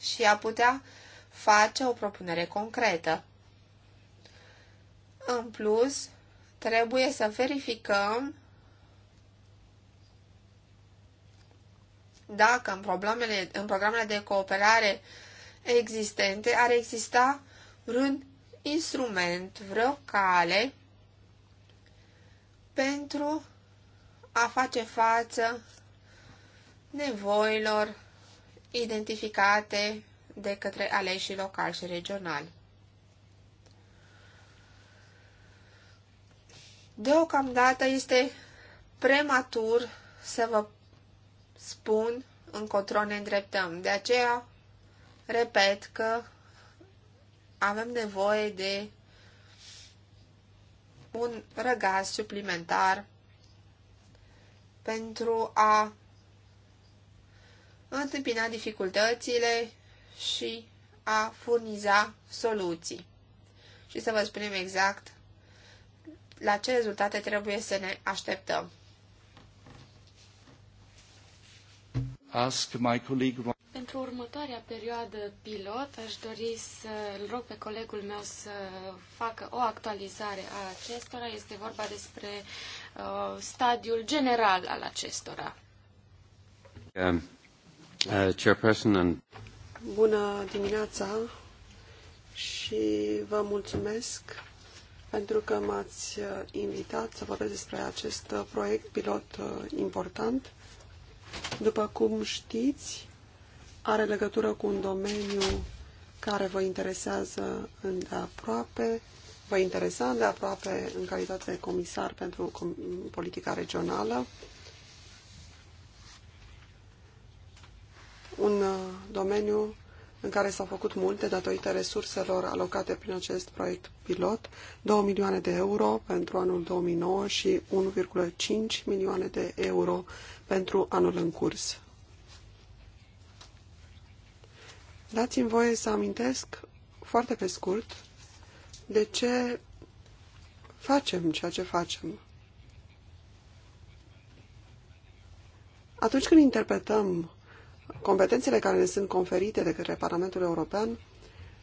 și a putea face o propunere concretă. În plus, trebuie să verificăm dacă în în programele de cooperare existente ar exista vreun instrument, vreo cale pentru a face față nevoilor identificate de către aleșii locali și regionali. Deocamdată este prematur să vă spun încotro ne îndreptăm. De aceea, repet că avem nevoie de un răgaz suplimentar pentru a întâmpina dificultățile și a furniza soluții. Și să vă spunem exact la ce rezultate trebuie să ne așteptăm. Ask my colleague... Pentru următoarea perioadă pilot, aș dori să îl rog pe colegul meu să facă o actualizare a acestora. Este vorba despre uh, stadiul general al acestora. Um, uh, chairperson and... Bună dimineața și vă mulțumesc pentru că m-ați uh, invitat să vorbesc despre acest uh, proiect pilot uh, important. După cum știți, are legătură cu un domeniu care vă interesează îndeaproape, vă interesa îndeaproape în calitate de comisar pentru politica regională. un uh, domeniu în care s-au făcut multe datorită resurselor alocate prin acest proiect pilot, 2 milioane de euro pentru anul 2009 și 1,5 milioane de euro pentru anul în curs. Dați-mi voie să amintesc foarte pe scurt de ce facem ceea ce facem. Atunci când interpretăm competențele care ne sunt conferite de către Parlamentul European,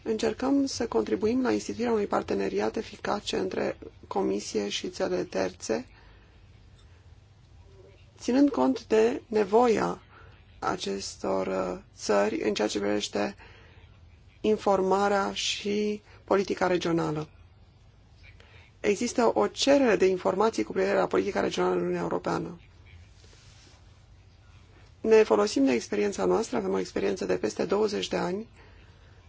încercăm să contribuim la instituirea unui parteneriat eficace între Comisie și țările terțe, ținând cont de nevoia acestor uh, țări în ceea ce privește informarea și politica regională. Există o cerere de informații cu privire la politica regională în Uniunea Europeană ne folosim de experiența noastră, avem o experiență de peste 20 de ani,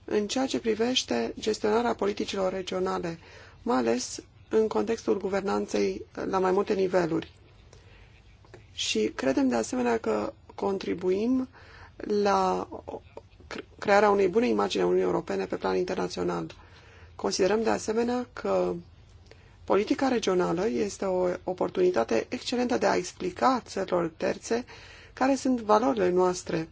în ceea ce privește gestionarea politicilor regionale, mai ales în contextul guvernanței uh, la mai multe niveluri. Și credem de asemenea că contribuim la crearea unei bune imagini a Uniunii Europene pe plan internațional. Considerăm de asemenea că politica regională este o oportunitate excelentă de a explica țărilor terțe care sunt valorile noastre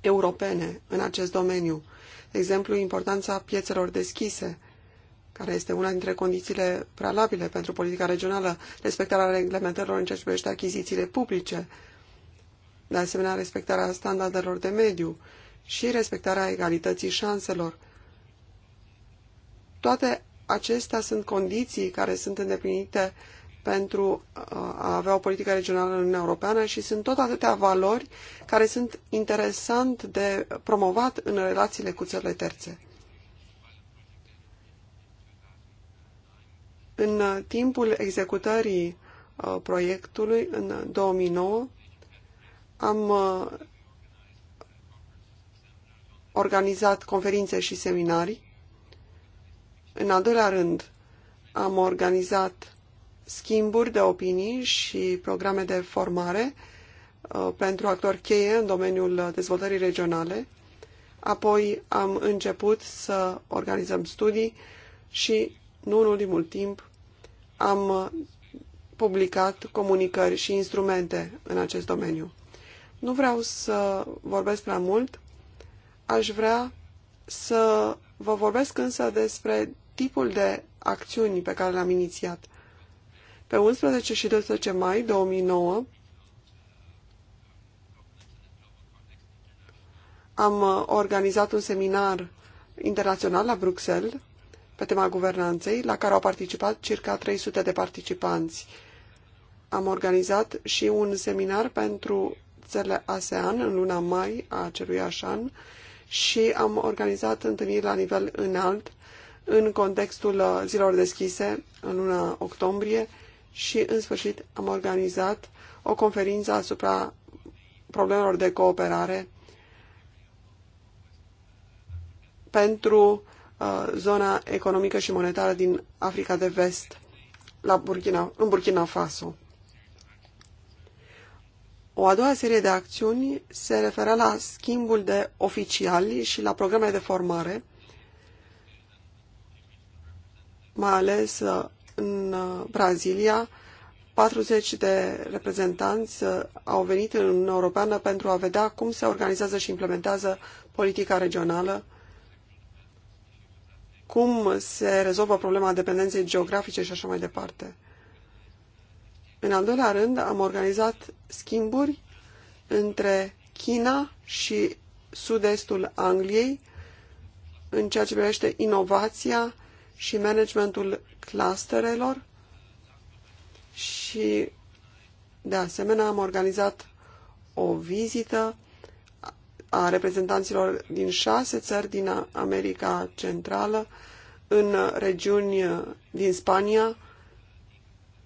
europene în acest domeniu. De exemplu, importanța piețelor deschise, care este una dintre condițiile prealabile pentru politica regională, respectarea reglementărilor în ceea ce privește achizițiile publice, de asemenea respectarea standardelor de mediu și respectarea egalității șanselor. Toate acestea sunt condiții care sunt îndeplinite pentru uh, a avea o politică regională în Uniunea Europeană și sunt tot atâtea valori care sunt interesant de promovat în relațiile cu țările terțe. În timpul executării uh, proiectului, în 2009, am uh, organizat conferințe și seminarii. În al doilea rând, am organizat schimburi de opinii și programe de formare uh, pentru actori cheie în domeniul uh, dezvoltării regionale. Apoi am început să organizăm studii și, nu în ultimul timp, am uh, publicat comunicări și instrumente în acest domeniu. Nu vreau să vorbesc prea mult, aș vrea să vă vorbesc însă despre tipul de acțiuni pe care le-am inițiat – pe 11 și 12 mai 2009 am organizat un seminar internațional la Bruxelles pe tema guvernanței, la care au participat circa 300 de participanți. Am organizat și un seminar pentru țările ASEAN în luna mai a acelui an și am organizat întâlniri la nivel înalt în contextul zilor deschise în luna octombrie și, în sfârșit, am organizat o conferință asupra problemelor de cooperare pentru uh, zona economică și monetară din Africa de Vest, la Burkina, în Burkina Faso. O a doua serie de acțiuni se referă la schimbul de oficiali și la programe de formare, mai ales uh, în uh, Brazilia, 40 de reprezentanți uh, au venit în Uniunea Europeană pentru a vedea cum se organizează și implementează politica regională, cum se rezolvă problema dependenței geografice și așa mai departe. În al doilea rând, am organizat schimburi între China și sud-estul Angliei în ceea ce privește inovația și managementul clusterelor și de asemenea am organizat o vizită a reprezentanților din șase țări din America Centrală în regiuni din Spania,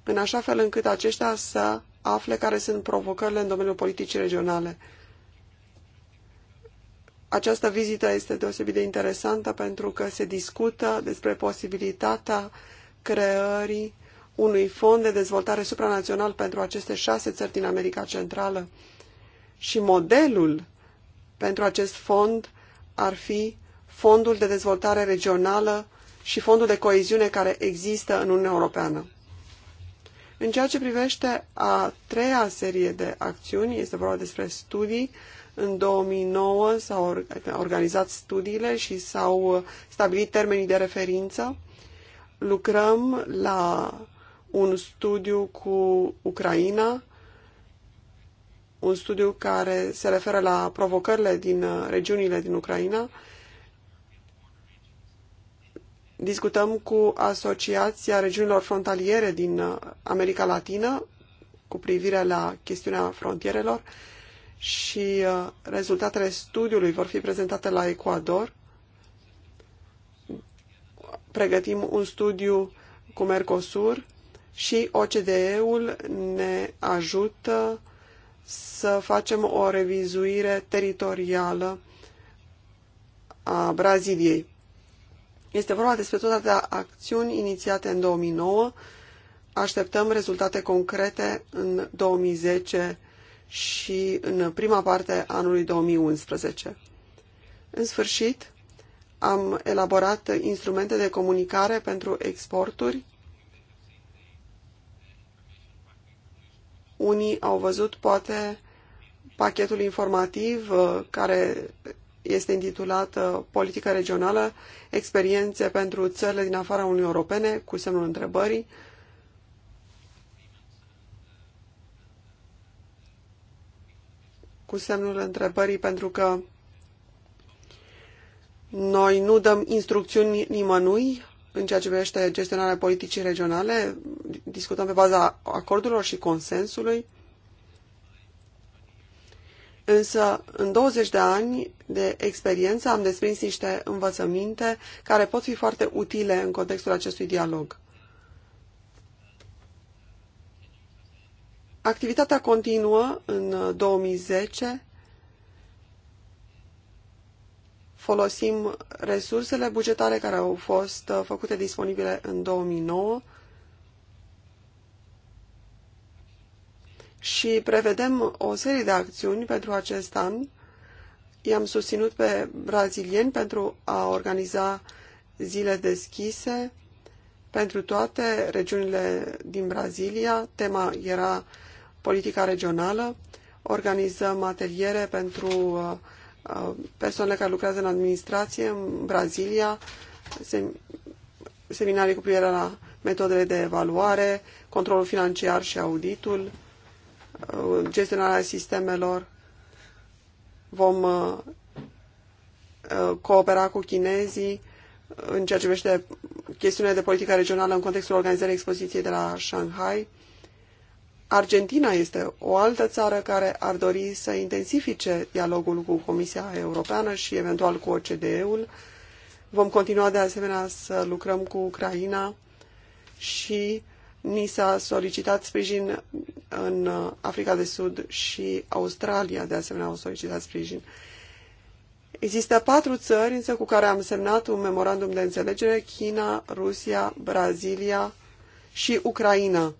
în așa fel încât aceștia să afle care sunt provocările în domeniul politicii regionale. Această vizită este deosebit de interesantă pentru că se discută despre posibilitatea creării unui fond de dezvoltare supranațional pentru aceste șase țări din America Centrală. Și modelul pentru acest fond ar fi fondul de dezvoltare regională și fondul de coeziune care există în Uniunea Europeană. În ceea ce privește a treia serie de acțiuni, este vorba despre studii, în 2009 s-au organizat studiile și s-au stabilit termenii de referință lucrăm la un studiu cu Ucraina, un studiu care se referă la provocările din uh, regiunile din Ucraina. Discutăm cu Asociația Regiunilor Frontaliere din uh, America Latină cu privire la chestiunea frontierelor și uh, rezultatele studiului vor fi prezentate la Ecuador pregătim un studiu cu Mercosur și OCDE-ul ne ajută să facem o revizuire teritorială a Braziliei. Este vorba despre toate acțiuni inițiate în 2009. Așteptăm rezultate concrete în 2010 și în prima parte a anului 2011. În sfârșit, am elaborat instrumente de comunicare pentru exporturi. Unii au văzut poate pachetul informativ uh, care este intitulat uh, "Politica regională, experiențe pentru țările din afara Uniunii Europene, cu semnul întrebării. Cu semnul întrebării pentru că noi nu dăm instrucțiuni nimănui în ceea ce privește gestionarea politicii regionale. Discutăm pe baza acordurilor și consensului. Însă, în 20 de ani de experiență am desprins niște învățăminte care pot fi foarte utile în contextul acestui dialog. Activitatea continuă în 2010 folosim resursele bugetare care au fost uh, făcute disponibile în 2009 și prevedem o serie de acțiuni pentru acest an. I-am susținut pe brazilieni pentru a organiza zile deschise pentru toate regiunile din Brazilia. Tema era politica regională. Organizăm ateliere pentru uh, persoane care lucrează în administrație în Brazilia, seminarii cu privire la metodele de evaluare, controlul financiar și auditul, uh, gestionarea sistemelor. Vom uh, uh, coopera cu chinezii în ceea ce privește chestiunile de politică regională în contextul organizării expoziției de la Shanghai. Argentina este o altă țară care ar dori să intensifice dialogul cu Comisia Europeană și eventual cu OCDE-ul. Vom continua de asemenea să lucrăm cu Ucraina și ni s-a solicitat sprijin în Africa de Sud și Australia, de asemenea, au solicitat sprijin. Există patru țări, însă, cu care am semnat un memorandum de înțelegere, China, Rusia, Brazilia și Ucraina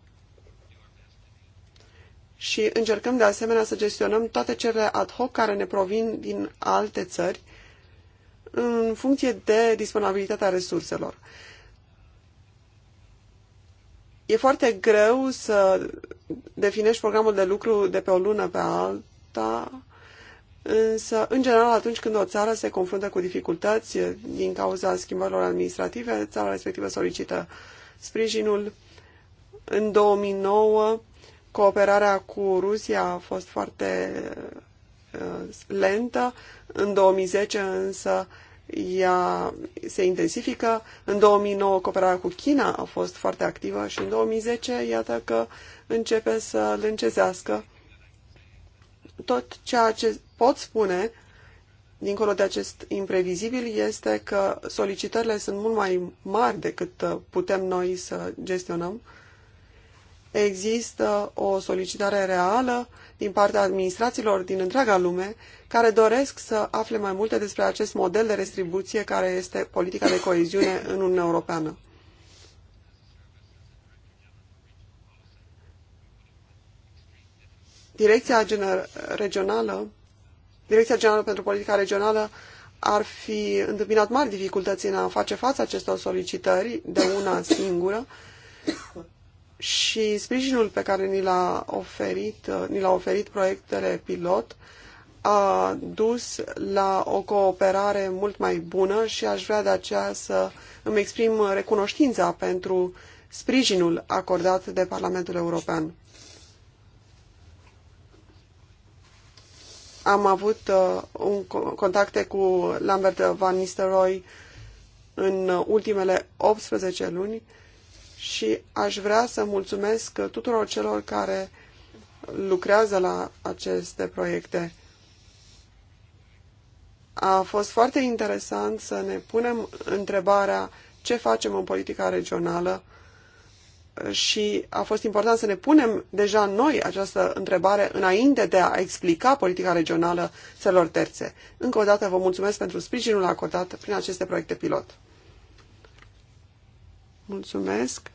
și încercăm de asemenea să gestionăm toate cele ad hoc care ne provin din alte țări în funcție de disponibilitatea resurselor. E foarte greu să definești programul de lucru de pe o lună pe alta, însă, în general, atunci când o țară se confruntă cu dificultăți din cauza schimbărilor administrative, țara respectivă solicită sprijinul. În 2009, Cooperarea cu Rusia a fost foarte uh, lentă. În 2010 însă ea se intensifică. În 2009 cooperarea cu China a fost foarte activă și în 2010 iată că începe să lâncezească tot ceea ce pot spune dincolo de acest imprevizibil este că solicitările sunt mult mai mari decât uh, putem noi să gestionăm există o solicitare reală din partea administrațiilor din întreaga lume care doresc să afle mai multe despre acest model de restribuție care este politica de coeziune în Uniunea Europeană. Direcția Regională Direcția Generală pentru Politica Regională ar fi întâmpinat mari dificultăți în a face față acestor solicitări de una singură, și sprijinul pe care ni l-a oferit, uh, ni l-a oferit proiectele pilot a dus la o cooperare mult mai bună și aș vrea de aceea să îmi exprim recunoștința pentru sprijinul acordat de Parlamentul European. Am avut uh, un, contacte cu Lambert Van Nistelrooy în ultimele 18 luni și aș vrea să mulțumesc tuturor celor care lucrează la aceste proiecte. A fost foarte interesant să ne punem întrebarea ce facem în politica regională și a fost important să ne punem deja noi această întrebare înainte de a explica politica regională țărilor terțe. Încă o dată vă mulțumesc pentru sprijinul acordat prin aceste proiecte pilot. Mulțumesc.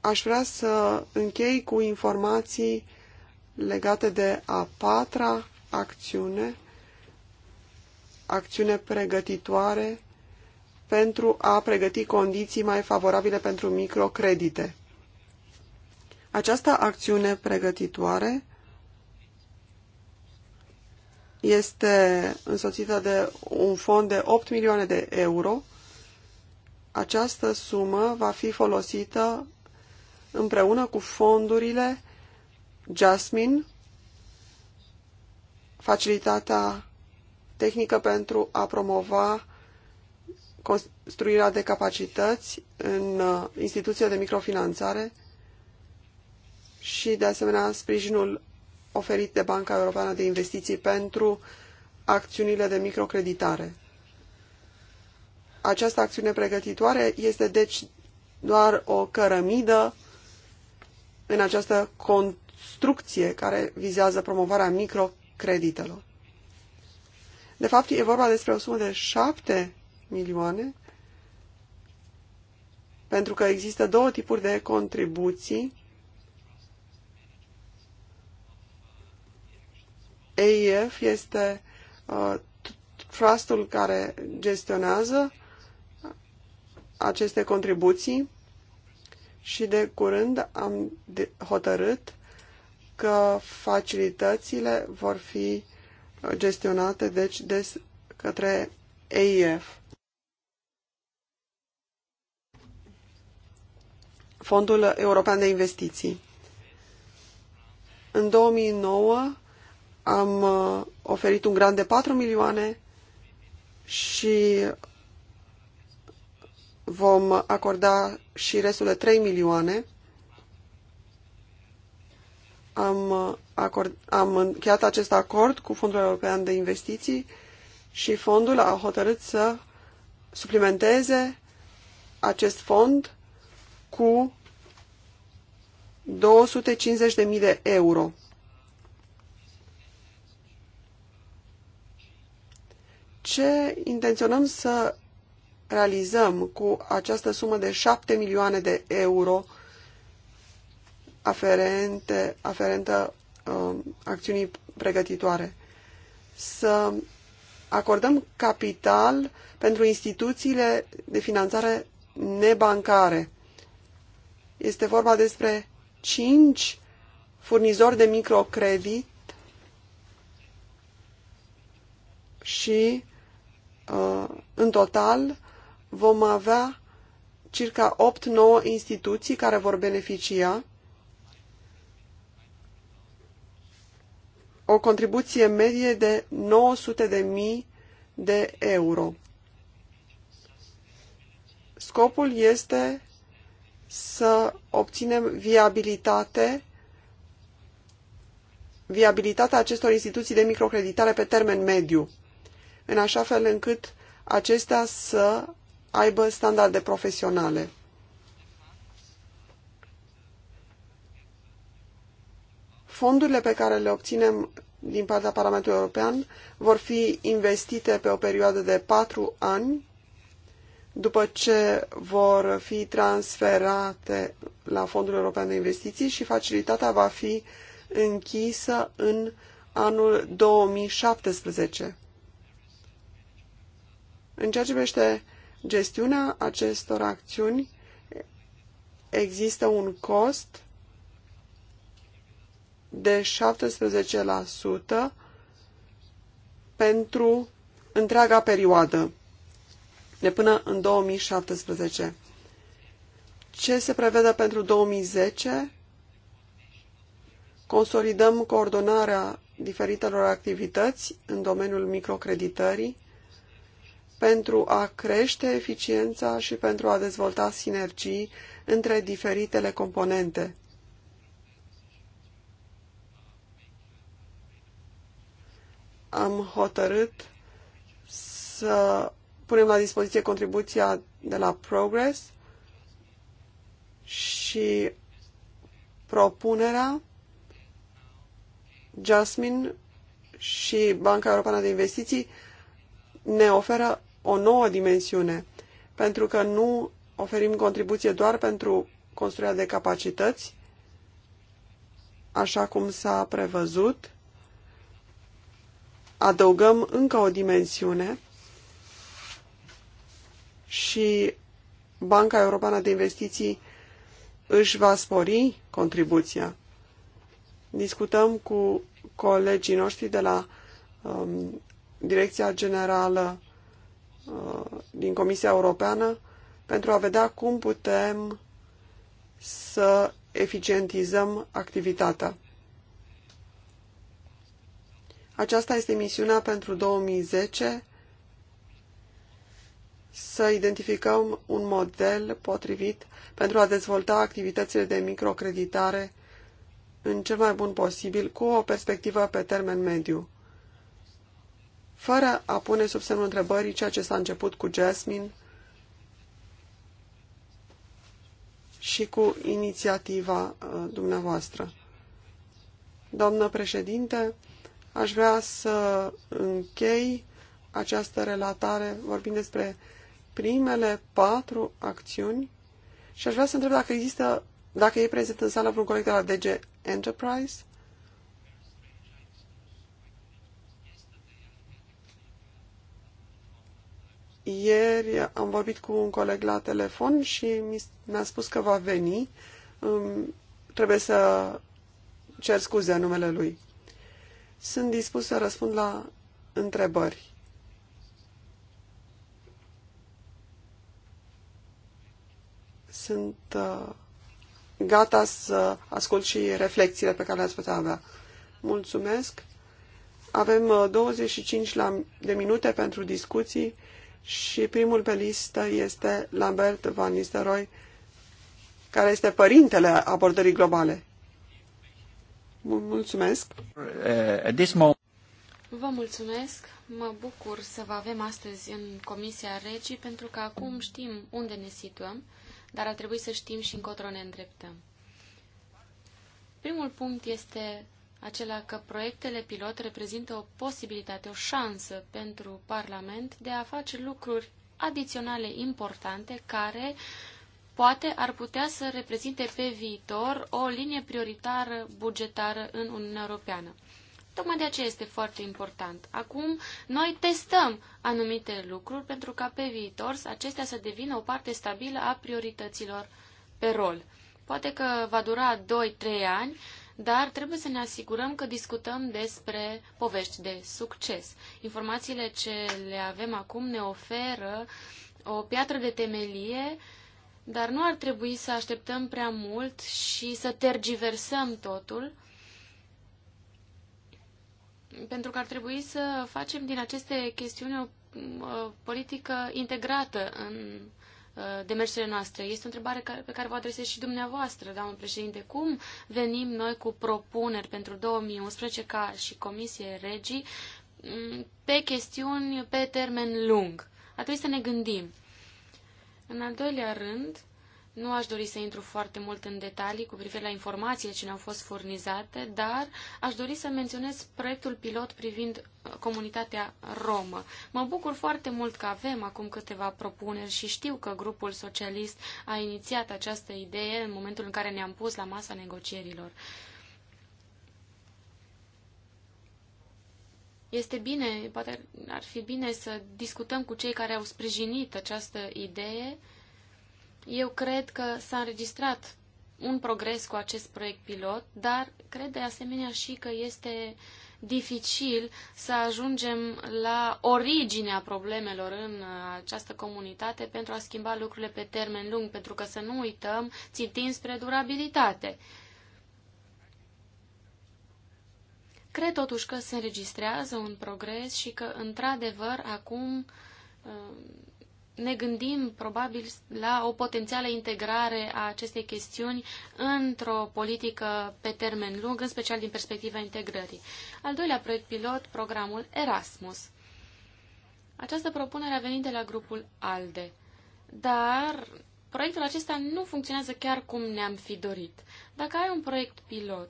Aș vrea să închei cu informații legate de a patra acțiune, acțiune pregătitoare pentru a pregăti condiții mai favorabile pentru microcredite. Această acțiune pregătitoare este însoțită de un fond de 8 milioane de euro această sumă va fi folosită împreună cu fondurile Jasmine, facilitatea tehnică pentru a promova construirea de capacități în uh, instituția de microfinanțare și, de asemenea, sprijinul oferit de Banca Europeană de Investiții pentru acțiunile de microcreditare. Această acțiune pregătitoare este deci doar o cărămidă în această construcție care vizează promovarea microcreditelor. De fapt, e vorba despre o sumă de 7 milioane, pentru că există două tipuri de contribuții. EIF este uh, trustul care gestionează aceste contribuții și de curând am hotărât că facilitățile vor fi gestionate deci de către EIF. Fondul European de Investiții. În 2009 am uh, oferit un grant de 4 milioane și vom acorda și restul de 3 milioane. Am, acord, am încheiat acest acord cu Fondul European de Investiții și fondul a hotărât să suplimenteze acest fond cu 250.000 de euro. Ce intenționăm să realizăm cu această sumă de 7 milioane de euro aferente, aferentă uh, acțiunii pregătitoare. Să acordăm capital pentru instituțiile de finanțare nebancare. Este vorba despre 5 furnizori de microcredit și uh, în total vom avea circa 8-9 instituții care vor beneficia. O contribuție medie de 900.000 de euro. Scopul este să obținem viabilitate viabilitatea acestor instituții de microcreditare pe termen mediu, în așa fel încât acestea să aibă standarde profesionale. Fondurile pe care le obținem din partea Parlamentului European vor fi investite pe o perioadă de patru ani după ce vor fi transferate la Fondul European de Investiții și facilitatea va fi închisă în anul 2017. În ceea ce privește gestiunea acestor acțiuni există un cost de 17% pentru întreaga perioadă, de până în 2017. Ce se prevede pentru 2010? Consolidăm coordonarea diferitelor activități în domeniul microcreditării, pentru a crește eficiența și pentru a dezvolta sinergii între diferitele componente. Am hotărât să punem la dispoziție contribuția de la Progress și propunerea Jasmine și Banca Europeană de Investiții ne oferă o nouă dimensiune, pentru că nu oferim contribuție doar pentru construirea de capacități, așa cum s-a prevăzut, adăugăm încă o dimensiune și Banca Europeană de Investiții își va spori contribuția. Discutăm cu colegii noștri de la um, Direcția Generală Uh, din Comisia Europeană pentru a vedea cum putem să eficientizăm activitatea. Aceasta este misiunea pentru 2010, să identificăm un model potrivit pentru a dezvolta activitățile de microcreditare în cel mai bun posibil, cu o perspectivă pe termen mediu fără a pune sub semnul întrebării ceea ce s-a început cu Jasmine și cu inițiativa uh, dumneavoastră. Doamnă președinte, aș vrea să închei această relatare vorbind despre primele patru acțiuni și aș vrea să întreb dacă există, dacă e prezent în sală vreun coleg de la DG Enterprise. Ieri am vorbit cu un coleg la telefon și mi-a spus că va veni. Trebuie să cer scuze în numele lui. Sunt dispus să răspund la întrebări. Sunt uh, gata să ascult și reflexiile pe care le-ați putea avea. Mulțumesc! Avem 25 uh, de minute pentru discuții și primul pe listă este Lambert Van Nistelrooy, care este părintele abordării globale. Mulțumesc! Eh, vă mulțumesc! Mă bucur să vă avem astăzi în Comisia Regii, pentru că acum știm unde ne situăm, dar ar trebui să știm și încotro ne îndreptăm. Primul punct este acela că proiectele pilot reprezintă o posibilitate, o șansă pentru Parlament de a face lucruri adiționale importante care poate ar putea să reprezinte pe viitor o linie prioritară bugetară în Uniunea Europeană. Tocmai de aceea este foarte important. Acum noi testăm anumite lucruri pentru ca pe viitor acestea să devină o parte stabilă a priorităților pe rol. Poate că va dura 2-3 ani, dar trebuie să ne asigurăm că discutăm despre povești de succes. Informațiile ce le avem acum ne oferă o piatră de temelie, dar nu ar trebui să așteptăm prea mult și să tergiversăm totul, pentru că ar trebui să facem din aceste chestiuni o politică integrată în Uh, demersurile noastre. Este o întrebare pe care vă adresez și dumneavoastră, doamnă președinte. Cum venim noi cu propuneri pentru 2011 ca și Comisie Regii mm, pe chestiuni pe termen lung? A să ne gândim. În al doilea rând, nu aș dori să intru foarte mult în detalii cu privire la informațiile ce ne-au fost furnizate, dar aș dori să menționez proiectul pilot privind uh, comunitatea romă. Mă bucur foarte mult că avem acum câteva propuneri și știu că grupul socialist a inițiat această idee în momentul în care ne-am pus la masa negocierilor. Este bine, poate ar fi bine să discutăm cu cei care au sprijinit această idee, eu cred că s-a înregistrat un progres cu acest proiect pilot, dar cred de asemenea și că este dificil să ajungem la originea problemelor în această comunitate pentru a schimba lucrurile pe termen lung, pentru că să nu uităm, țintind spre durabilitate. Cred totuși că se înregistrează un progres și că, într-adevăr, acum ne gândim probabil la o potențială integrare a acestei chestiuni într-o politică pe termen lung, în special din perspectiva integrării. Al doilea proiect pilot, programul Erasmus. Această propunere a venit de la grupul ALDE, dar proiectul acesta nu funcționează chiar cum ne-am fi dorit. Dacă ai un proiect pilot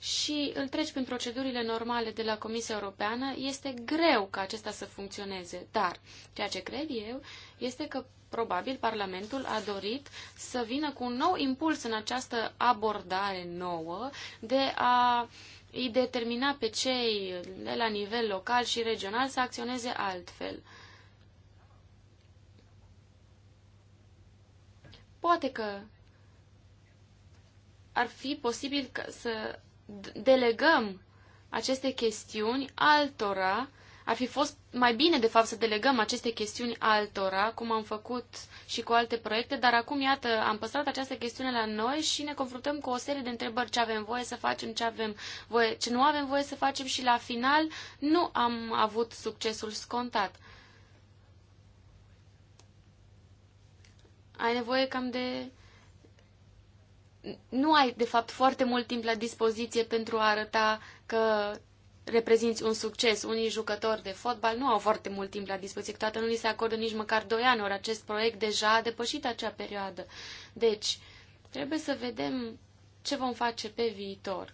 și îl treci prin procedurile normale de la Comisia Europeană, este greu ca acesta să funcționeze. Dar ceea ce cred eu este că probabil Parlamentul a dorit să vină cu un nou impuls în această abordare nouă de a îi determina pe cei de la nivel local și regional să acționeze altfel. Poate că ar fi posibil să delegăm aceste chestiuni altora, ar fi fost mai bine, de fapt, să delegăm aceste chestiuni altora, cum am făcut și cu alte proiecte, dar acum, iată, am păstrat această chestiune la noi și ne confruntăm cu o serie de întrebări ce avem voie să facem, ce, avem voie, ce nu avem voie să facem și la final nu am avut succesul scontat. Ai nevoie cam de nu ai, de fapt, foarte mult timp la dispoziție pentru a arăta că reprezinți un succes. Unii jucători de fotbal nu au foarte mult timp la dispoziție, toată nu li se acordă nici măcar 2 ani, ori acest proiect deja a depășit acea perioadă. Deci, trebuie să vedem ce vom face pe viitor.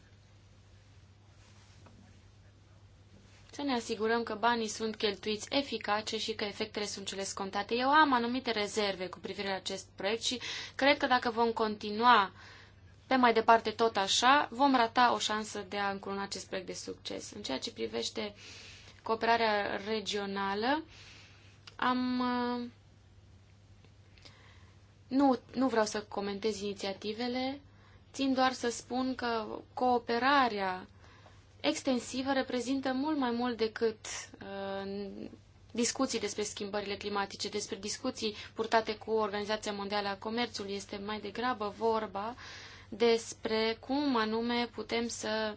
Să ne asigurăm că banii sunt cheltuiți eficace și că efectele sunt cele scontate. Eu am anumite rezerve cu privire la acest proiect și cred că dacă vom continua uh, pe mai departe tot așa, vom rata o șansă de a încuruna acest proiect de succes. În ceea ce privește cooperarea regională, am... Uh, nu, nu vreau să comentez inițiativele, țin doar să spun că cooperarea extensivă reprezintă mult mai mult decât uh, discuții despre schimbările climatice, despre discuții purtate cu Organizația Mondială a Comerțului. Este mai degrabă vorba uh, despre cum anume putem să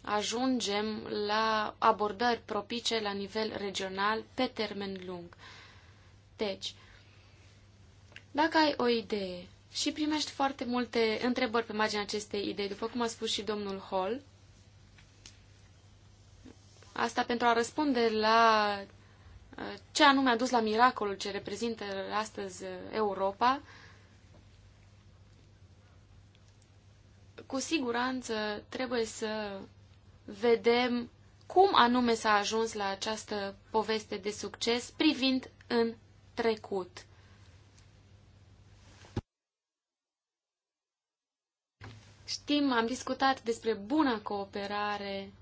ajungem la abordări propice la nivel regional pe termen lung. Deci, dacă ai o idee și primești foarte multe întrebări pe marginea acestei idei, după cum a spus și domnul Hall, asta pentru a răspunde la uh, ce anume a dus la miracolul ce reprezintă astăzi uh, Europa, cu siguranță trebuie să vedem cum anume s-a ajuns la această poveste de succes privind în trecut. Știm, am discutat despre buna cooperare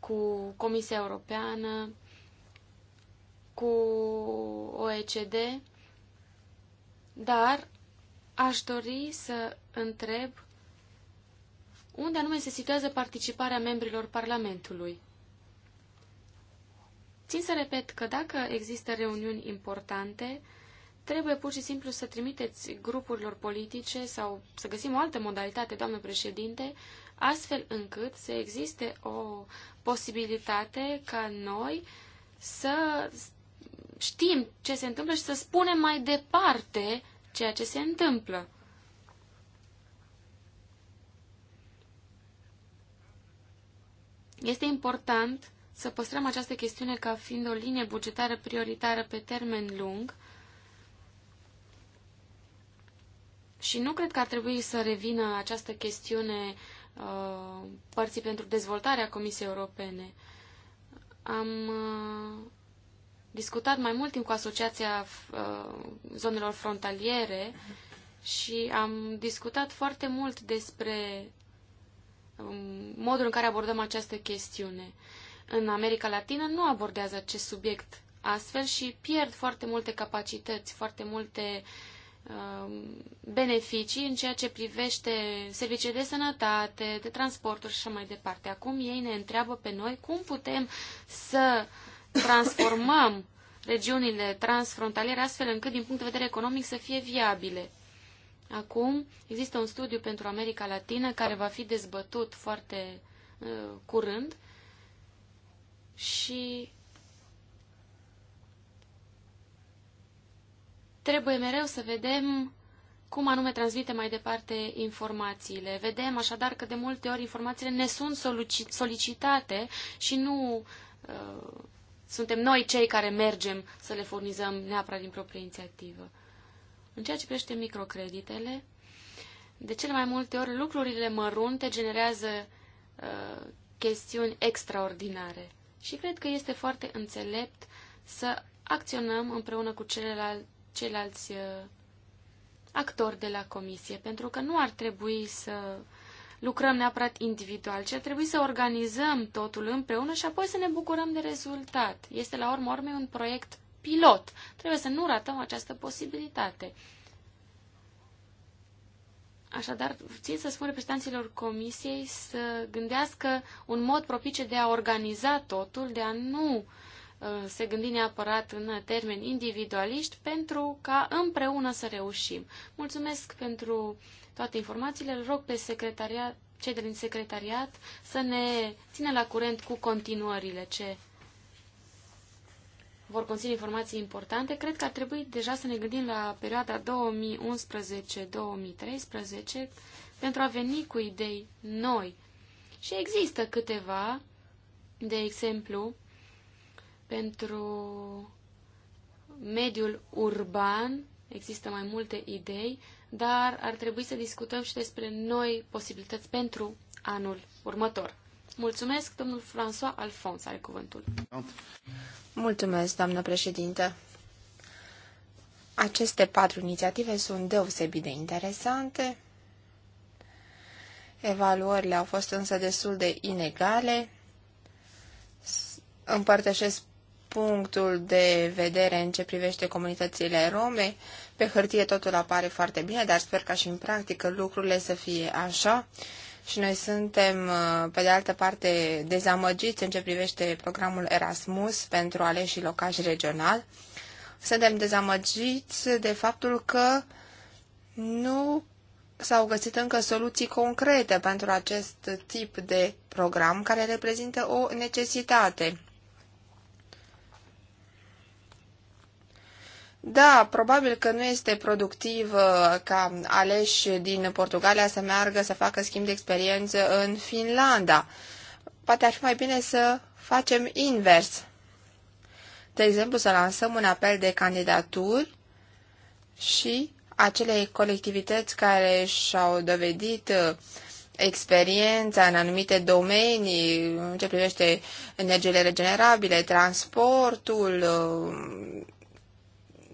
cu Comisia Europeană, cu OECD, dar aș dori să întreb unde anume se situează participarea membrilor Parlamentului. Țin să repet că dacă există reuniuni importante, trebuie pur și simplu să trimiteți grupurilor politice sau să găsim o altă modalitate, doamnă președinte, astfel încât să existe o posibilitate ca noi să știm ce se întâmplă și să spunem mai departe ceea ce se întâmplă. Este important să păstrăm această chestiune ca fiind o linie bugetară prioritară pe termen lung și nu cred că ar trebui să revină această chestiune uh, părții pentru dezvoltarea Comisiei Europene. Am uh, discutat mai mult timp cu Asociația uh, Zonelor Frontaliere și am discutat foarte mult despre Um, modul în care abordăm această chestiune. În America Latină nu abordează acest subiect astfel și pierd foarte multe capacități, foarte multe um, beneficii în ceea ce privește servicii de sănătate, de transporturi și așa mai departe. Acum ei ne întreabă pe noi cum putem să transformăm regiunile transfrontaliere astfel încât, din punct de vedere economic, să fie viabile. Acum există un studiu pentru America Latină care va fi dezbătut foarte uh, curând și trebuie mereu să vedem cum anume transmite mai departe informațiile. Vedem așadar că de multe ori informațiile ne sunt solicitate și nu uh, suntem noi cei care mergem să le furnizăm neapărat din proprie inițiativă. În ceea ce privește microcreditele, de cele mai multe ori lucrurile mărunte generează uh, chestiuni extraordinare. Și cred că este foarte înțelept să acționăm împreună cu celelal ceilalți uh, actori de la comisie, pentru că nu ar trebui să lucrăm neapărat individual, ci ar trebui să organizăm totul împreună și apoi să ne bucurăm de rezultat. Este la urmă urmei un proiect pilot. Trebuie să nu ratăm această posibilitate. Așadar, țin să spun reprezentanților comisiei să gândească un mod propice de a organiza totul, de a nu uh, se gândi neapărat în termeni individualiști pentru ca împreună să reușim. Mulțumesc pentru toate informațiile. Îl rog pe secretariat, cei din secretariat să ne țină la curent cu continuările ce vor conține informații importante, cred că ar trebui deja să ne gândim la perioada 2011-2013 pentru a veni cu idei noi. Și există câteva, de exemplu, pentru mediul urban, există mai multe idei, dar ar trebui să discutăm și despre noi posibilități pentru anul următor. Mulțumesc, domnul François Alfons are cuvântul. Mulțumesc, doamnă președinte. Aceste patru inițiative sunt deosebit de interesante. Evaluările au fost însă destul de inegale. Împărtășesc punctul de vedere în ce privește comunitățile rome. Pe hârtie totul apare foarte bine, dar sper ca și în practică lucrurile să fie așa și noi suntem, uh, pe de altă parte, dezamăgiți în ce privește programul Erasmus pentru aleși locaș regional. Suntem dezamăgiți de faptul că nu s-au găsit încă soluții concrete pentru acest tip de program care reprezintă o necesitate. Da, probabil că nu este productiv uh, ca aleși din Portugalia să meargă să facă schimb de experiență în Finlanda. Poate ar fi mai bine să facem invers. De exemplu, să lansăm un apel de candidaturi și acele colectivități care și-au dovedit uh, experiența în anumite domenii, în ce privește energiile regenerabile, transportul, uh,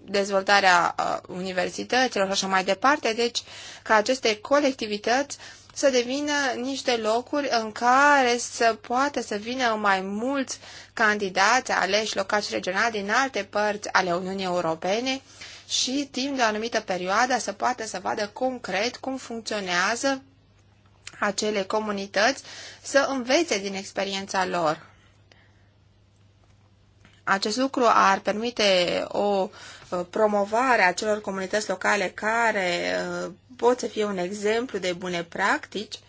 dezvoltarea uh, universităților și așa mai departe, deci ca aceste colectivități să devină niște locuri în care să poată să vină mai mulți candidați aleși locați regional din alte părți ale Uniunii Europene și timp de o anumită perioadă să poată să vadă concret cum funcționează acele comunități să învețe din experiența lor. Acest lucru ar permite o Uh, promovarea acelor comunități locale care uh, pot să fie un exemplu de bune practici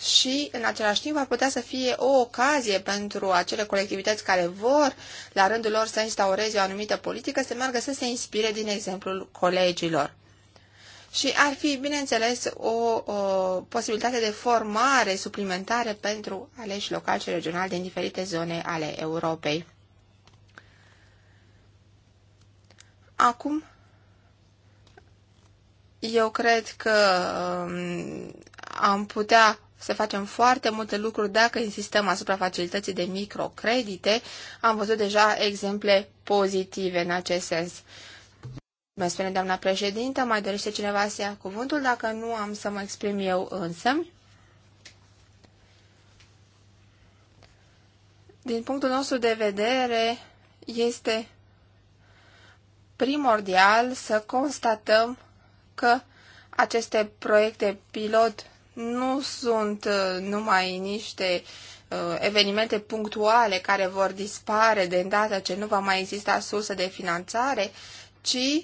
și, în același timp, ar putea să fie o ocazie pentru acele colectivități care vor, la rândul lor, să instaureze o anumită politică, să meargă să se inspire din exemplul colegilor. Și ar fi, bineînțeles, o, o posibilitate de formare suplimentare pentru aleși locali și regionali din diferite zone ale Europei. Acum, eu cred că um, am putea să facem foarte multe lucruri dacă insistăm asupra facilității de microcredite. Am văzut deja exemple pozitive în acest sens. Mă spune doamna președintă, mai dorește cineva să ia cuvântul, dacă nu am să mă exprim eu însă. Din punctul nostru de vedere, este primordial să constatăm că aceste proiecte pilot nu sunt uh, numai niște uh, evenimente punctuale care vor dispare de îndată ce nu va mai exista sursă de finanțare, ci uh,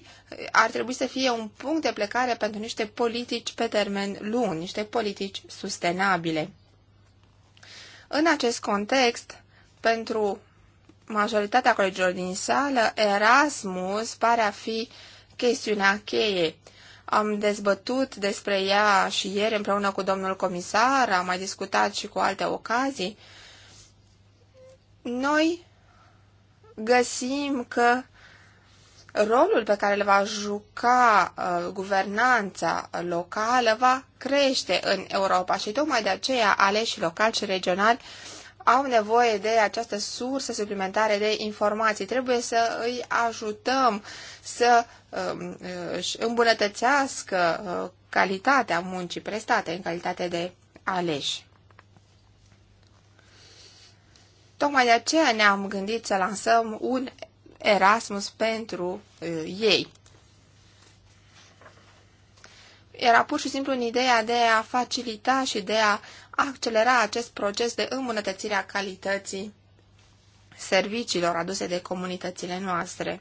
ar trebui să fie un punct de plecare pentru niște politici pe termen lung, niște politici sustenabile. În acest context, pentru majoritatea colegilor din sală, Erasmus pare a fi chestiunea cheie. Am dezbătut despre ea și ieri împreună cu domnul comisar, am mai discutat și cu alte ocazii. Noi găsim că rolul pe care îl va juca uh, guvernanța locală va crește în Europa și tocmai de aceea aleșii locali și regionali au nevoie de această sursă suplimentare de informații. Trebuie să îi ajutăm să um, își îmbunătățească uh, calitatea muncii prestate în calitate de aleși. Tocmai de aceea ne-am gândit să lansăm un Erasmus pentru uh, ei. Era pur și simplu în ideea de a facilita și de a accelera acest proces de îmbunătățire a calității serviciilor aduse de comunitățile noastre.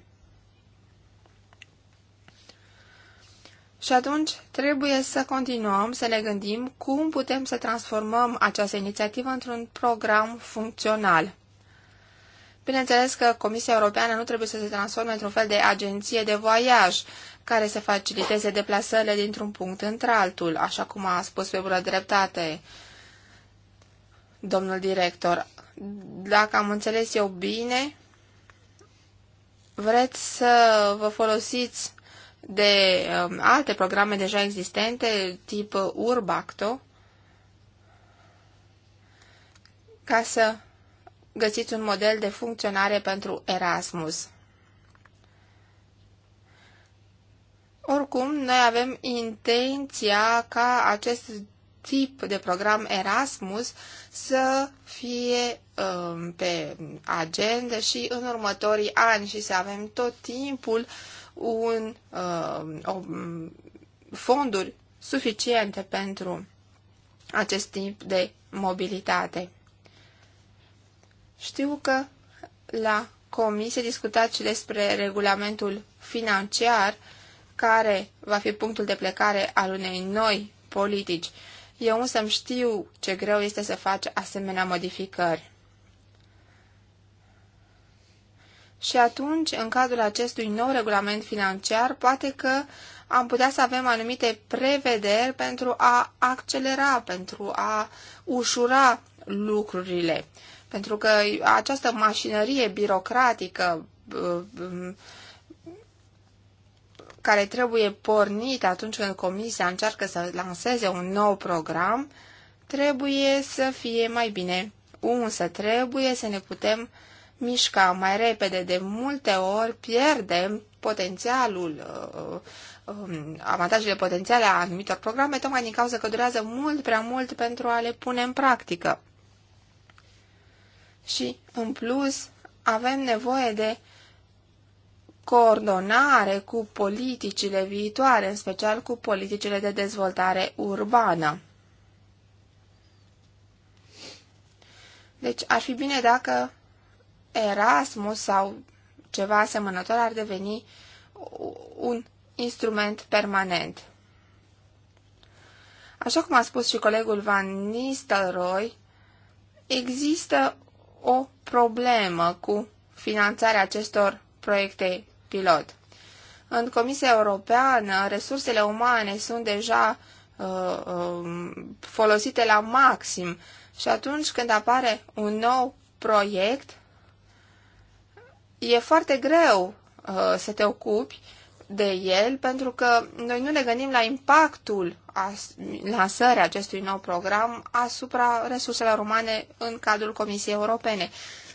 Și atunci trebuie să continuăm să ne gândim cum putem să transformăm această inițiativă într-un program funcțional. Bineînțeles că Comisia Europeană nu trebuie să se transforme într-un fel de agenție de voiaj care să faciliteze deplasările dintr-un punct într-altul, așa cum a spus pe bună dreptate domnul director. Dacă am înțeles eu bine, vreți să vă folosiți de um, alte programe deja existente, tip Urbacto, ca să găsiți un model de funcționare pentru Erasmus. Oricum, noi avem intenția ca acest tip de program Erasmus să fie um, pe agenda și în următorii ani și să avem tot timpul un, um, o, fonduri suficiente pentru acest tip de mobilitate. Știu că la comisie discutați și despre regulamentul financiar, care va fi punctul de plecare al unei noi politici eu însă știu ce greu este să faci asemenea modificări. Și atunci, în cadrul acestui nou regulament financiar, poate că am putea să avem anumite prevederi pentru a accelera, pentru a ușura lucrurile. Pentru că această mașinărie birocratică uh, um, care trebuie pornit atunci când Comisia încearcă să lanseze un nou program, trebuie să fie mai bine unsă, trebuie să ne putem mișca mai repede. De multe ori pierdem potențialul, uh, uh, um, avantajele potențiale a anumitor programe, tocmai din cauza că durează mult prea mult pentru a le pune în practică. Și, în plus, avem nevoie de coordonare cu politicile viitoare, în special cu politicile de dezvoltare urbană. Deci ar fi bine dacă Erasmus sau ceva asemănător ar deveni un instrument permanent. Așa cum a spus și colegul Van Nistelrooy, există o problemă cu finanțarea acestor proiecte pilot. În Comisia Europeană, resursele umane sunt deja uh, uh, folosite la maxim și atunci când apare un nou proiect, e foarte greu uh, să te ocupi de el pentru că noi nu ne gândim la impactul lansării acestui nou program asupra resurselor umane în cadrul Comisiei Europene.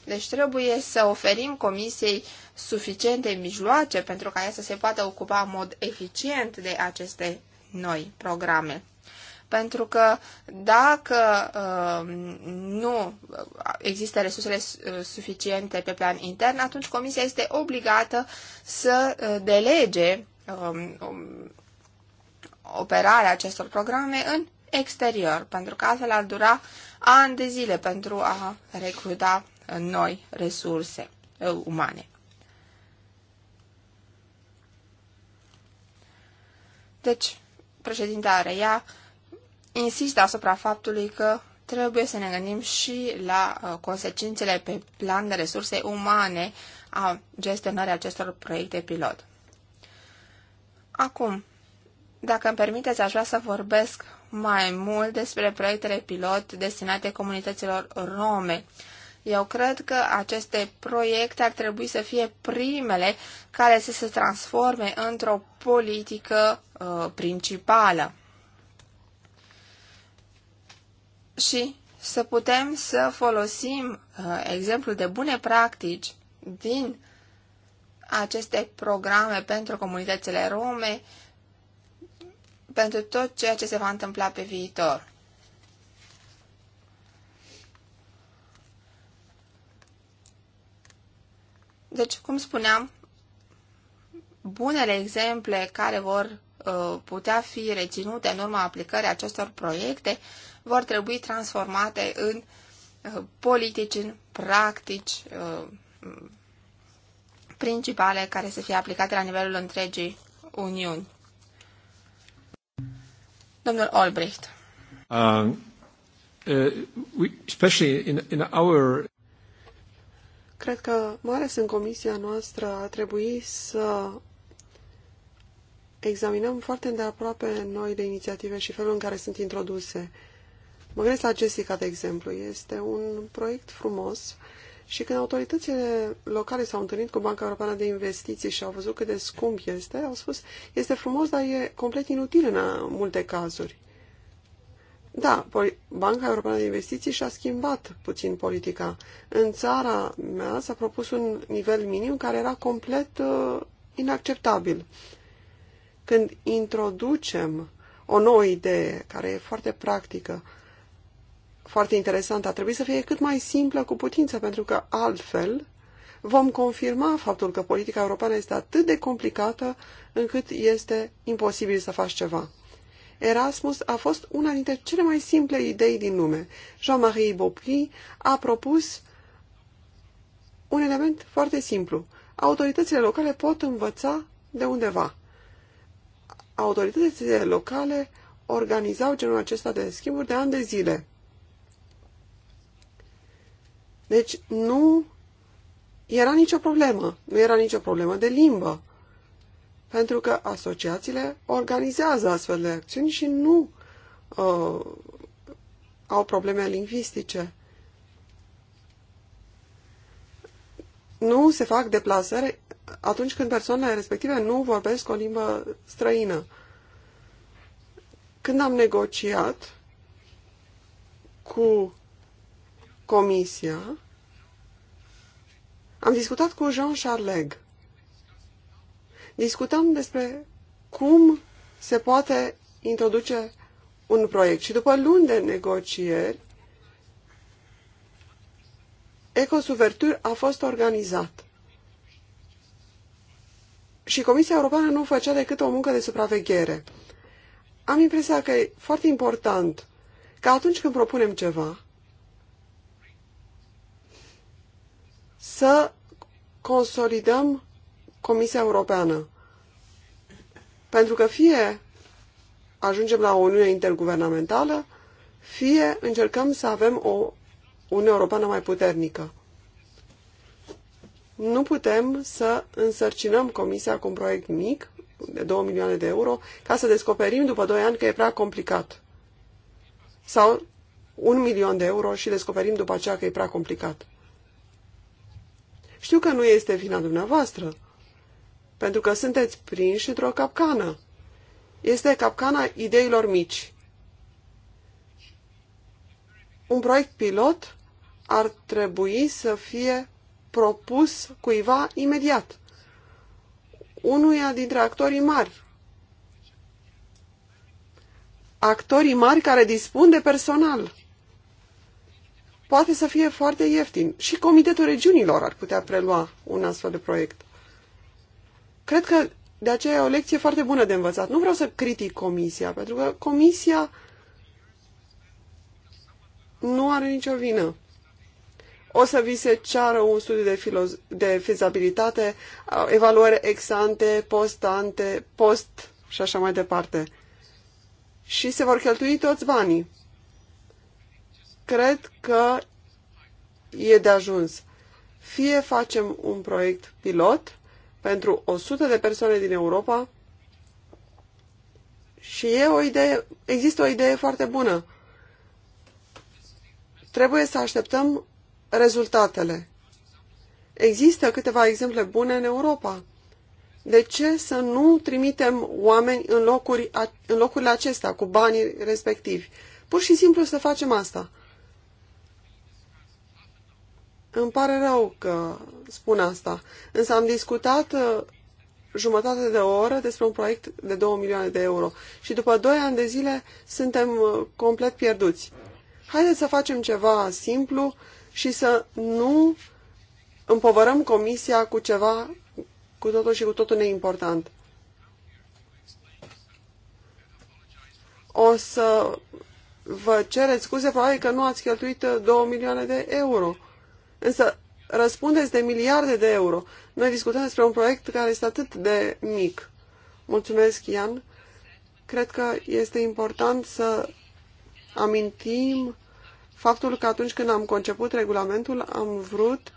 Deci trebuie să oferim comisiei suficiente mijloace pentru ca ea să se poată ocupa în mod eficient de aceste noi programe. Pentru că dacă uh, nu există resursele uh, suficiente pe plan intern, atunci comisia este obligată să uh, delege um, um, operarea acestor programe în exterior, pentru că altfel ar dura ani de zile pentru a recruta noi resurse uh, umane. Deci, președinta Areia insistă asupra faptului că trebuie să ne gândim și la uh, consecințele pe plan de resurse umane a gestionării acestor proiecte pilot. Acum, dacă îmi permiteți, aș vrea să vorbesc mai mult despre proiectele pilot destinate comunităților rome eu cred că aceste proiecte ar trebui să fie primele care să se transforme într-o politică uh, principală. Și să putem să folosim uh, exemplul de bune practici din aceste programe pentru comunitățile rome, pentru tot ceea ce se va întâmpla pe viitor. Deci, cum spuneam, bunele exemple care vor uh, putea fi reținute în urma aplicării acestor proiecte vor trebui transformate în uh, politici, în practici uh, principale care să fie aplicate la nivelul întregii Uniuni. Domnul Olbricht. Uh, uh, we, especially in, in our... Cred că, mai ales în comisia noastră, a trebui să examinăm foarte îndeaproape noile inițiative și felul în care sunt introduse. Mă gândesc la Jessica, de exemplu. Este un proiect frumos și când autoritățile locale s-au întâlnit cu Banca Europeană de Investiții și au văzut cât de scump este, au spus, este frumos, dar e complet inutil în multe cazuri. Da, Banca Europeană de Investiții și-a schimbat puțin politica. În țara mea s-a propus un nivel minim care era complet uh, inacceptabil. Când introducem o nouă idee care e foarte practică, foarte interesantă, a trebuit să fie cât mai simplă cu putință, pentru că altfel vom confirma faptul că politica europeană este atât de complicată încât este imposibil să faci ceva. Erasmus a fost una dintre cele mai simple idei din lume. Jean-Marie Bopli a propus un element foarte simplu. Autoritățile locale pot învăța de undeva. Autoritățile locale organizau genul acesta de schimburi de ani de zile. Deci nu era nicio problemă. Nu era nicio problemă de limbă. Pentru că asociațiile organizează astfel de acțiuni și nu uh, au probleme lingvistice. Nu se fac deplasări atunci când persoanele respective nu vorbesc o limbă străină. Când am negociat cu comisia, am discutat cu Jean Charleg discutăm despre cum se poate introduce un proiect. Și după luni de negocieri, Ecosuvertur a fost organizat. Și Comisia Europeană nu făcea decât o muncă de supraveghere. Am impresia că e foarte important că atunci când propunem ceva, să consolidăm Comisia Europeană. Pentru că fie ajungem la o Uniune interguvernamentală, fie încercăm să avem o Uniune Europeană mai puternică. Nu putem să însărcinăm Comisia cu un proiect mic, de 2 milioane de euro, ca să descoperim după 2 ani că e prea complicat. Sau un milion de euro și descoperim după aceea că e prea complicat. Știu că nu este vina dumneavoastră, pentru că sunteți prinși într-o capcană. Este capcana ideilor mici. Un proiect pilot ar trebui să fie propus cuiva imediat, unuia dintre actorii mari. Actorii mari care dispun de personal. Poate să fie foarte ieftin. Și Comitetul Regiunilor ar putea prelua un astfel de proiect. Cred că de aceea e o lecție foarte bună de învățat. Nu vreau să critic comisia, pentru că comisia nu are nicio vină. O să vi se ceară un studiu de, filoz- de fezabilitate, evaluări ex-ante, post-ante, post și așa mai departe. Și se vor cheltui toți banii. Cred că e de ajuns. Fie facem un proiect pilot, pentru 100 de persoane din Europa și e o idee, există o idee foarte bună. Trebuie să așteptăm rezultatele. Există câteva exemple bune în Europa. De ce să nu trimitem oameni în, locuri, în locurile acestea, cu banii respectivi? Pur și simplu să facem asta. Îmi pare rău că spun asta. Însă am discutat uh, jumătate de oră despre un proiect de 2 milioane de euro și după 2 ani de zile suntem uh, complet pierduți. Haideți să facem ceva simplu și să nu împovărăm comisia cu ceva cu totul și cu totul neimportant. O să vă cereți scuze, probabil că nu ați cheltuit 2 uh, milioane de euro. Însă răspundeți de miliarde de euro. Noi discutăm despre un proiect care este atât de mic. Mulțumesc, Ian. Cred că este important să amintim faptul că atunci când am conceput regulamentul, am vrut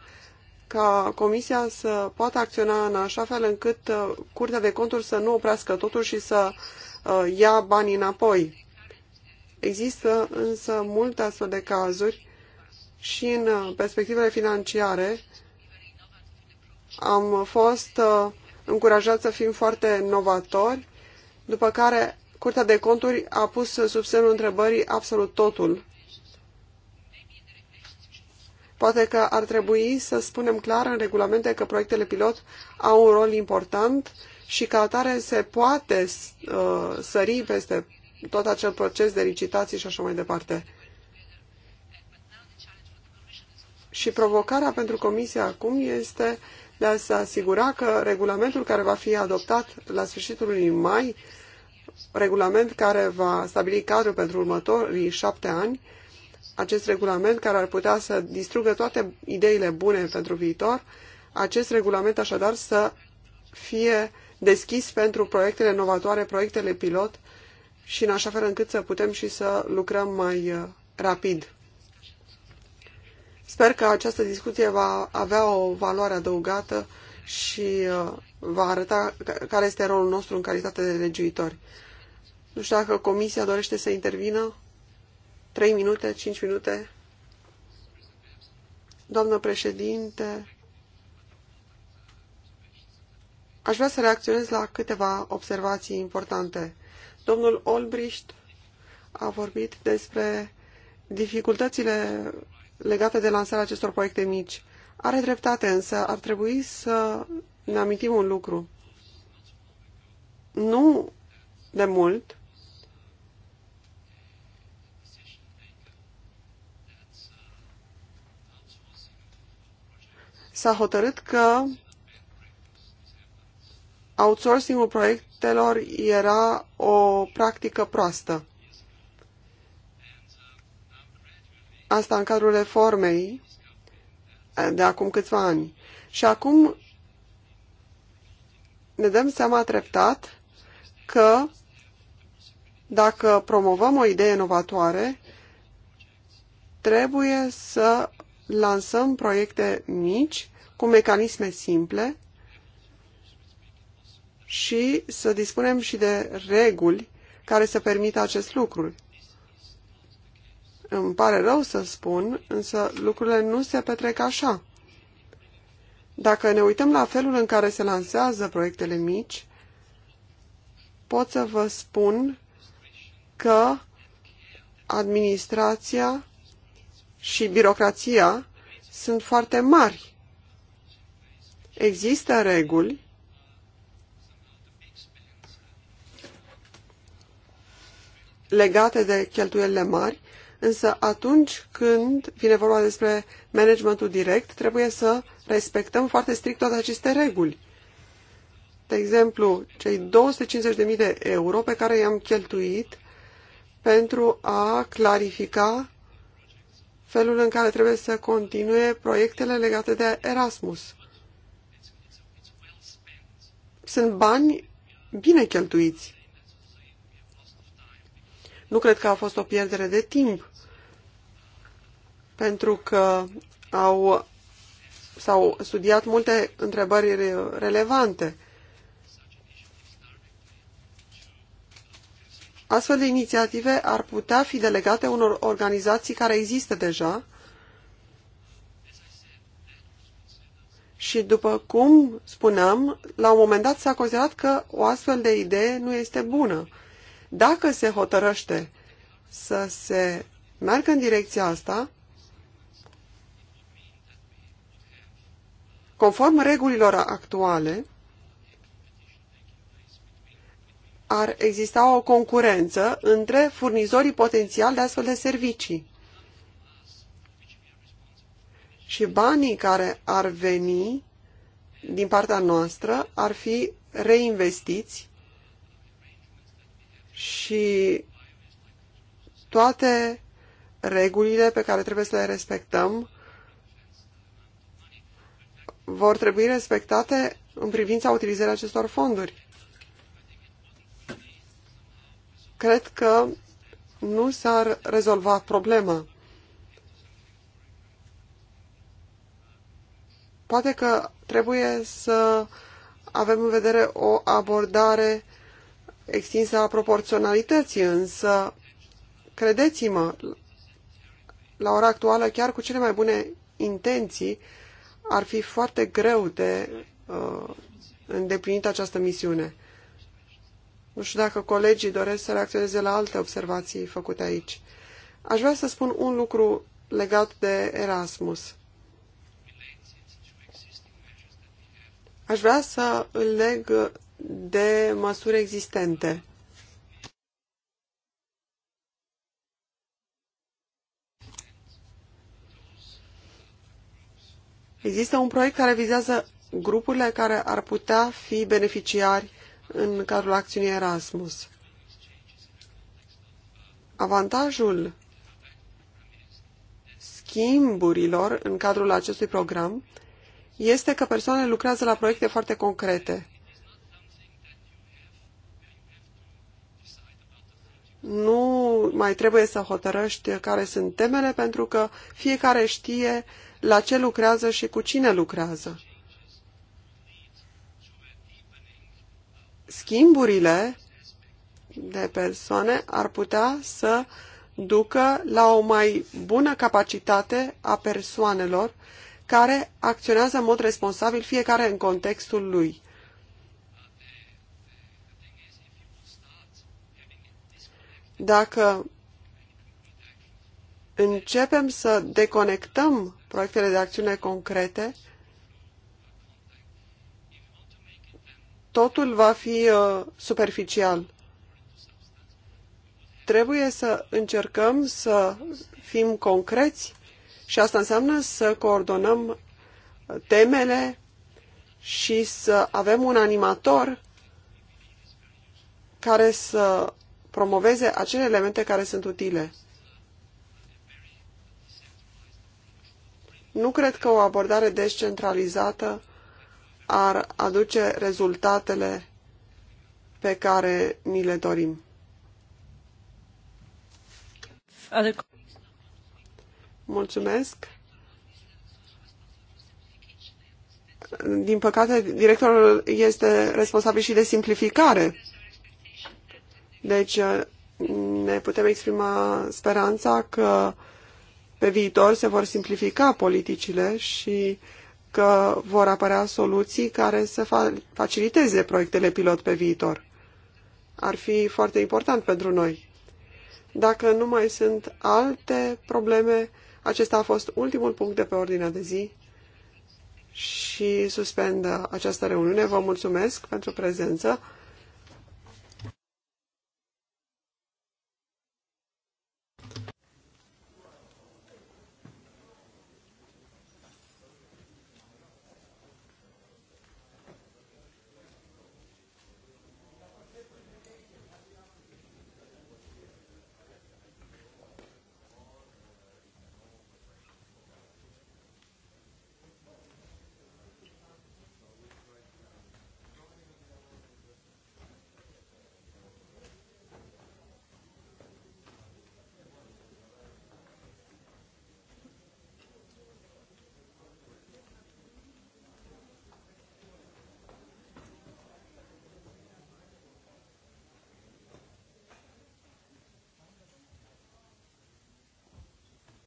ca Comisia să poată acționa în așa fel încât uh, Curtea de Conturi să nu oprească totul și să uh, ia banii înapoi. Există însă multe astfel de cazuri și în uh, perspectivele financiare am fost uh, încurajați să fim foarte novatori, după care Curtea de Conturi a pus sub semnul întrebării absolut totul. Poate că ar trebui să spunem clar în regulamente că proiectele pilot au un rol important și ca atare se poate uh, sări peste tot acel proces de licitații și așa mai departe. Și provocarea pentru Comisie acum este de a se asigura că regulamentul care va fi adoptat la sfârșitul lui mai, regulament care va stabili cadrul pentru următorii șapte ani, acest regulament care ar putea să distrugă toate ideile bune pentru viitor, acest regulament așadar să fie deschis pentru proiectele inovatoare proiectele pilot și în așa fel încât să putem și să lucrăm mai uh, rapid. Sper că această discuție va avea o valoare adăugată și uh, va arăta care este rolul nostru în calitate de legiuitori. Nu știu dacă Comisia dorește să intervină. 3 minute, 5 minute. Doamnă președinte, aș vrea să reacționez la câteva observații importante. Domnul Olbricht a vorbit despre dificultățile legate de lansarea acestor proiecte mici. Are dreptate, însă ar trebui să ne amintim un lucru. Nu de mult, s-a hotărât că outsourcingul proiectelor era o practică proastă. asta în cadrul reformei eh, de acum câțiva ani. Și acum ne dăm seama treptat că dacă promovăm o idee inovatoare, trebuie să lansăm proiecte mici cu mecanisme simple și să dispunem și de reguli care să permită acest lucru. Îmi pare rău să spun, însă lucrurile nu se petrec așa. Dacă ne uităm la felul în care se lansează proiectele mici, pot să vă spun că administrația și birocrația sunt foarte mari. Există reguli legate de cheltuielile mari, însă atunci când vine vorba despre managementul direct, trebuie să respectăm foarte strict toate aceste reguli. De exemplu, cei 250.000 de euro pe care i-am cheltuit pentru a clarifica felul în care trebuie să continue proiectele legate de Erasmus. Sunt bani bine cheltuiți. Nu cred că a fost o pierdere de timp, pentru că au, s-au studiat multe întrebări relevante. Astfel de inițiative ar putea fi delegate unor organizații care există deja și, după cum spuneam, la un moment dat s-a considerat că o astfel de idee nu este bună. Dacă se hotărăște să se meargă în direcția asta, conform regulilor actuale, ar exista o concurență între furnizorii potențiali de astfel de servicii. Și banii care ar veni din partea noastră ar fi reinvestiți și toate regulile pe care trebuie să le respectăm vor trebui respectate în privința utilizării acestor fonduri. Cred că nu s-ar rezolva problema. Poate că trebuie să avem în vedere o abordare extinsă a proporționalității, însă, credeți-mă, la ora actuală, chiar cu cele mai bune intenții, ar fi foarte greu de uh, îndeplinit această misiune. Nu știu dacă colegii doresc să reacționeze la alte observații făcute aici. Aș vrea să spun un lucru legat de Erasmus. Aș vrea să îl leg de măsuri existente. Există un proiect care vizează grupurile care ar putea fi beneficiari în cadrul acțiunii Erasmus. Avantajul schimburilor în cadrul acestui program este că persoanele lucrează la proiecte foarte concrete. nu mai trebuie să hotărăști care sunt temele, pentru că fiecare știe la ce lucrează și cu cine lucrează. Schimburile de persoane ar putea să ducă la o mai bună capacitate a persoanelor care acționează în mod responsabil fiecare în contextul lui. Dacă începem să deconectăm proiectele de acțiune concrete, totul va fi uh, superficial. Trebuie să încercăm să fim concreți și asta înseamnă să coordonăm uh, temele și să avem un animator care să promoveze acele elemente care sunt utile. Nu cred că o abordare descentralizată ar aduce rezultatele pe care ni le dorim. Mulțumesc. Din păcate, directorul este responsabil și de simplificare. Deci uh, ne putem exprima speranța că pe viitor se vor simplifica politicile și că vor apărea soluții care să faciliteze proiectele pilot pe viitor. Ar fi foarte important pentru noi. Dacă nu mai sunt alte probleme, acesta a fost ultimul punct de pe ordinea de zi și suspendă această reuniune. Vă mulțumesc pentru prezență.